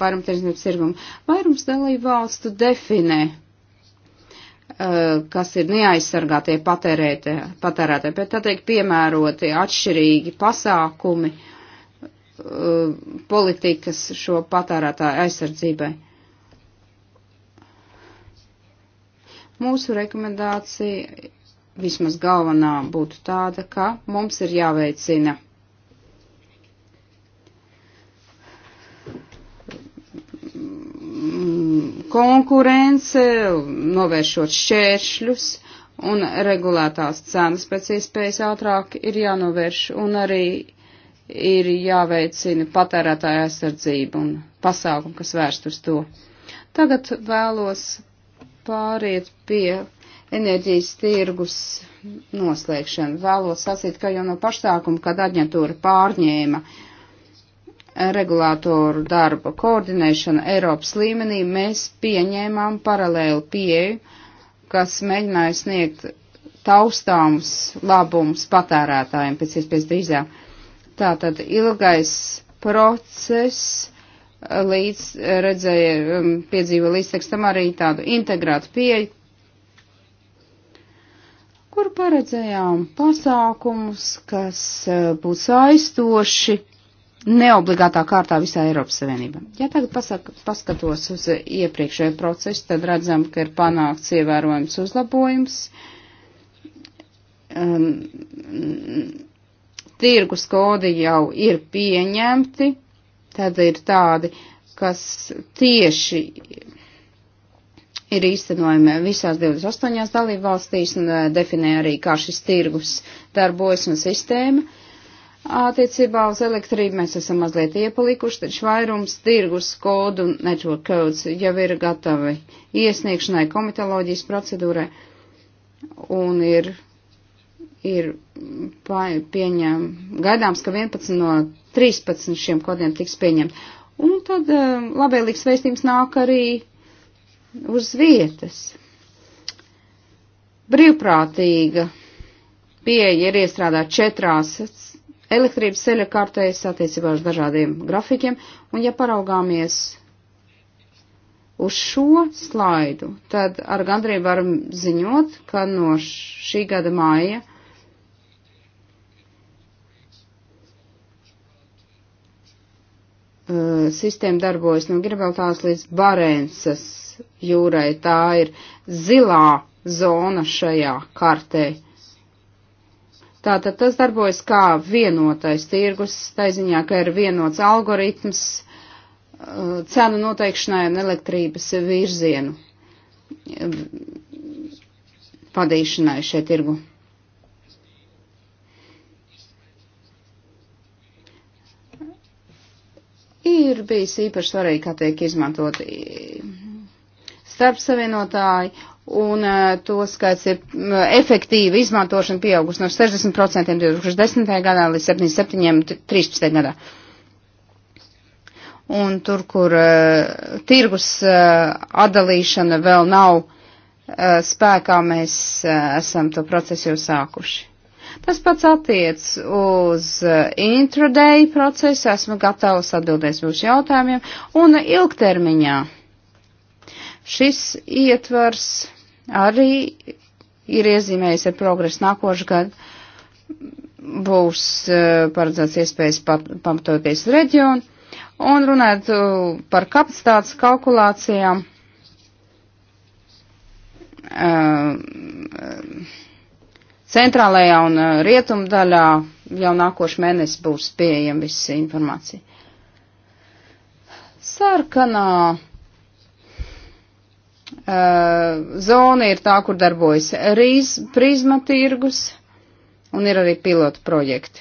vairuma tirzniecības tirgumu. Vairums dalību valstu definē, uh, kas ir neaizsargātie patērētāji, bet tā teikt piemēroti atšķirīgi pasākumi. Uh, Uh, politikas šo patērētāju aizsardzībai. Mūsu rekomendācija vismaz galvenā būtu tāda, ka mums ir jāveicina konkurence, novēršot šķēršļus un regulētās cenas pēc iespējas ātrāk ir jānovērš un arī ir jāveicina patērētāja aizsardzība un pasākumi, kas vērst uz to. Tagad vēlos pāriet pie enerģijas tirgus noslēgšanu. Vēlos sacīt, ka jau no pašsākuma, kad aģentūra pārņēma regulātoru darba koordinēšanu Eiropas līmenī, mēs pieņēmām paralēlu pieeju, kas mēģināja sniegt taustāms labums patērētājiem pēc iespējas drīzāk Tātad ilgais process eh, līdz eh, redzēja, um, piedzīvo līdztekstam arī tādu integrētu pieeju, kur paredzējām pasākumus, kas eh, būs aizstoši neobligātā kārtā visā Eiropas Savienībā. Ja tagad pasaka, paskatos uz iepriekšējo procesu, tad redzam, ka ir panākts ievērojams uzlabojums. Um, tirgus kodi jau ir pieņemti, tad ir tādi, kas tieši ir īstenojami visās 28 dalībvalstīs un eh, definē arī, kā šis tirgus darbojas un sistēma. Attiecībā uz elektrību mēs esam mazliet iepalikuši, taču vairums tirgus kodu un network codes jau ir gatavi iesniegšanai komitoloģijas procedūrai un ir ir pieņem, gaidāms, ka 11 no 13 šiem kodiem tiks pieņemt. Un tad eh, labēlīgs veistījums nāk arī uz vietas. Brīvprātīga pieeja ir iestrādāt četrās elektrības ceļa kartēs attiecībā uz dažādiem grafikiem, un ja paraugāmies uz šo slaidu, tad ar gandrību varam ziņot, ka no šī gada māja Eh, sistēma darbojas no Gribeltās līdz Barensas jūrai. Tā ir zilā zona šajā kartē. Tātad tas darbojas kā vienotais tirgus, tā ziņā, ka ir vienots algoritms eh, cenu noteikšanai un elektrības virzienu eh, padīšanai šeit tirgu. ir bijis īpaši svarīgi, kā tiek izmantot starpsavienotāji, un e, to skaits ir e, efektīva izmantošana pieaugusi no 60% 2010. gadā līdz 77.13. gadā. Un tur, kur uh, tirgus uh, atdalīšana vēl nav uh, spēkā, mēs uh, esam to procesu jau sākuši. Tas pats attiec uz eh, intraday procesu, esmu gatavs atbildēt jūsu jautājumiem, un ilgtermiņā šis ietvars arī ir iezīmējis ar progresu nākošu gadu. Būs eh, paredzēts iespējas pamatoties reģionu un runāt eh, par kapacitātes kalkulācijām. Uh, centrālajā un eh, rietumdaļā jau nākošais mēnesis būs pieejama visa informācija. Sarkanā uh, zona ir tā, kur darbojas rīz, prizma tirgus un ir arī pilotu projekti.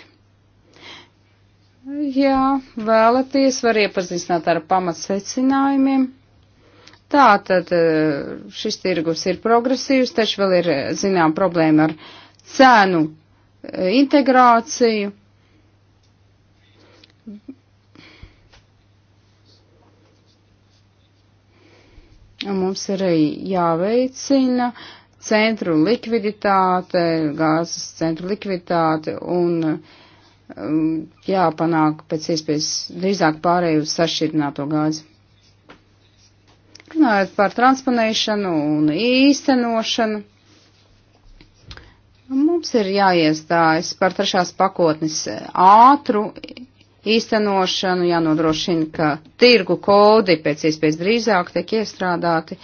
Jā, vēlaties, var iepazīstināt ar pamatsecinājumiem. Tā tad eh, šis tirgus ir progresīvs, taču vēl ir zinām problēma ar uh, cēnu eh, integrāciju. Un mums ir arī jāveicina centru likviditāte, gāzes centru likviditāte un um, jāpanāk pēc iespējas drīzāk pārēju uz sašķirināto gāzi. Runājot par transponēšanu un īstenošanu. Mums ir jāiestājas par trešās pakotnes ātru īstenošanu, jānodrošina, ka tirgu kodi pēc iespējas drīzāk tiek iestrādāti,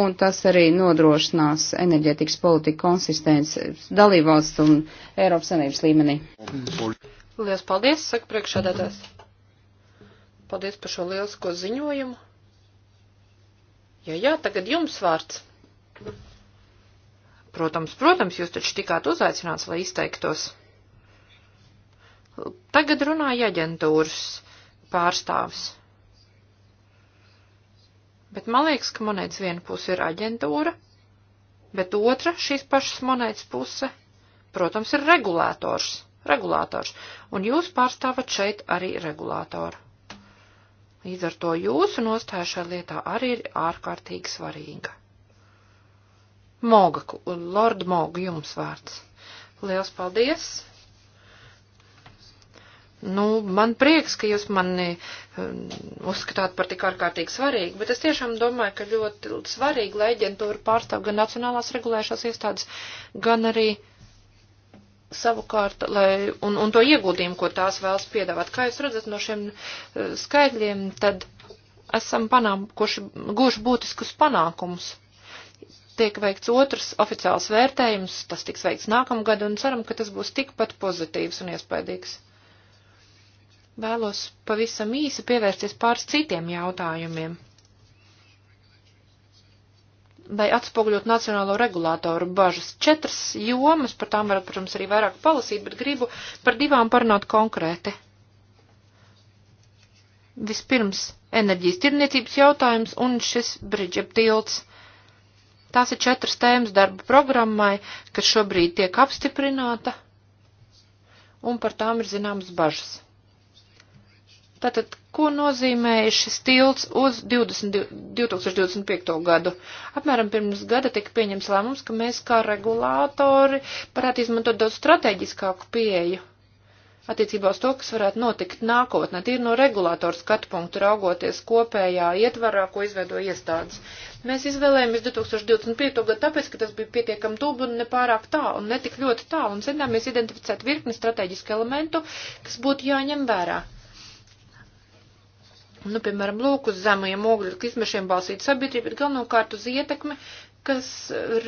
un tas arī nodrošinās enerģētikas politiku konsistences dalībvalstu un Eiropas Savienības līmenī. Lielas paldies, saka priekšādātājs. Paldies par šo lielisko ziņojumu. Jā, jā, tagad jums vārds. Protams, protams, jūs taču tikāt uzaicināts, lai izteiktos. Tagad runāja aģentūras pārstāvis. Bet man liekas, ka monētas viena puse ir aģentūra, bet otra šīs pašas monētas puse, protams, ir regulators. regulators. Un jūs pārstāvat šeit arī regulātoru. Līdz ar to jūsu nostāja šajā lietā arī ir ārkārtīgi svarīga. Moga, Lord Moga, jums vārds. Liels paldies! Nu, man prieks, ka jūs mani um, uzskatāt par tik ārkārtīgi svarīgu, bet es tiešām domāju, ka ļoti svarīgi, lai aģentūra pārstāv gan nacionālās regulēšās iestādes, gan arī savukārt, lai, un, un to ieguldījumu, ko tās vēlas piedāvāt. Kā jūs redzat no šiem uh, skaidļiem, tad esam panākuši, guši būtiskus panākumus tiek veikts otrs oficiāls vērtējums, tas tiks veikts nākamgad un ceram, ka tas būs tikpat pozitīvs un iespaidīgs. Vēlos pavisam īsi pievērsties pāris citiem jautājumiem. Lai atspoguļot nacionālo regulātoru bažas, četras jomas, par tām varat, protams, arī vairāk palasīt, bet gribu par divām parunāt konkrēti. Vispirms enerģijas tirniecības jautājums un šis bridžep tilts. Tās ir četras tēmas darba programmai, kas šobrīd tiek apstiprināta, un par tām ir zināmas bažas. Tātad, ko nozīmē šis tilts uz 20, 2025. gadu? Apmēram pirms gada tika pieņems lēmums, ka mēs kā regulātori varētu izmantot daudz strateģiskāku pieeju attiecībā uz to, kas varētu notikt nākotnē, tīri no regulātora skatu punktu raugoties kopējā ietvarā, ko izveido iestādes. Mēs izvēlējāmies 2025. gadu tāpēc, ka tas bija pietiekami tuvu un nepārāk tālu un netik ļoti tālu un centāmies identificēt virkni strateģisku elementu, kas būtu jāņem vērā. Nu, piemēram, lūk, uz zemajiem ogļu izmešiem balsīt sabiedrību, bet galvenokārt uz ietekmi, kas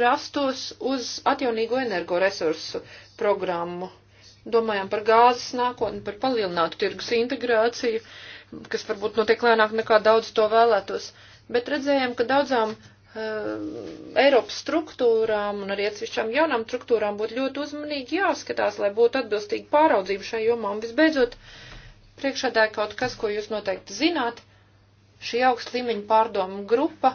rastos uz atjaunīgo energoresursu programmu Domājām par gāzes nākotni, par palielinātu tirgus integrāciju, kas varbūt notiek lēnāk nekā daudz to vēlētos. Bet redzējām, ka daudzām eh, Eiropas struktūrām un arī atsevišķām jaunām struktūrām būtu ļoti uzmanīgi jāskatās, lai būtu atbilstīga pāraudzība šai jomā. Un visbeidzot, priekšādā kaut kas, ko jūs noteikti zināt, šī augsta līmeņa pārdomu grupa,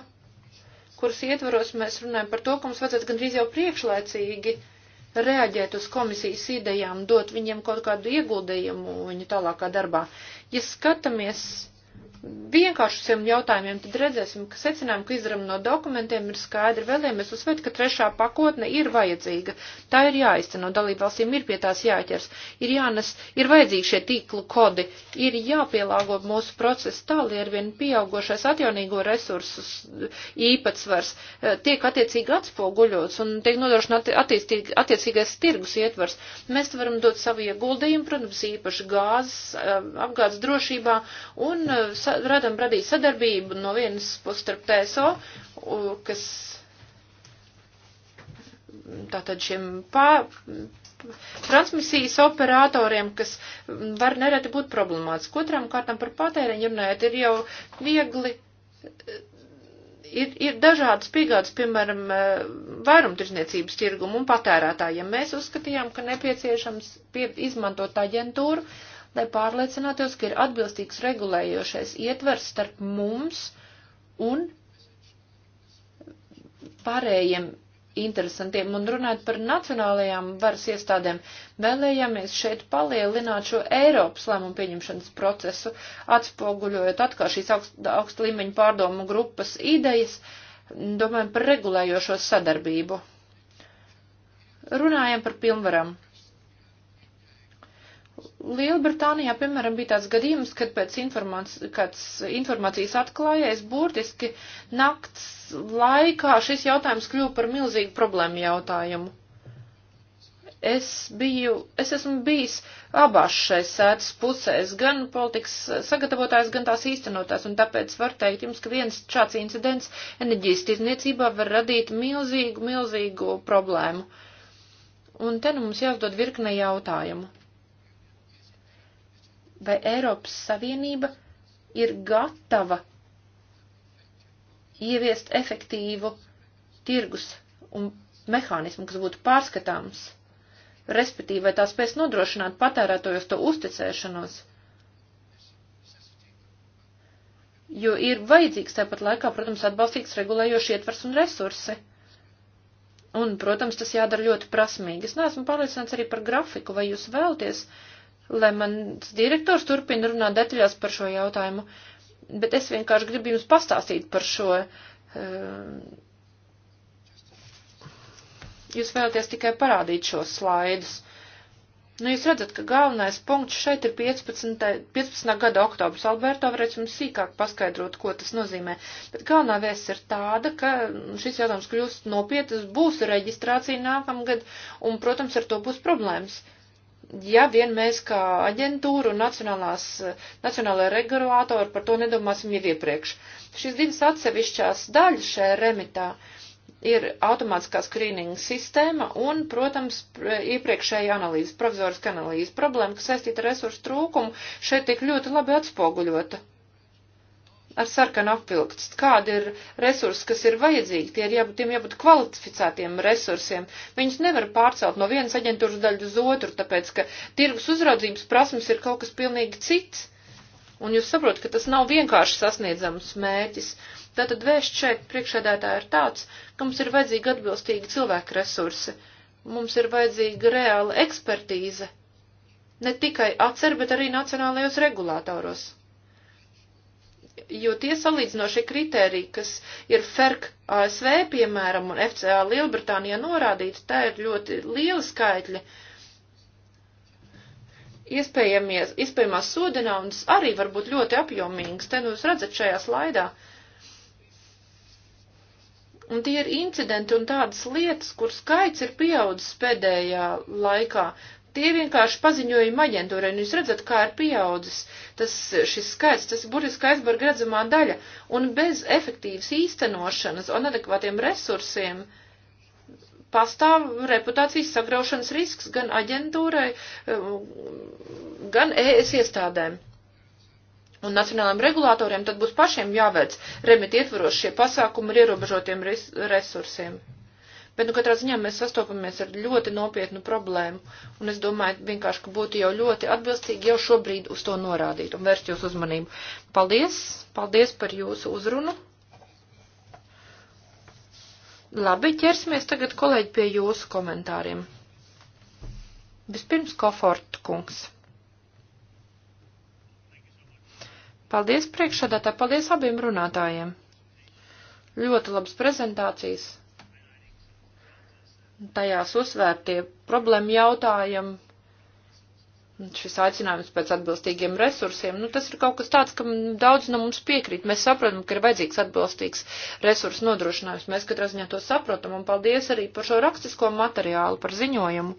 kuras ietvaros mēs runājam par to, ka mums vajadzētu gandrīz jau priekšlaicīgi uh, reaģēt uz komisijas idejām, dot viņiem kaut kādu ieguldījumu viņu tālākā darbā. Ja skatāmies vienkāršiem jautājumiem, tad redzēsim, ka secinājumi, ko izdarām no dokumentiem, ir skaidri. Vēlamies uzsvērt, ka trešā pakotne ir vajadzīga. Tā ir jāizceno, dalībvalstīm ir pie tās jāķers, ir jānes, ir vajadzīgi šie tīklu kodi, ir jāpielāgo mūsu procesu tā, lai ar vien pieaugošais atjaunīgo resursus īpatsvars eh, tiek attiecīgi atspoguļots un tiek nodrošināts attiecīgais tirgus ietvars. Mēs varam dot savu ieguldījumu, protams, īpaši gāzes, eh, apgādes drošībā un eh, sa radam radīja sadarbību no vienas puses starp TSO, kas tātad šiem pā, transmisijas operatoriem, kas var nereti būt problemātiski. Otram kārtam par patēriņu runājot, ir jau viegli ir, ir dažādas piegādes, piemēram, vairumtirdzniecības tirgumu un patērētājiem. Mēs uzskatījām, ka nepieciešams pie, izmantot aģentūru, lai pārliecinātos, ka ir atbilstīgs regulējošais ietvers starp mums un pārējiem interesantiem un runāt par nacionālajām varas iestādēm, vēlējāmies šeit palielināt šo Eiropas lēmumu pieņemšanas procesu, atspoguļojot atkal šīs augsta augst līmeņa pārdomu grupas idejas, domājam par regulējošo sadarbību. Runājam par pilnvaram. Lielbritānijā, piemēram, bija tāds gadījums, kad pēc informācijas, informācijas atklājais burtiski nakts laikā šis jautājums kļuva par milzīgu problēmu jautājumu. Es biju, es esmu bijis abās šais sētas pusēs, gan politikas sagatavotājs, gan tās īstenotājs, un tāpēc var teikt jums, ka viens šāds incidents enerģijas tirzniecībā var radīt milzīgu, milzīgu problēmu. Un te nu mums jāuzdod virkne jautājumu vai Eiropas Savienība ir gatava ieviest efektīvu tirgus un mehānismu, kas būtu pārskatāms, respektīvi, vai tā spēs nodrošināt patērētojos to uzticēšanos. Jo ir vajadzīgs tāpat laikā, protams, atbalstīgs regulējoši ietvers un resursi. Un, protams, tas jādara ļoti prasmīgi. Es neesmu pārliecināts arī par grafiku, vai jūs vēlties uh, lai mans direktors turpina runāt detaļās par šo jautājumu, bet es vienkārši gribu jums pastāstīt par šo. Eh, jūs vēlaties tikai parādīt šos slaidus. Nu, jūs redzat, ka galvenais punkts šeit ir 15. 15. gada oktobrs. Alberto varēs jums sīkāk paskaidrot, ko tas nozīmē. Bet galvenā vēsts ir tāda, ka šis jautājums kļūst nopietnas, būs reģistrācija nākamgad, un, protams, ar to būs problēmas. Uh, ja vien mēs kā aģentūra un nacionālajā regulātori par to nedomāsim jau iepriekš. Šīs divas atsevišķās daļas šajā remitā ir automātiskā skrīninga sistēma un, protams, iepriekšēja analīze, provizoriska analīze. Problēma, kas saistīta ar resursu trūkumu, šeit tik ļoti labi atspoguļota ar sarkanu apvilkts, kāda ir resursi, kas ir vajadzīgi, tie ir jābūt, tiem jābūt kvalificētiem resursiem. Viņus nevar pārcelt no vienas aģentūras daļas uz otru, tāpēc, ka tirgus uzraudzības prasmes ir kaut kas pilnīgi cits. Un jūs saprotat, ka tas nav vienkārši sasniedzams mērķis. Tātad vēsts šeit priekšēdētā ir tāds, ka mums ir vajadzīgi atbilstīgi cilvēku resursi. Mums ir vajadzīga reāla ekspertīze. Ne tikai atcer, bet arī nacionālajos regulātoros jo tie salīdzinošie kriteriji, kas ir FERC ASV, piemēram, un FCA Lielbritānijā norādīti, tā ir ļoti liela skaitļa. Iespējamās sodināums arī var būt ļoti apjomīgs, te nu jūs redzat šajā slaidā. Un tie ir incidenti un tādas lietas, kur skaits ir pieaudzis pēdējā laikā, Tie vienkārši paziņojuma aģentūrai, un jūs redzat, kā ir pieaudzis tas, šis skaits, tas burtiski aizbarga redzamā daļa, un bez efektīvas īstenošanas un adekvātiem resursiem pastāv reputācijas sagraušanas risks gan aģentūrai, gan ES iestādēm. Un nacionālajiem regulātoriem tad būs pašiem jāveic remit ietvaros šie pasākumi ar ierobežotiem resursiem. Bet, nu, katrā ziņā mēs sastopamies ar ļoti nopietnu problēmu, un es domāju, vienkārši, ka būtu jau ļoti atbilstīgi jau šobrīd uz to norādīt un vērst jūs uzmanību. Paldies, paldies par jūsu uzrunu. Labi, ķersimies tagad, kolēģi, pie jūsu komentāriem. Vispirms Kofort kungs. Paldies priekšādātā, paldies abiem runātājiem. Ļoti labas prezentācijas tajās uzsvērtie problēma jautājumi, šis aicinājums pēc atbilstīgiem resursiem, nu tas ir kaut kas tāds, kam daudz no mums piekrīt. Mēs saprotam, ka ir vajadzīgs atbilstīgs resursu nodrošinājums. Mēs katrā ziņā to saprotam un paldies arī par šo rakstisko materiālu, par ziņojumu.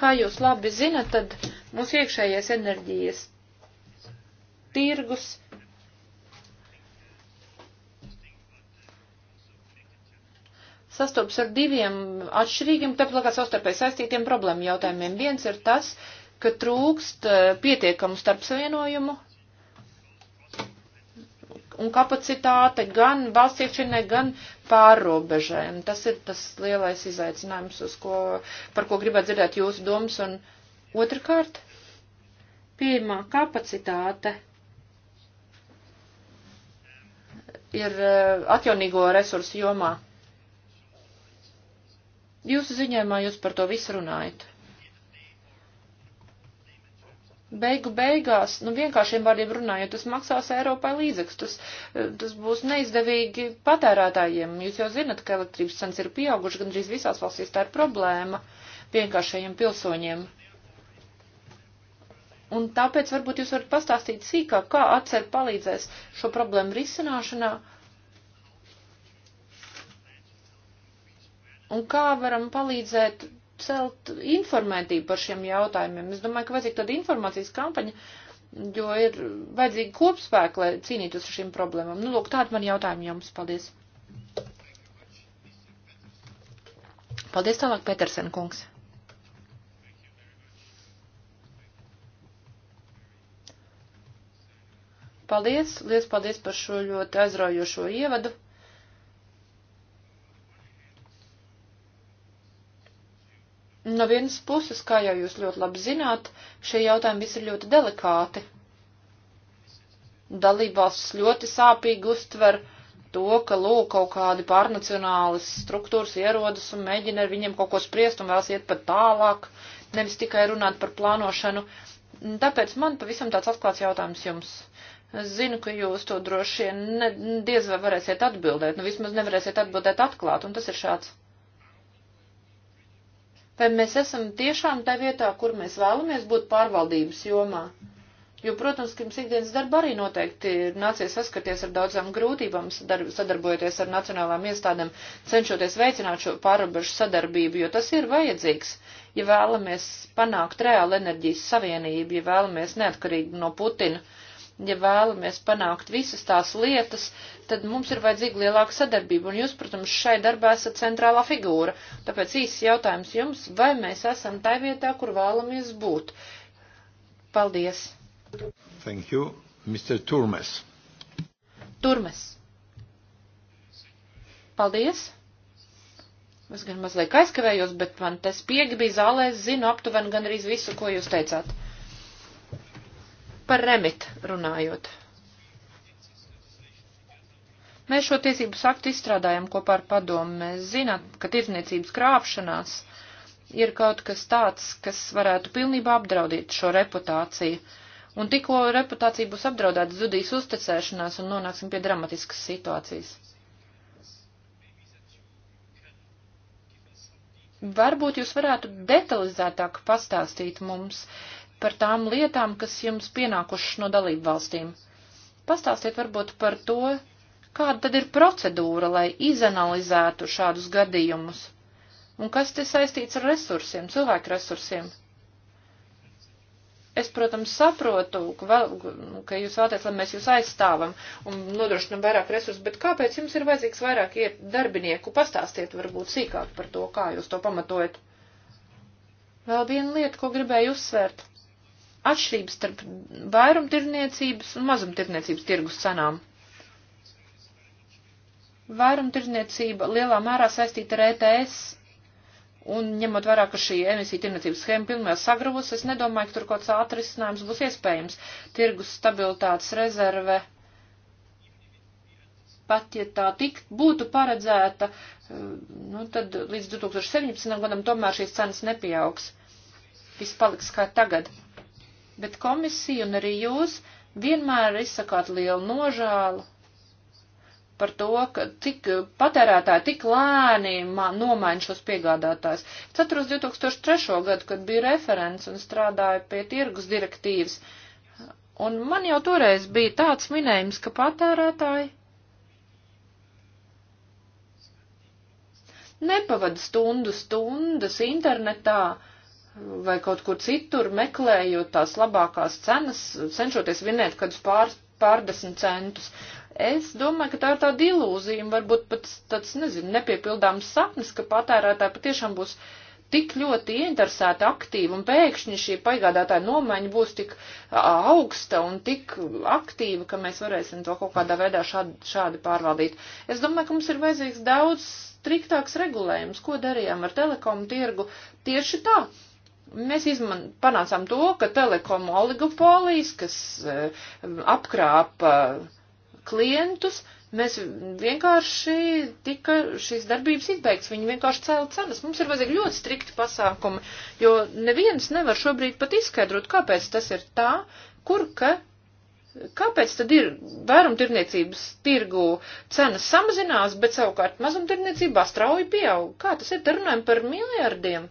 Kā jūs labi zinat, tad mūsu iekšējais enerģijas tirgus. sastopas ar diviem atšķirīgiem, tāpēc kā savstarpēji saistītiem problēmu jautājumiem. Viens ir tas, ka trūkst eh, pietiekamu starpsavienojumu un kapacitāte gan valsts iekšienē, gan pārrobežēm. Tas ir tas lielais izaicinājums, uz ko, par ko gribētu dzirdēt jūsu domas. Un otrkārt, pieejamā kapacitāte ir e, atjaunīgo resursu jomā. Jūsu ziņojumā jūs par to visu runājat. Beigu beigās, nu vienkāršiem vārdiem runājot, tas maksās Eiropai līdzekļus, tas, e, tas būs neizdevīgi patērētājiem. Jūs jau zinat, ka elektrības cenas ir pieaugušas, gandrīz visās valstīs tā ir problēma vienkāršajiem pilsoņiem. Un tāpēc varbūt jūs varat pastāstīt sīkāk, kā atcer palīdzēs šo problēmu risināšanā. Un kā varam palīdzēt celt informētību par šiem jautājumiem. Es domāju, ka vajadzīga tāda informācijas kampaņa, jo ir vajadzīga kopspēka, lai cīnītos ar šīm problēmām. Nu, lūk, tādi man jautājumi jums. Paldies. Paldies tālāk, Petersen kungs. Paldies, liels paldies par šo ļoti aizraujošo ievadu. No vienas puses, kā jau jūs ļoti labi zināt, šie jautājumi visi ir ļoti delikāti. Dalībvalstis ļoti sāpīgi uztver to, ka lūk kaut kādi pārnacionālas struktūras ierodas un mēģina ar viņiem kaut ko spriest un vēlas iet pat tālāk, nevis tikai runāt par plānošanu. Tāpēc man pavisam tāds atklāts jautājums jums. Es zinu, ka jūs to droši vien ne, diez vai varēsiet atbildēt, nu vismaz nevarēsiet atbildēt atklāt, un tas ir šāds. Vai mēs esam tiešām tā vietā, kur mēs vēlamies būt pārvaldības jomā? Jo, protams, ka jums ikdienas darba arī noteikti ir nācies saskarties ar daudzām grūtībām, sadarbojoties ar nacionālām iestādēm, cenšoties veicināt šo pārobežu sadarbību, jo tas ir vajadzīgs, ja vēlamies panākt reālu enerģijas savienību, ja vēlamies neatkarīgi no Putina uh, ja vēlamies panākt visas tās lietas, tad mums ir vajadzīga lielāka sadarbība, un jūs, protams, šai darbā esat centrālā figūra. Tāpēc īsts jautājums jums, vai mēs esam tai vietā, kur vēlamies būt? Paldies! Thank you, Mr. Turmes. Turmes. Paldies! Es gan mazliet aizkavējos, bet man tas piegi bija zālē, es zinu aptuveni gandrīz visu, ko jūs teicāt. Par remit runājot. Mēs šo tiesību saktu izstrādājam kopā ar padomu. Mēs zinām, ka tirzniecības krāpšanās ir kaut kas tāds, kas varētu pilnībā apdraudīt šo reputāciju. Un tikko reputācija būs apdraudēta, zudīs uzticēšanās un nonāksim pie dramatiskas situācijas. Varbūt jūs varētu detalizētāk pastāstīt mums, uh, par tām lietām, kas jums pienākušas no dalību valstīm. Pastāstiet varbūt par to, kāda tad ir procedūra, lai izanalizētu šādus gadījumus, un kas te saistīts ar resursiem, cilvēku resursiem. Es, protams, saprotu, ka, vēl, ka jūs vēlaties, lai mēs jūs aizstāvam un nodrošinam vairāk resursu, bet kāpēc jums ir vajadzīgs vairāk darbinieku? Pastāstiet varbūt sīkāk par to, kā jūs to pamatojat. Vēl viena lieta, ko gribēju uzsvērt atšķirības starp vairumtirniecības un mazumtirniecības tirgus cenām. Vairumtirniecība lielā mērā saistīta ar ETS, un ņemot vērā, ka šī emisija tirniecības schēma pilnībā sagravos, es nedomāju, ka tur kaut kāds atrisinājums būs iespējams. Tirgus stabilitātes rezerve, pat ja tā tik būtu paredzēta, eh, nu tad līdz 2017. gadam tomēr šīs cenas nepieaugs. Viss paliks kā tagad bet komisija un arī jūs vienmēr izsakāt lielu nožālu par to, ka cik patērētāji tik lēni nomaina šos piegādātājus. Es atceros 2003. gadu, kad biju referents un strādāju pie tirgus direktīvas, un man jau toreiz bija tāds minējums, ka patērētāji nepavada stundu stundas internetā, vai kaut kur citur meklējot tās labākās cenas, cenšoties vinēt kādus pār, pārdesmit centus. Es domāju, ka tā ir tāda ilūzija, varbūt pat tāds, nezinu, nepiepildāms sapnis, ka patērētāji patiešām būs tik ļoti ieinteresēti aktīvi, un pēkšņi šī paigādātāja nomaiņa būs tik augsta un tik aktīva, ka mēs varēsim to kaut kādā veidā šādi, šādi pārvaldīt. Es domāju, ka mums ir vajadzīgs daudz striktāks regulējums, ko darījām ar telekomu tirgu. Tieši tā, Mēs izman, panācām to, ka telekomu oligopolijas, kas uh, apkrāpa klientus, mēs vienkārši tika šīs darbības izbeigts, viņi vienkārši cēla cenas. Mums ir vajadzīgi ļoti strikti pasākumi, jo neviens nevar šobrīd pat izskaidrot, kāpēc tas ir tā, kur ka Kāpēc tad ir vairumtirniecības tirgu cenas samazinās, bet savukārt mazumtirniecībā strauji pieaug? Kā tas ir? Te runājam par miljardiem.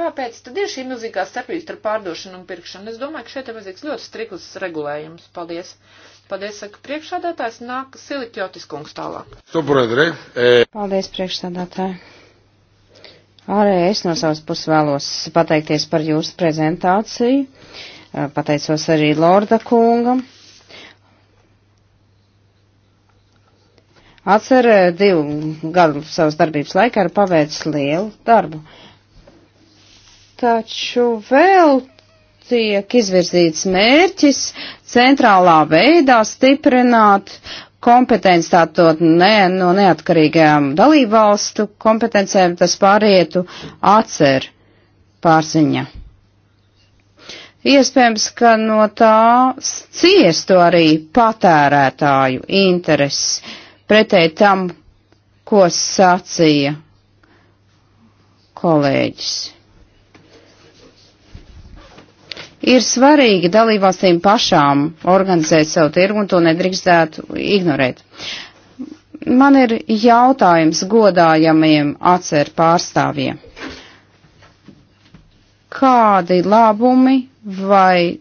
Kāpēc tad ir šī milzīgā starpība starp pārdošanu un pirkšanu? Es domāju, ka šeit ir vajadzīgs ļoti strikls regulējums. Paldies. Paldies, saka priekšsādātājs. Nāk Silikjotis kungs tālāk. E. Paldies, priekšsādātāji. Arī es no savas puses vēlos pateikties par jūsu prezentāciju. E, pateicos arī Lorda kungam. Atcer e, divu gadu savas darbības laikā ir paveicis lielu darbu. Uh, Taču vēl tiek izvirzīts mērķis centrālā veidā stiprināt kompetenci tātad ne, no neatkarīgajām dalībvalstu kompetencēm, tas pārietu atcer pārziņa. Iespējams, ka no tā ciestu arī patērētāju intereses pretēji tam, ko sacīja kolēģis. Ir svarīgi dalībvalstīm pašām organizēt savu tirgu un to nedrīkstētu ignorēt. Man ir jautājums godājamiem atcer pārstāvjiem. Kādi labumi vai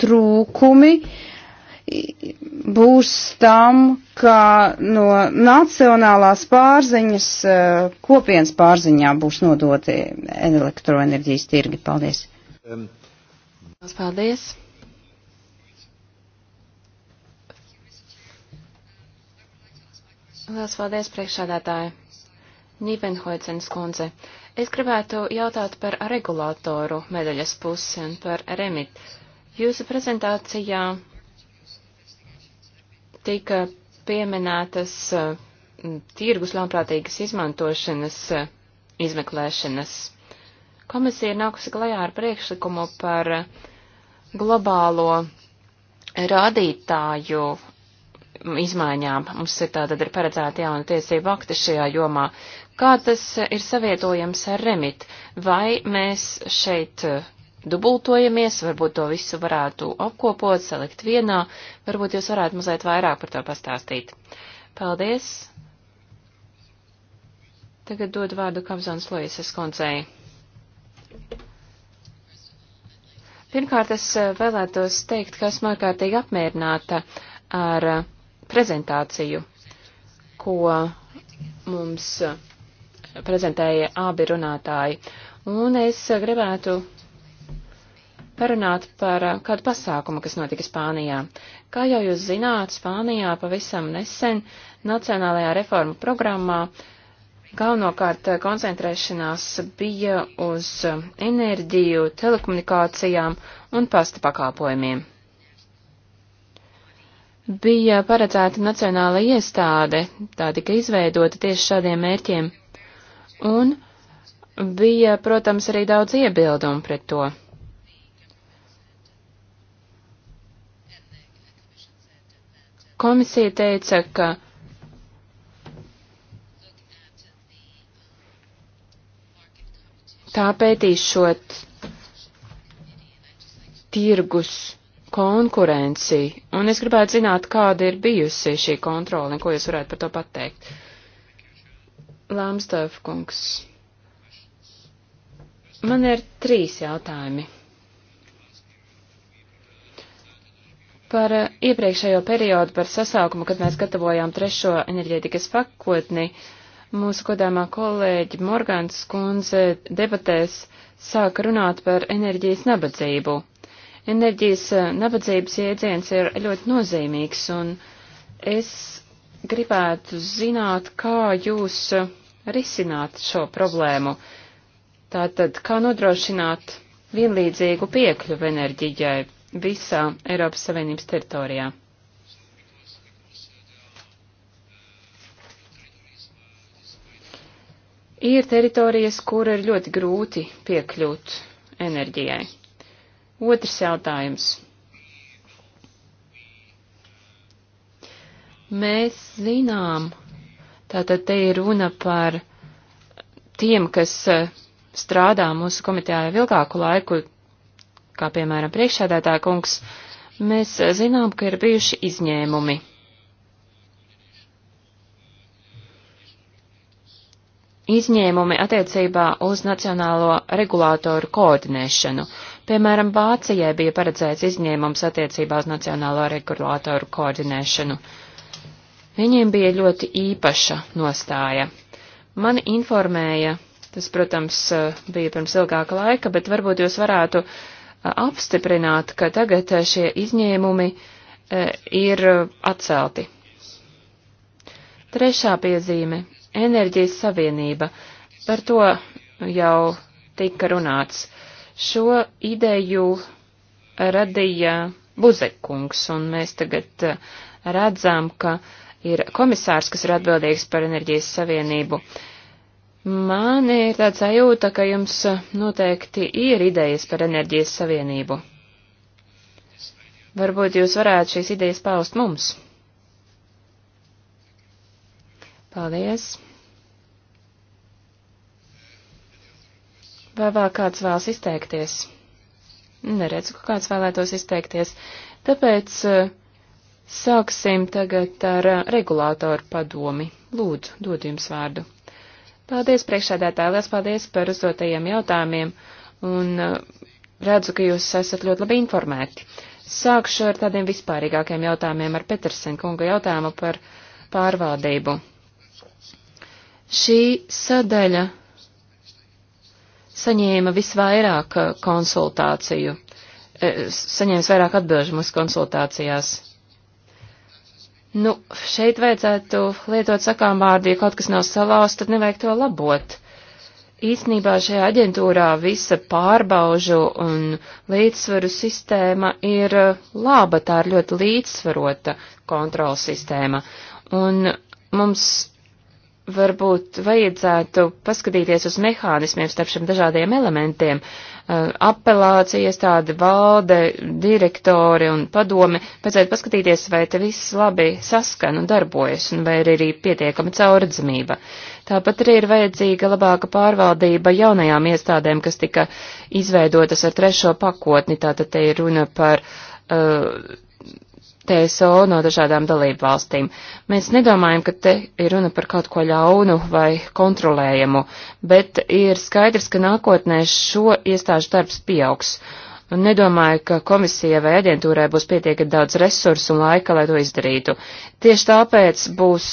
trūkumi būs tam, ka no nacionālās pārziņas eh, kopienas pārziņā būs nodoti elektroenerģijas tirgi? Paldies! Um. Paldies! Lielas paldies, priekšsādātāji! Nīvenhoicens kundze, es gribētu jautāt par regulātoru medaļas pusi un par remit. Jūsu prezentācijā tika pieminētas mm, tirgus ļaunprātīgas izmantošanas izmeklēšanas. Komisija ir nākusi klajā ar priekšlikumu par uh, globālo rādītāju izmaiņām. Mums ir tātad ir paredzēta jauna tiesība akti šajā jomā. Kā tas ir savietojams ar remit? Vai mēs šeit eh, dubultojamies, varbūt to visu varētu apkopot, salikt vienā, varbūt jūs varētu mazliet vairāk par to pastāstīt. Paldies! Tagad dod vārdu Kapzonas Loises koncei. Pirmkārt, es eh, vēlētos teikt, ka esmu ārkārtīgi apmierināta ar eh, prezentāciju, ko mums eh, prezentēja abi runātāji. Un es gribētu parunāt par kādu pasākumu, kas notika Spānijā. Kā jau jūs zināt, Spānijā pavisam nesen Nacionālajā reforma programmā uh, Galvenokārt eh, koncentrēšanās bija uz eh, enerģiju, telekomunikācijām un pasta pakalpojumiem. Bija paredzēta nacionāla iestāde, tā tika izveidota tieši šādiem mērķiem, un bija, protams, arī daudz iebildumu pret to. Komisija teica, ka Tā pētīšot tirgus konkurenci, un es gribētu zināt, kāda ir bijusi šī kontrola, un ko jūs varētu par to pateikt. Lāmstāv kungs. Man ir trīs jautājumi. Par uh, iepriekšējo periodu, par sasaukumu, kad mēs gatavojām trešo enerģētikas pakotni, uh, mūsu godāmā kolēģi Morgāns Kunze debatēs sāka runāt par enerģijas nabadzību. Enerģijas eh, nabadzības jēdziens ir ļoti nozīmīgs, un es gribētu zināt, kā jūs eh, risināt šo problēmu. Tātad, kā nodrošināt vienlīdzīgu piekļuvu enerģijai visā Eiropas Savienības teritorijā? Ir teritorijas, kur ir ļoti grūti piekļūt enerģijai. Otrs jautājums. Mēs zinām, tātad te ir runa par tiem, kas eh, strādā mūsu komitejā jau ilgāku laiku, kā piemēram priekšsēdētāja kungs, mēs eh, zinām, ka ir bijuši izņēmumi izņēmumi attiecībā uz nacionālo regulātoru koordinēšanu. Piemēram, Vācijai bija paredzēts izņēmums attiecībā uz nacionālo regulātoru koordinēšanu. Viņiem bija ļoti īpaša nostāja. Mani informēja, tas, protams, bija pirms ilgāka laika, bet varbūt jūs varētu apstiprināt, ka tagad šie izņēmumi ir atcelti. Trešā piezīme enerģijas savienība. Par to jau tika runāts. Šo ideju radīja Buzekungs, un mēs tagad eh, redzam, ka ir komisārs, kas ir atbildīgs par enerģijas savienību. Man ir tāds sajūta, ka jums noteikti ir idejas par enerģijas savienību. Varbūt jūs varētu šīs idejas paust mums. Paldies! Vai vēl kāds vēlas izteikties? Neredzu, ka kāds vēlētos izteikties. Tāpēc eh, sāksim tagad ar eh, regulātoru padomi. Lūdzu, dod jums vārdu. Paldies priekšādētāji, liels paldies par uzdotajiem jautājumiem un eh, redzu, ka jūs esat ļoti labi informēti. Sākšu ar tādiem vispārīgākiem jautājumiem, ar Petersen kunga jautājumu par pārvaldību. Šī sadaļa saņēma visvairāk uh, konsultāciju, e, saņēmis vairāk atbilžu mūsu konsultācijās. Nu, šeit vajadzētu lietot sakām vārdu, ja kaut kas nav salauzts, tad nevajag to labot. Īsnībā šajā aģentūrā visa pārbaužu un līdzsvaru sistēma ir uh, laba, tā ir ļoti līdzsvarota kontrols sistēma. Un mums varbūt vajadzētu paskatīties uz mehānismiem starp šiem dažādiem elementiem. Eh, Apelācijas tāda valde, direktori un padome, vajadzētu paskatīties, vai te viss labi saskan un darbojas, un vai ir arī pietiekama caurdzamība. Tāpat arī ir vajadzīga labāka pārvaldība jaunajām iestādēm, kas tika izveidotas ar trešo pakotni, tātad te ir runa par uh, TSO no dažādām dalību valstīm. Mēs nedomājam, ka te ir runa par kaut ko ļaunu vai kontrolējumu, bet ir skaidrs, ka nākotnē šo iestāžu darbs pieaugs. Un nedomāju, ka komisija vai aģentūrai būs pietiekami daudz resursu un laika, lai to izdarītu. Tieši tāpēc būs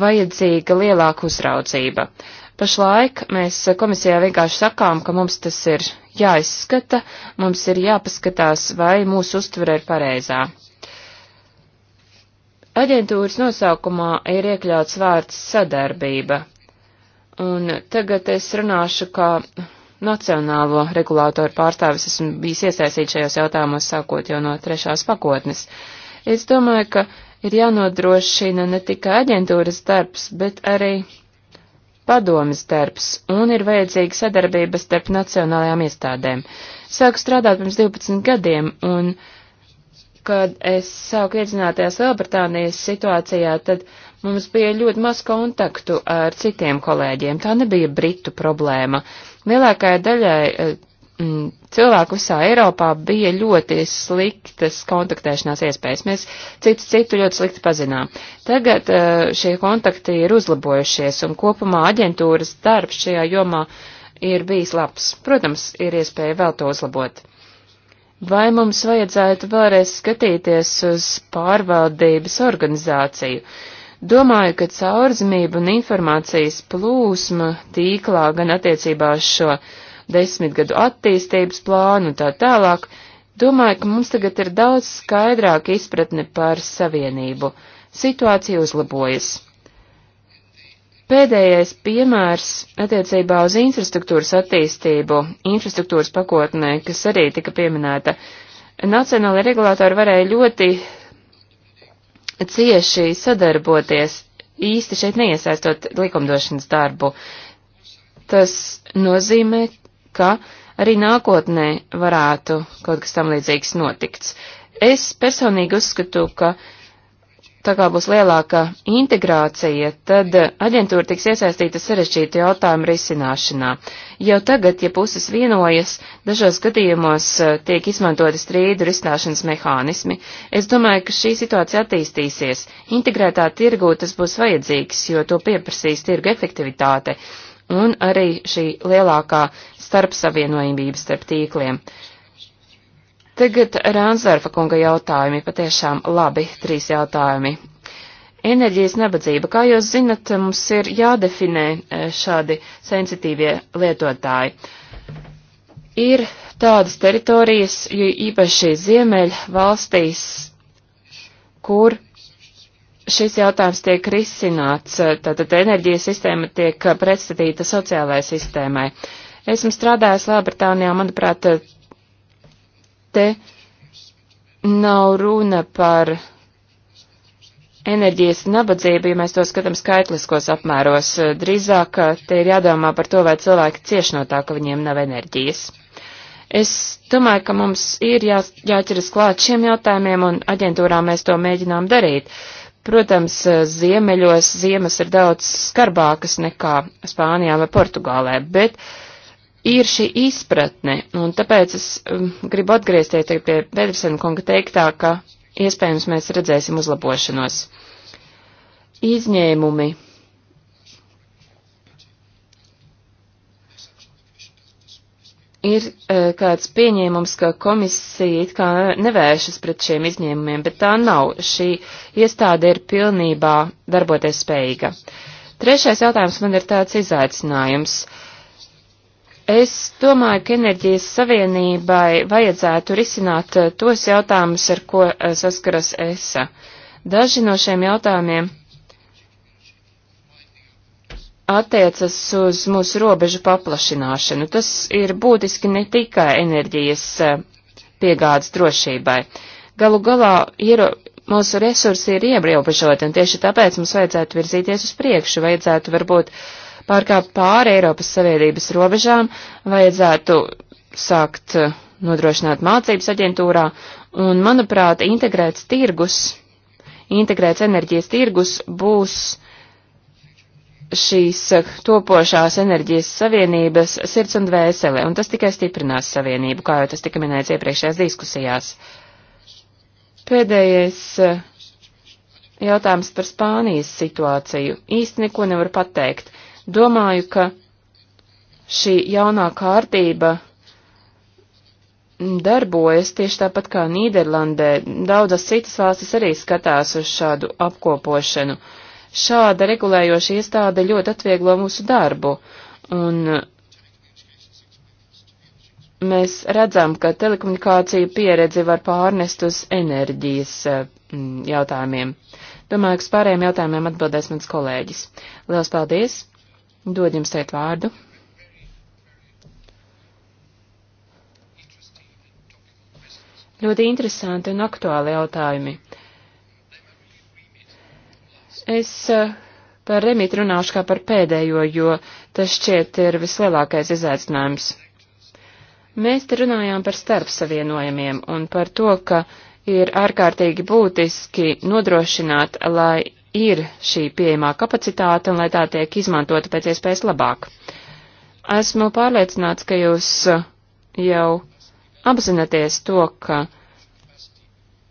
vajadzīga lielāka uzraudzība. Uh, Pašlaik mēs komisijā vienkārši sakām, ka mums tas ir jāizskata, mums ir jāpaskatās, vai mūsu uztvere ir pareizā. Aģentūras nosaukumā ir iekļauts vārds sadarbība, un tagad es runāšu kā nacionālo regulātoru pārstāvis, esmu bijis iesaistīts šajos jautājumos sākot jau no trešās pakotnes. Es domāju, ka ir jānodrošina ne tikai aģentūras darbs, bet arī padomas darbs un ir vajadzīga sadarbība starp nacionālajām iestādēm. Sāku strādāt pirms 12 gadiem un, kad es sāku iedzināties Lielbritānijas situācijā, tad mums bija ļoti maz kontaktu ar citiem kolēģiem. Tā nebija britu problēma. Lielākajai daļai eh, Mm, cilvēku visā Eiropā bija ļoti sliktas kontaktēšanās iespējas. Mēs citu citu ļoti slikti pazinām. Tagad uh, šie kontakti ir uzlabojušies un kopumā aģentūras darbs šajā jomā ir bijis labs. Protams, ir iespēja vēl to uzlabot. Vai mums vajadzētu vēlreiz skatīties uz pārvaldības organizāciju? Domāju, ka caurzmība un informācijas plūsma tīklā gan attiecībā uz šo desmitgadu attīstības plānu un tā tālāk, domāju, ka mums tagad ir daudz skaidrāka izpratne par savienību. Situācija uzlabojas. Pēdējais piemērs attiecībā uz infrastruktūras attīstību, infrastruktūras pakotnē, kas arī tika pieminēta, nacionālai regulātori varēja ļoti cieši sadarboties, īsti šeit neiesaistot likumdošanas darbu. Tas nozīmē, ka arī nākotnē varētu kaut kas tam līdzīgs notikt. Es personīgi uzskatu, ka tā kā būs lielāka integrācija, tad aģentūra tiks iesaistīta sarežģītu jautājumu risināšanā. Jau tagad, ja puses vienojas, dažos gadījumos e, tiek izmantoti strīdu risināšanas mehānismi. Es domāju, ka šī situācija attīstīsies. Integrētā tirgū tas būs vajadzīgs, jo to pieprasīs tirgu efektivitāte un arī šī lielākā starp savienojumības starp tīkliem. Tagad Rānsdorfa kunga jautājumi, patiešām labi, trīs jautājumi. Enerģijas nabadzība. Kā jūs zinat, mums ir jādefinē e, šādi sensitīvie lietotāji. Ir tādas teritorijas, jo īpaši ziemeļ valstīs, kur šis jautājums tiek risināts, tātad enerģijas sistēma tiek pretstatīta sociālajai sistēmai. Uh, Esmu strādājis Lielbritānijā, manuprāt, te nav runa par enerģijas nabadzību, ja mēs to skatām skaitliskos apmēros. Drīzāk te ir jādomā par to, vai cilvēki cieš no tā, ka viņiem nav enerģijas. Es domāju, ka mums ir jā, jāķeras klāt šiem jautājumiem, un aģentūrā mēs to mēģinām darīt. Protams, ziemeļos ziemas ir daudz skarbākas nekā Spānijā vai Portugālē, bet uh, ir šī izpratne, un tāpēc es um, gribu atgriezties pie Pedersena kunga teiktā, ka iespējams mēs redzēsim uzlabošanos. Izņēmumi. Ir uh, kāds pieņēmums, ka komisija it kā nevēršas pret šiem izņēmumiem, bet tā nav. Šī iestāde ir pilnībā darboties spējīga. Trešais jautājums man ir tāds izaicinājums. Uh, Es domāju, ka enerģijas savienībai vajadzētu risināt eh, tos jautājumus, ar ko eh, saskaras ESA. Daži no šiem jautājumiem attiecas uz mūsu robežu paplašināšanu. Tas ir būtiski ne tikai enerģijas eh, piegādes drošībai. Galu galā iero, mūsu resursi ir ierobežoti, un tieši tāpēc mums vajadzētu virzīties uz priekšu, vajadzētu varbūt uh, pārkāpt pāri Eiropas Savienības robežām, vajadzētu sākt eh, nodrošināt mācības aģentūrā, un, manuprāt, integrēts tirgus, integrēts enerģijas tirgus būs šīs eh, topošās enerģijas savienības sirds un dvēsele, un tas tikai stiprinās savienību, kā jau tas tika minēts iepriekšējās diskusijās. Pēdējais eh, jautājums par Spānijas situāciju. Īsti neko nevar pateikt. Domāju, ka šī jaunā kārtība darbojas tieši tāpat kā Nīderlandē. Daudzas citas valstis arī skatās uz šādu apkopošanu. Šāda regulējoša iestāde ļoti atvieglo mūsu darbu, un mēs redzam, ka telekomunikāciju pieredzi var pārnest uz enerģijas mm, jautājumiem. Domāju, ka uz pārējiem jautājumiem atbildēs mans kolēģis. Lielas paldies! dod jums tēt vārdu. Ļoti interesanti un aktuāli jautājumi. Es eh, par remitu runāšu kā par pēdējo, jo tas šķiet ir vislielākais izaicinājums. Mēs te runājām par starpsavienojumiem un par to, ka ir ārkārtīgi būtiski nodrošināt, lai ir šī pieejamā kapacitāte un lai tā tiek izmantota pēc iespējas labāk. Esmu pārliecināts, ka jūs uh, jau apzināties to, ka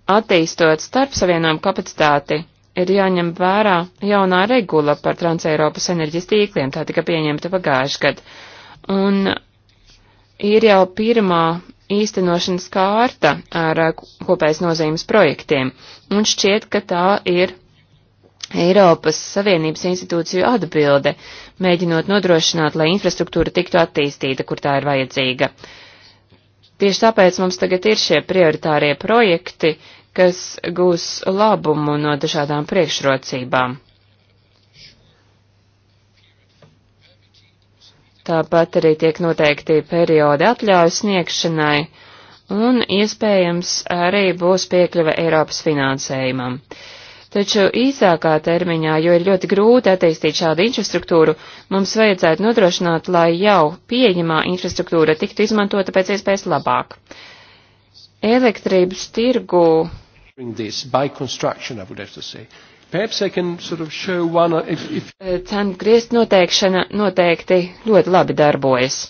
attīstot starpsavienojumu kapacitāti ir jāņem vērā jaunā regula par Transeiropas enerģijas tīkliem, tā tika pieņemta pagājuši gadu. Un ir jau pirmā īstenošanas kārta ar uh, kopējas nozīmes projektiem, un šķiet, ka tā ir Eiropas Savienības institūciju atbilde, mēģinot nodrošināt, lai infrastruktūra tiktu attīstīta, kur tā ir vajadzīga. Tieši tāpēc mums tagad ir šie prioritārie projekti, kas gūs labumu no dažādām priekšrocībām. Tāpat arī tiek noteikti periodi atļauju sniegšanai, un iespējams arī būs piekļuve Eiropas finansējumam. Uh, Taču īsākā termiņā, jo ir ļoti grūti attīstīt šādu infrastruktūru, mums vajadzētu nodrošināt, lai jau pieejamā infrastruktūra tiktu izmantota pēc iespējas labāk. Elektrības tirgu. Sort of one, uh, if, if... Eh, Cenu griezt noteikšana noteikti ļoti labi darbojas.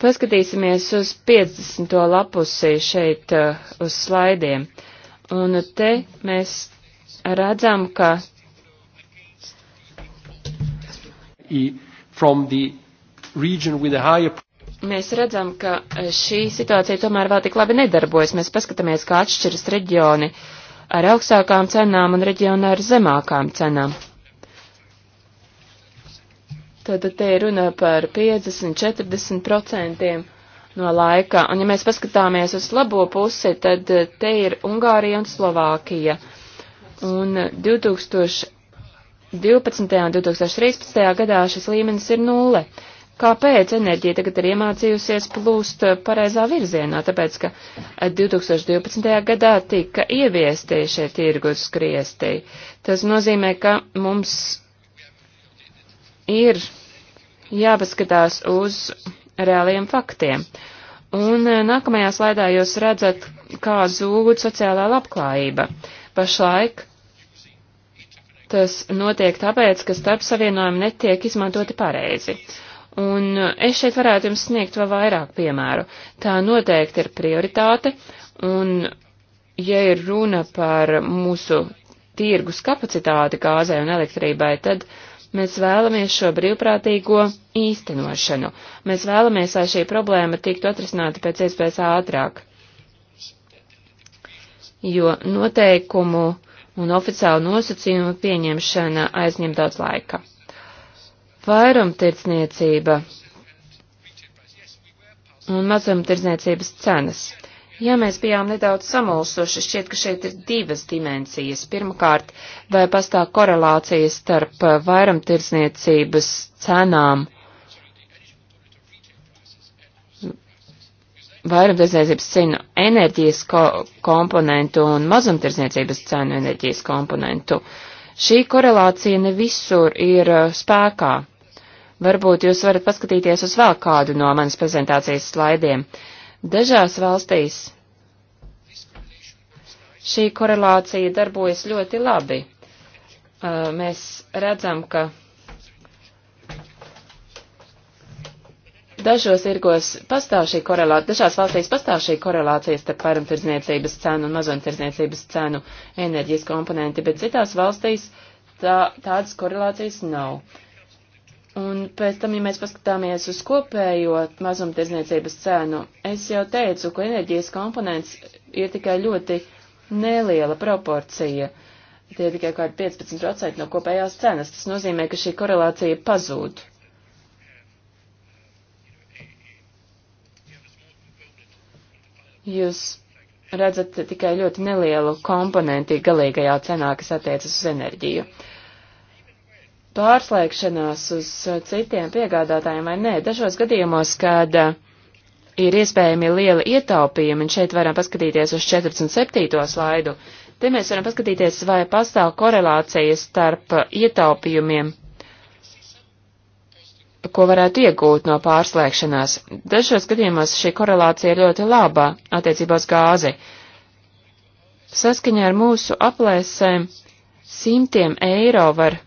Paskatīsimies uz 50. lapusi šeit eh, uz slaidiem. Un te mēs redzam, ka. Higher... Mēs redzam, ka šī situācija tomēr vēl tik labi nedarbojas. Mēs paskatāmies, kā atšķiras reģioni ar augstākām cenām un reģioni ar zemākām cenām. Tātad te ir runa par 50-40% no laika. Un ja mēs paskatāmies uz labo pusi, tad te ir Ungārija un Slovākija. Uh, Un 2012. un 2013. gadā šis līmenis ir nulle. Kāpēc enerģija tagad ir iemācījusies plūst pareizā virzienā? Tāpēc, ka 2012. gadā tika ieviesti šie tirgus griesti. Tas nozīmē, ka mums ir jāpaskatās uz reāliem faktiem. Un nākamajā slaidā jūs redzat, kā zūd sociālā labklājība. Uh, Pašlaik tas notiek tāpēc, ka starp savienojumi netiek izmantoti pareizi. Un es šeit varētu jums sniegt vēl vairāk piemēru. Tā noteikti ir prioritāte, un ja ir runa par mūsu tirgus kapacitāti gāzē un elektrībai, tad mēs vēlamies šo brīvprātīgo īstenošanu. Mēs vēlamies, lai šī problēma tiktu atrisināta pēc iespējas ātrāk jo noteikumu un oficiālu nosacījumu pieņemšana aizņem daudz laika. Vairumtirdzniecība un mazumtirdzniecības cenas. Ja mēs bijām nedaudz samulsuši, šķiet, ka šeit ir divas dimensijas. Pirmkārt, vai pastāv korelācija starp vairumtirdzniecības cenām vairumtirdzniecības cenu enerģijas ko komponentu un mazumtirdzniecības cenu enerģijas komponentu. Šī korelācija ne visur ir uh, spēkā. Varbūt jūs varat paskatīties uz vēl kādu no manas prezentācijas slaidiem. Dažās valstīs šī korelācija darbojas ļoti labi. Uh, mēs redzam, ka Dažos irgos pastāv šī korelācija, dažās valstīs pastāv šī korelācija starp vairumtirdzniecības cenu un mazumtirdzniecības cenu enerģijas komponenti, bet citās valstīs tā, tādas korelācijas nav. Un pēc tam, ja mēs paskatāmies uz kopējo mazumtirdzniecības cenu, es jau teicu, ka enerģijas komponents ir tikai ļoti neliela proporcija. Tie ir tikai kādi 15% no kopējās cenas. Tas nozīmē, ka šī korelācija pazūd. jūs redzat tikai ļoti nelielu komponenti galīgajā cenā, kas attiecas uz enerģiju. Pārslēgšanās uz citiem piegādātājiem vai nē, dažos gadījumos, kad uh, ir iespējami liela ietaupījuma, un šeit varam paskatīties uz 47. slaidu, te mēs varam paskatīties, vai pastāv korelācija starp ietaupījumiem ko varētu iegūt no pārslēgšanās. Dažos gadījumos šī korelācija ir ļoti labā attiecībā uz gāzi. Saskaņā ar mūsu aplēsēm simtiem eiro var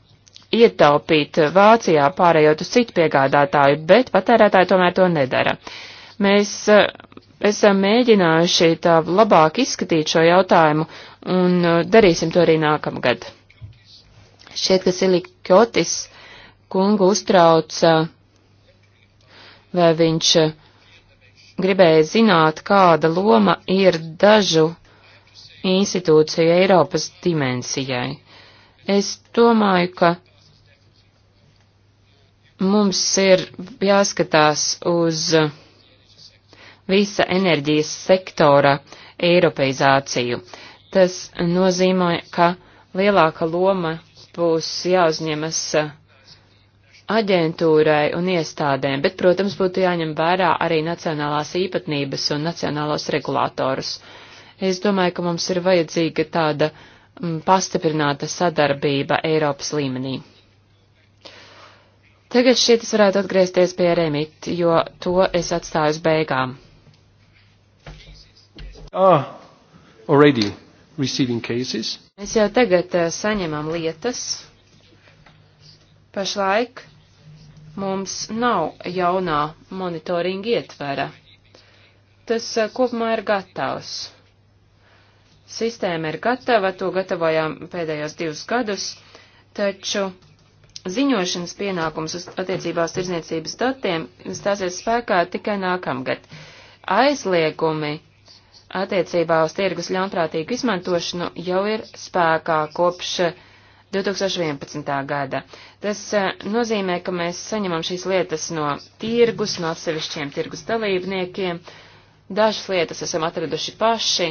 ietaupīt Vācijā pārējot uz citu piegādātāju, bet patērētāji tomēr to nedara. Mēs eh, esam mēģinājuši tā labāk izskatīt šo jautājumu un eh, darīsim to arī nākamgad. Šķiet, ka Silikjotis kungu uztrauca vai viņš eh, gribēja zināt, kāda loma ir dažu institūciju Eiropas dimensijai. Es domāju, ka mums ir jāskatās uz visa enerģijas sektora eiropeizāciju. Tas nozīmē, ka lielāka loma būs jāuzņemas uh, aģentūrai un iestādēm, bet, protams, būtu jāņem vērā arī nacionālās īpatnības un nacionālos regulātorus. Es domāju, ka mums ir vajadzīga tāda mm, pastiprināta sadarbība Eiropas līmenī. Tagad šeit es varētu atgriezties pie remit, jo to es atstāju uz beigām. Ah, already receiving cases. Mēs jau tagad uh, saņemam lietas. Pašlaik mums nav jaunā monitoringa ietvera. Tas eh, kopumā ir gatavs. Sistēma ir gatava, to gatavojām pēdējos divus gadus, taču ziņošanas pienākums attiecībā uz tirzniecības datiem stāsies spēkā tikai nākamgad. Aizliegumi attiecībā uz tirgus ļaunprātīgu izmantošanu jau ir spēkā kopš 2011. gada. Tas eh, nozīmē, ka mēs saņemam šīs lietas no tirgus, no atsevišķiem tirgus dalībniekiem. Dažas lietas esam atraduši paši,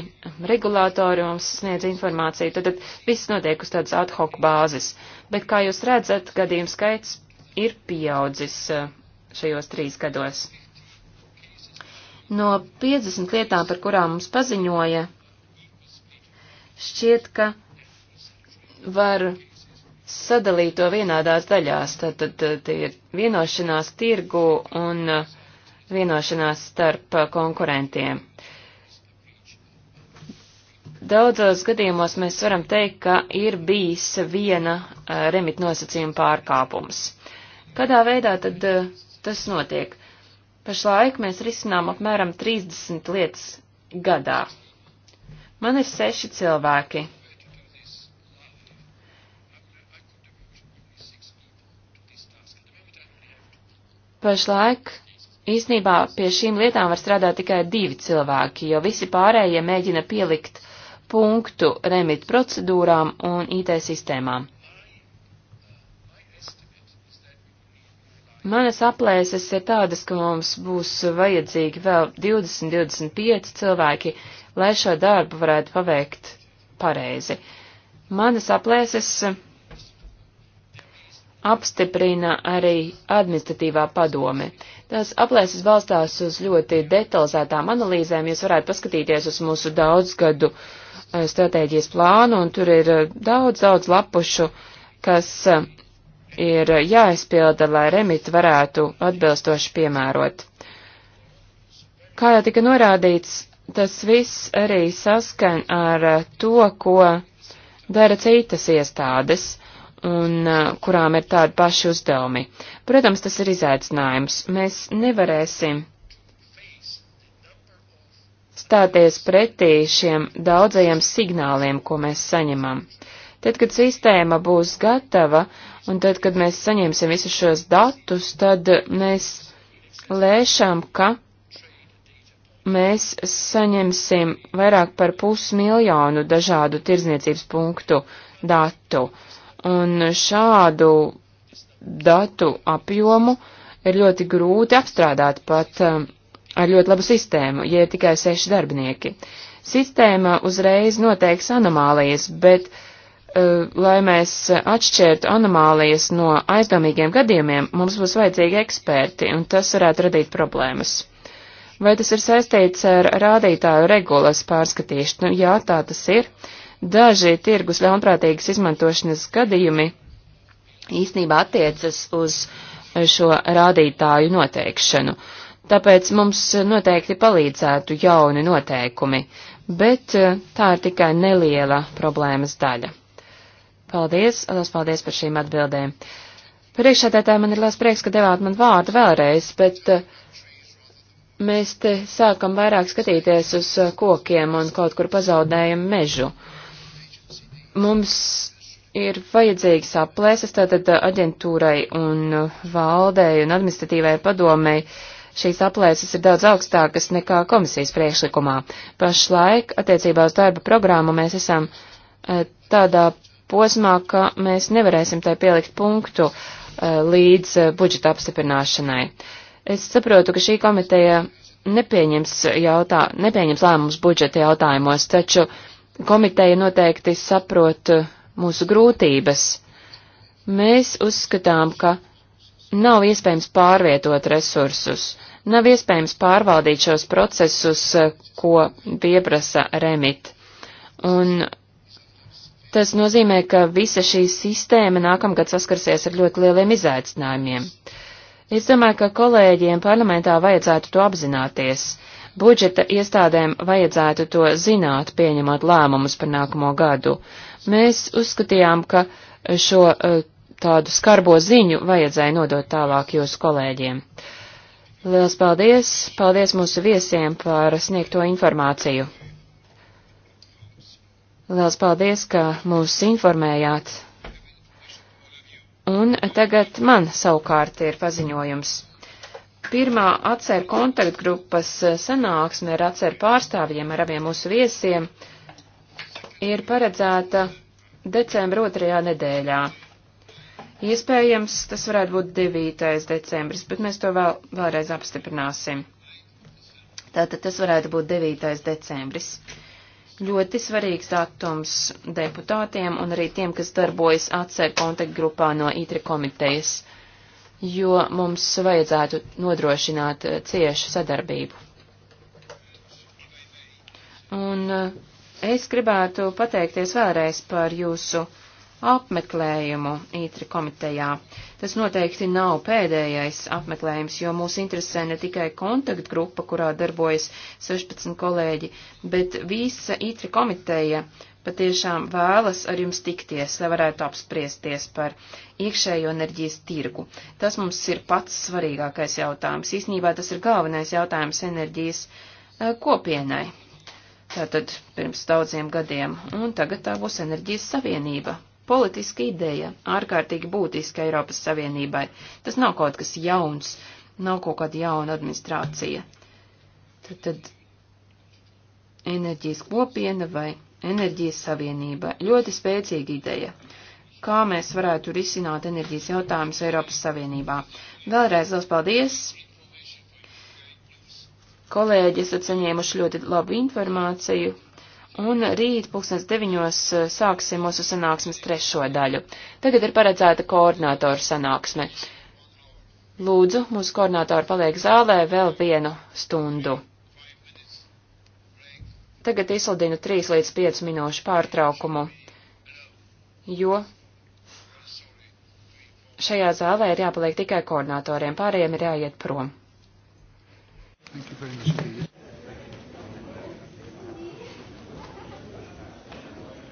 regulātori mums sniedz informāciju, tad, tad viss notiek uz tādas ad hoc bāzes. Bet, kā jūs redzat, gadījumu skaits ir pieaudzis eh, šajos trīs gados. No 50 lietām, par kurām mums paziņoja, šķiet, ka var sadalīt to vienādās daļās. Tātad tie ir vienošanās tirgu un uh, vienošanās starp uh, konkurentiem. Daudzos gadījumos mēs varam teikt, ka ir bijis viena uh, remit nosacījuma pārkāpums. Kādā veidā tad tas notiek? Pašlaik mēs risinām apmēram 30 lietas gadā. Man ir seši cilvēki, Pašlaik īsnībā pie šīm lietām var strādāt tikai divi cilvēki, jo visi pārējie mēģina pielikt punktu remit procedūrām un IT sistēmām. Manas aplēses ir tādas, ka mums būs vajadzīgi vēl 20-25 cilvēki, lai šo darbu varētu paveikt pareizi. Manas aplēses apstiprina arī administratīvā padome. Tās aplēses balstās uz ļoti detalizētām analīzēm. Jūs varētu paskatīties uz mūsu daudzgadu eh, stratēģijas plānu, un tur ir eh, daudz, daudz lapušu, kas eh, ir jāizpilda, lai remit varētu atbilstoši piemērot. Kā jau tika norādīts, tas viss arī saskan ar to, ko dara citas iestādes un uh, kurām ir tādi paši uzdevumi. Protams, tas ir izaicinājums. Mēs nevarēsim stāties pretī šiem daudzajiem signāliem, ko mēs saņemam. Tad, kad sistēma būs gatava, un tad, kad mēs saņemsim visus šos datus, tad mēs lēšam, ka mēs saņemsim vairāk par pusmiljonu dažādu tirdzniecības punktu datu. Uh, Un šādu datu apjomu ir ļoti grūti apstrādāt pat um, ar ļoti labu sistēmu, ja ir tikai seši darbinieki. Sistēma uzreiz noteiks anomālijas, bet, uh, lai mēs atšķirtu anomālijas no aizdomīgiem gadījumiem, mums būs vajadzīgi eksperti, un tas varētu radīt problēmas. Vai tas ir saistīts ar rādītāju regulas pārskatīšanu? Jā, tā tas ir. Uh, Daži tirgus ļaunprātīgas izmantošanas gadījumi īstenībā attiecas uz šo rādītāju noteikšanu. Tāpēc mums noteikti palīdzētu jauni noteikumi, bet eh, tā ir tikai neliela problēmas daļa. Paldies, liels paldies par šīm atbildēm. Priekšsēdētāji man ir liels prieks, ka devāt man vārdu vēlreiz, bet eh, mēs te sākam vairāk skatīties uz kokiem un kaut kur pazaudējam mežu. Uh, Mums ir vajadzīgs aplēses tātad uh, aģentūrai un uh, valdei un administratīvai padomei. Šīs aplēses ir daudz augstākas nekā komisijas priekšlikumā. Pašlaik, attiecībā uz darba programmu, mēs esam uh, tādā posmā, ka mēs nevarēsim tai pielikt punktu līdz budžeta apstiprināšanai. Es saprotu, ka šī komiteja nepieņems, jautā, nepieņems lēmumus budžeta jautājumos, taču uh, komiteja noteikti saprot eh, mūsu grūtības. Mēs uzskatām, ka nav iespējams pārvietot resursus, nav iespējams pārvaldīt šos procesus, eh, ko pieprasa remit. Un tas nozīmē, ka visa šī sistēma nākamgad saskarsies ar ļoti lieliem izaicinājumiem. Es domāju, ka kolēģiem parlamentā vajadzētu to apzināties. Budžeta iestādēm vajadzētu to zināt, pieņemot lēmumus par nākamo gadu. Mēs uzskatījām, ka šo e, tādu skarbo ziņu vajadzēja nodot tālāk jūsu kolēģiem. Liels paldies! Paldies mūsu viesiem par sniegto informāciju! Liels paldies, ka mūs informējāt! Un tagad man savukārt ir paziņojums. Pirmā atcer kontaktgrupas eh, sanāksme ar atcer pārstāvjiem, ar abiem mūsu viesiem, ir paredzēta decembra otrajā nedēļā. Iespējams, tas varētu būt 9. decembris, bet mēs to vēl, vēlreiz apstiprināsim. Tātad tas varētu būt 9. decembris. Ļoti svarīgs datums deputātiem un arī tiem, kas darbojas atcer kontaktgrupā no ITRI komitejas jo mums vajadzētu nodrošināt eh, ciešu sadarbību. Un eh, es gribētu pateikties vēlreiz par jūsu apmeklējumu ītri komitejā. Tas noteikti nav pēdējais apmeklējums, jo mūs interesē ne tikai kontaktgrupa, kurā darbojas 16 kolēģi, bet visa ītri komiteja patiešām vēlas ar jums tikties, lai varētu apspriesties par iekšējo enerģijas tirgu. Tas mums ir pats svarīgākais jautājums. Īsnībā tas ir galvenais jautājums enerģijas eh, kopienai. Tātad pirms daudziem gadiem, un tagad tā būs enerģijas savienība. Politiska ideja, ārkārtīgi būtiska Eiropas Savienībai. Tas nav kaut kas jauns, nav kaut kāda jauna administrācija. Tad, tad enerģijas kopiena vai enerģijas savienība. Ļoti spēcīga ideja. Kā mēs varētu risināt enerģijas jautājumus Eiropas Savienībā? Vēlreiz liels paldies! Kolēģi, esat saņēmuši ļoti labu informāciju. Un rīt pulkstens deviņos eh, sāksim mūsu sanāksmes trešo daļu. Tagad ir paredzēta koordinātoru sanāksme. Lūdzu, mūsu koordinātori paliek zālē vēl vienu stundu. Tagad izsludinu 3 līdz 5 minūšu pārtraukumu, jo šajā zālē ir jāpaliek tikai koordinatoriem, pārējiem ir jāiet prom. Thank you very much.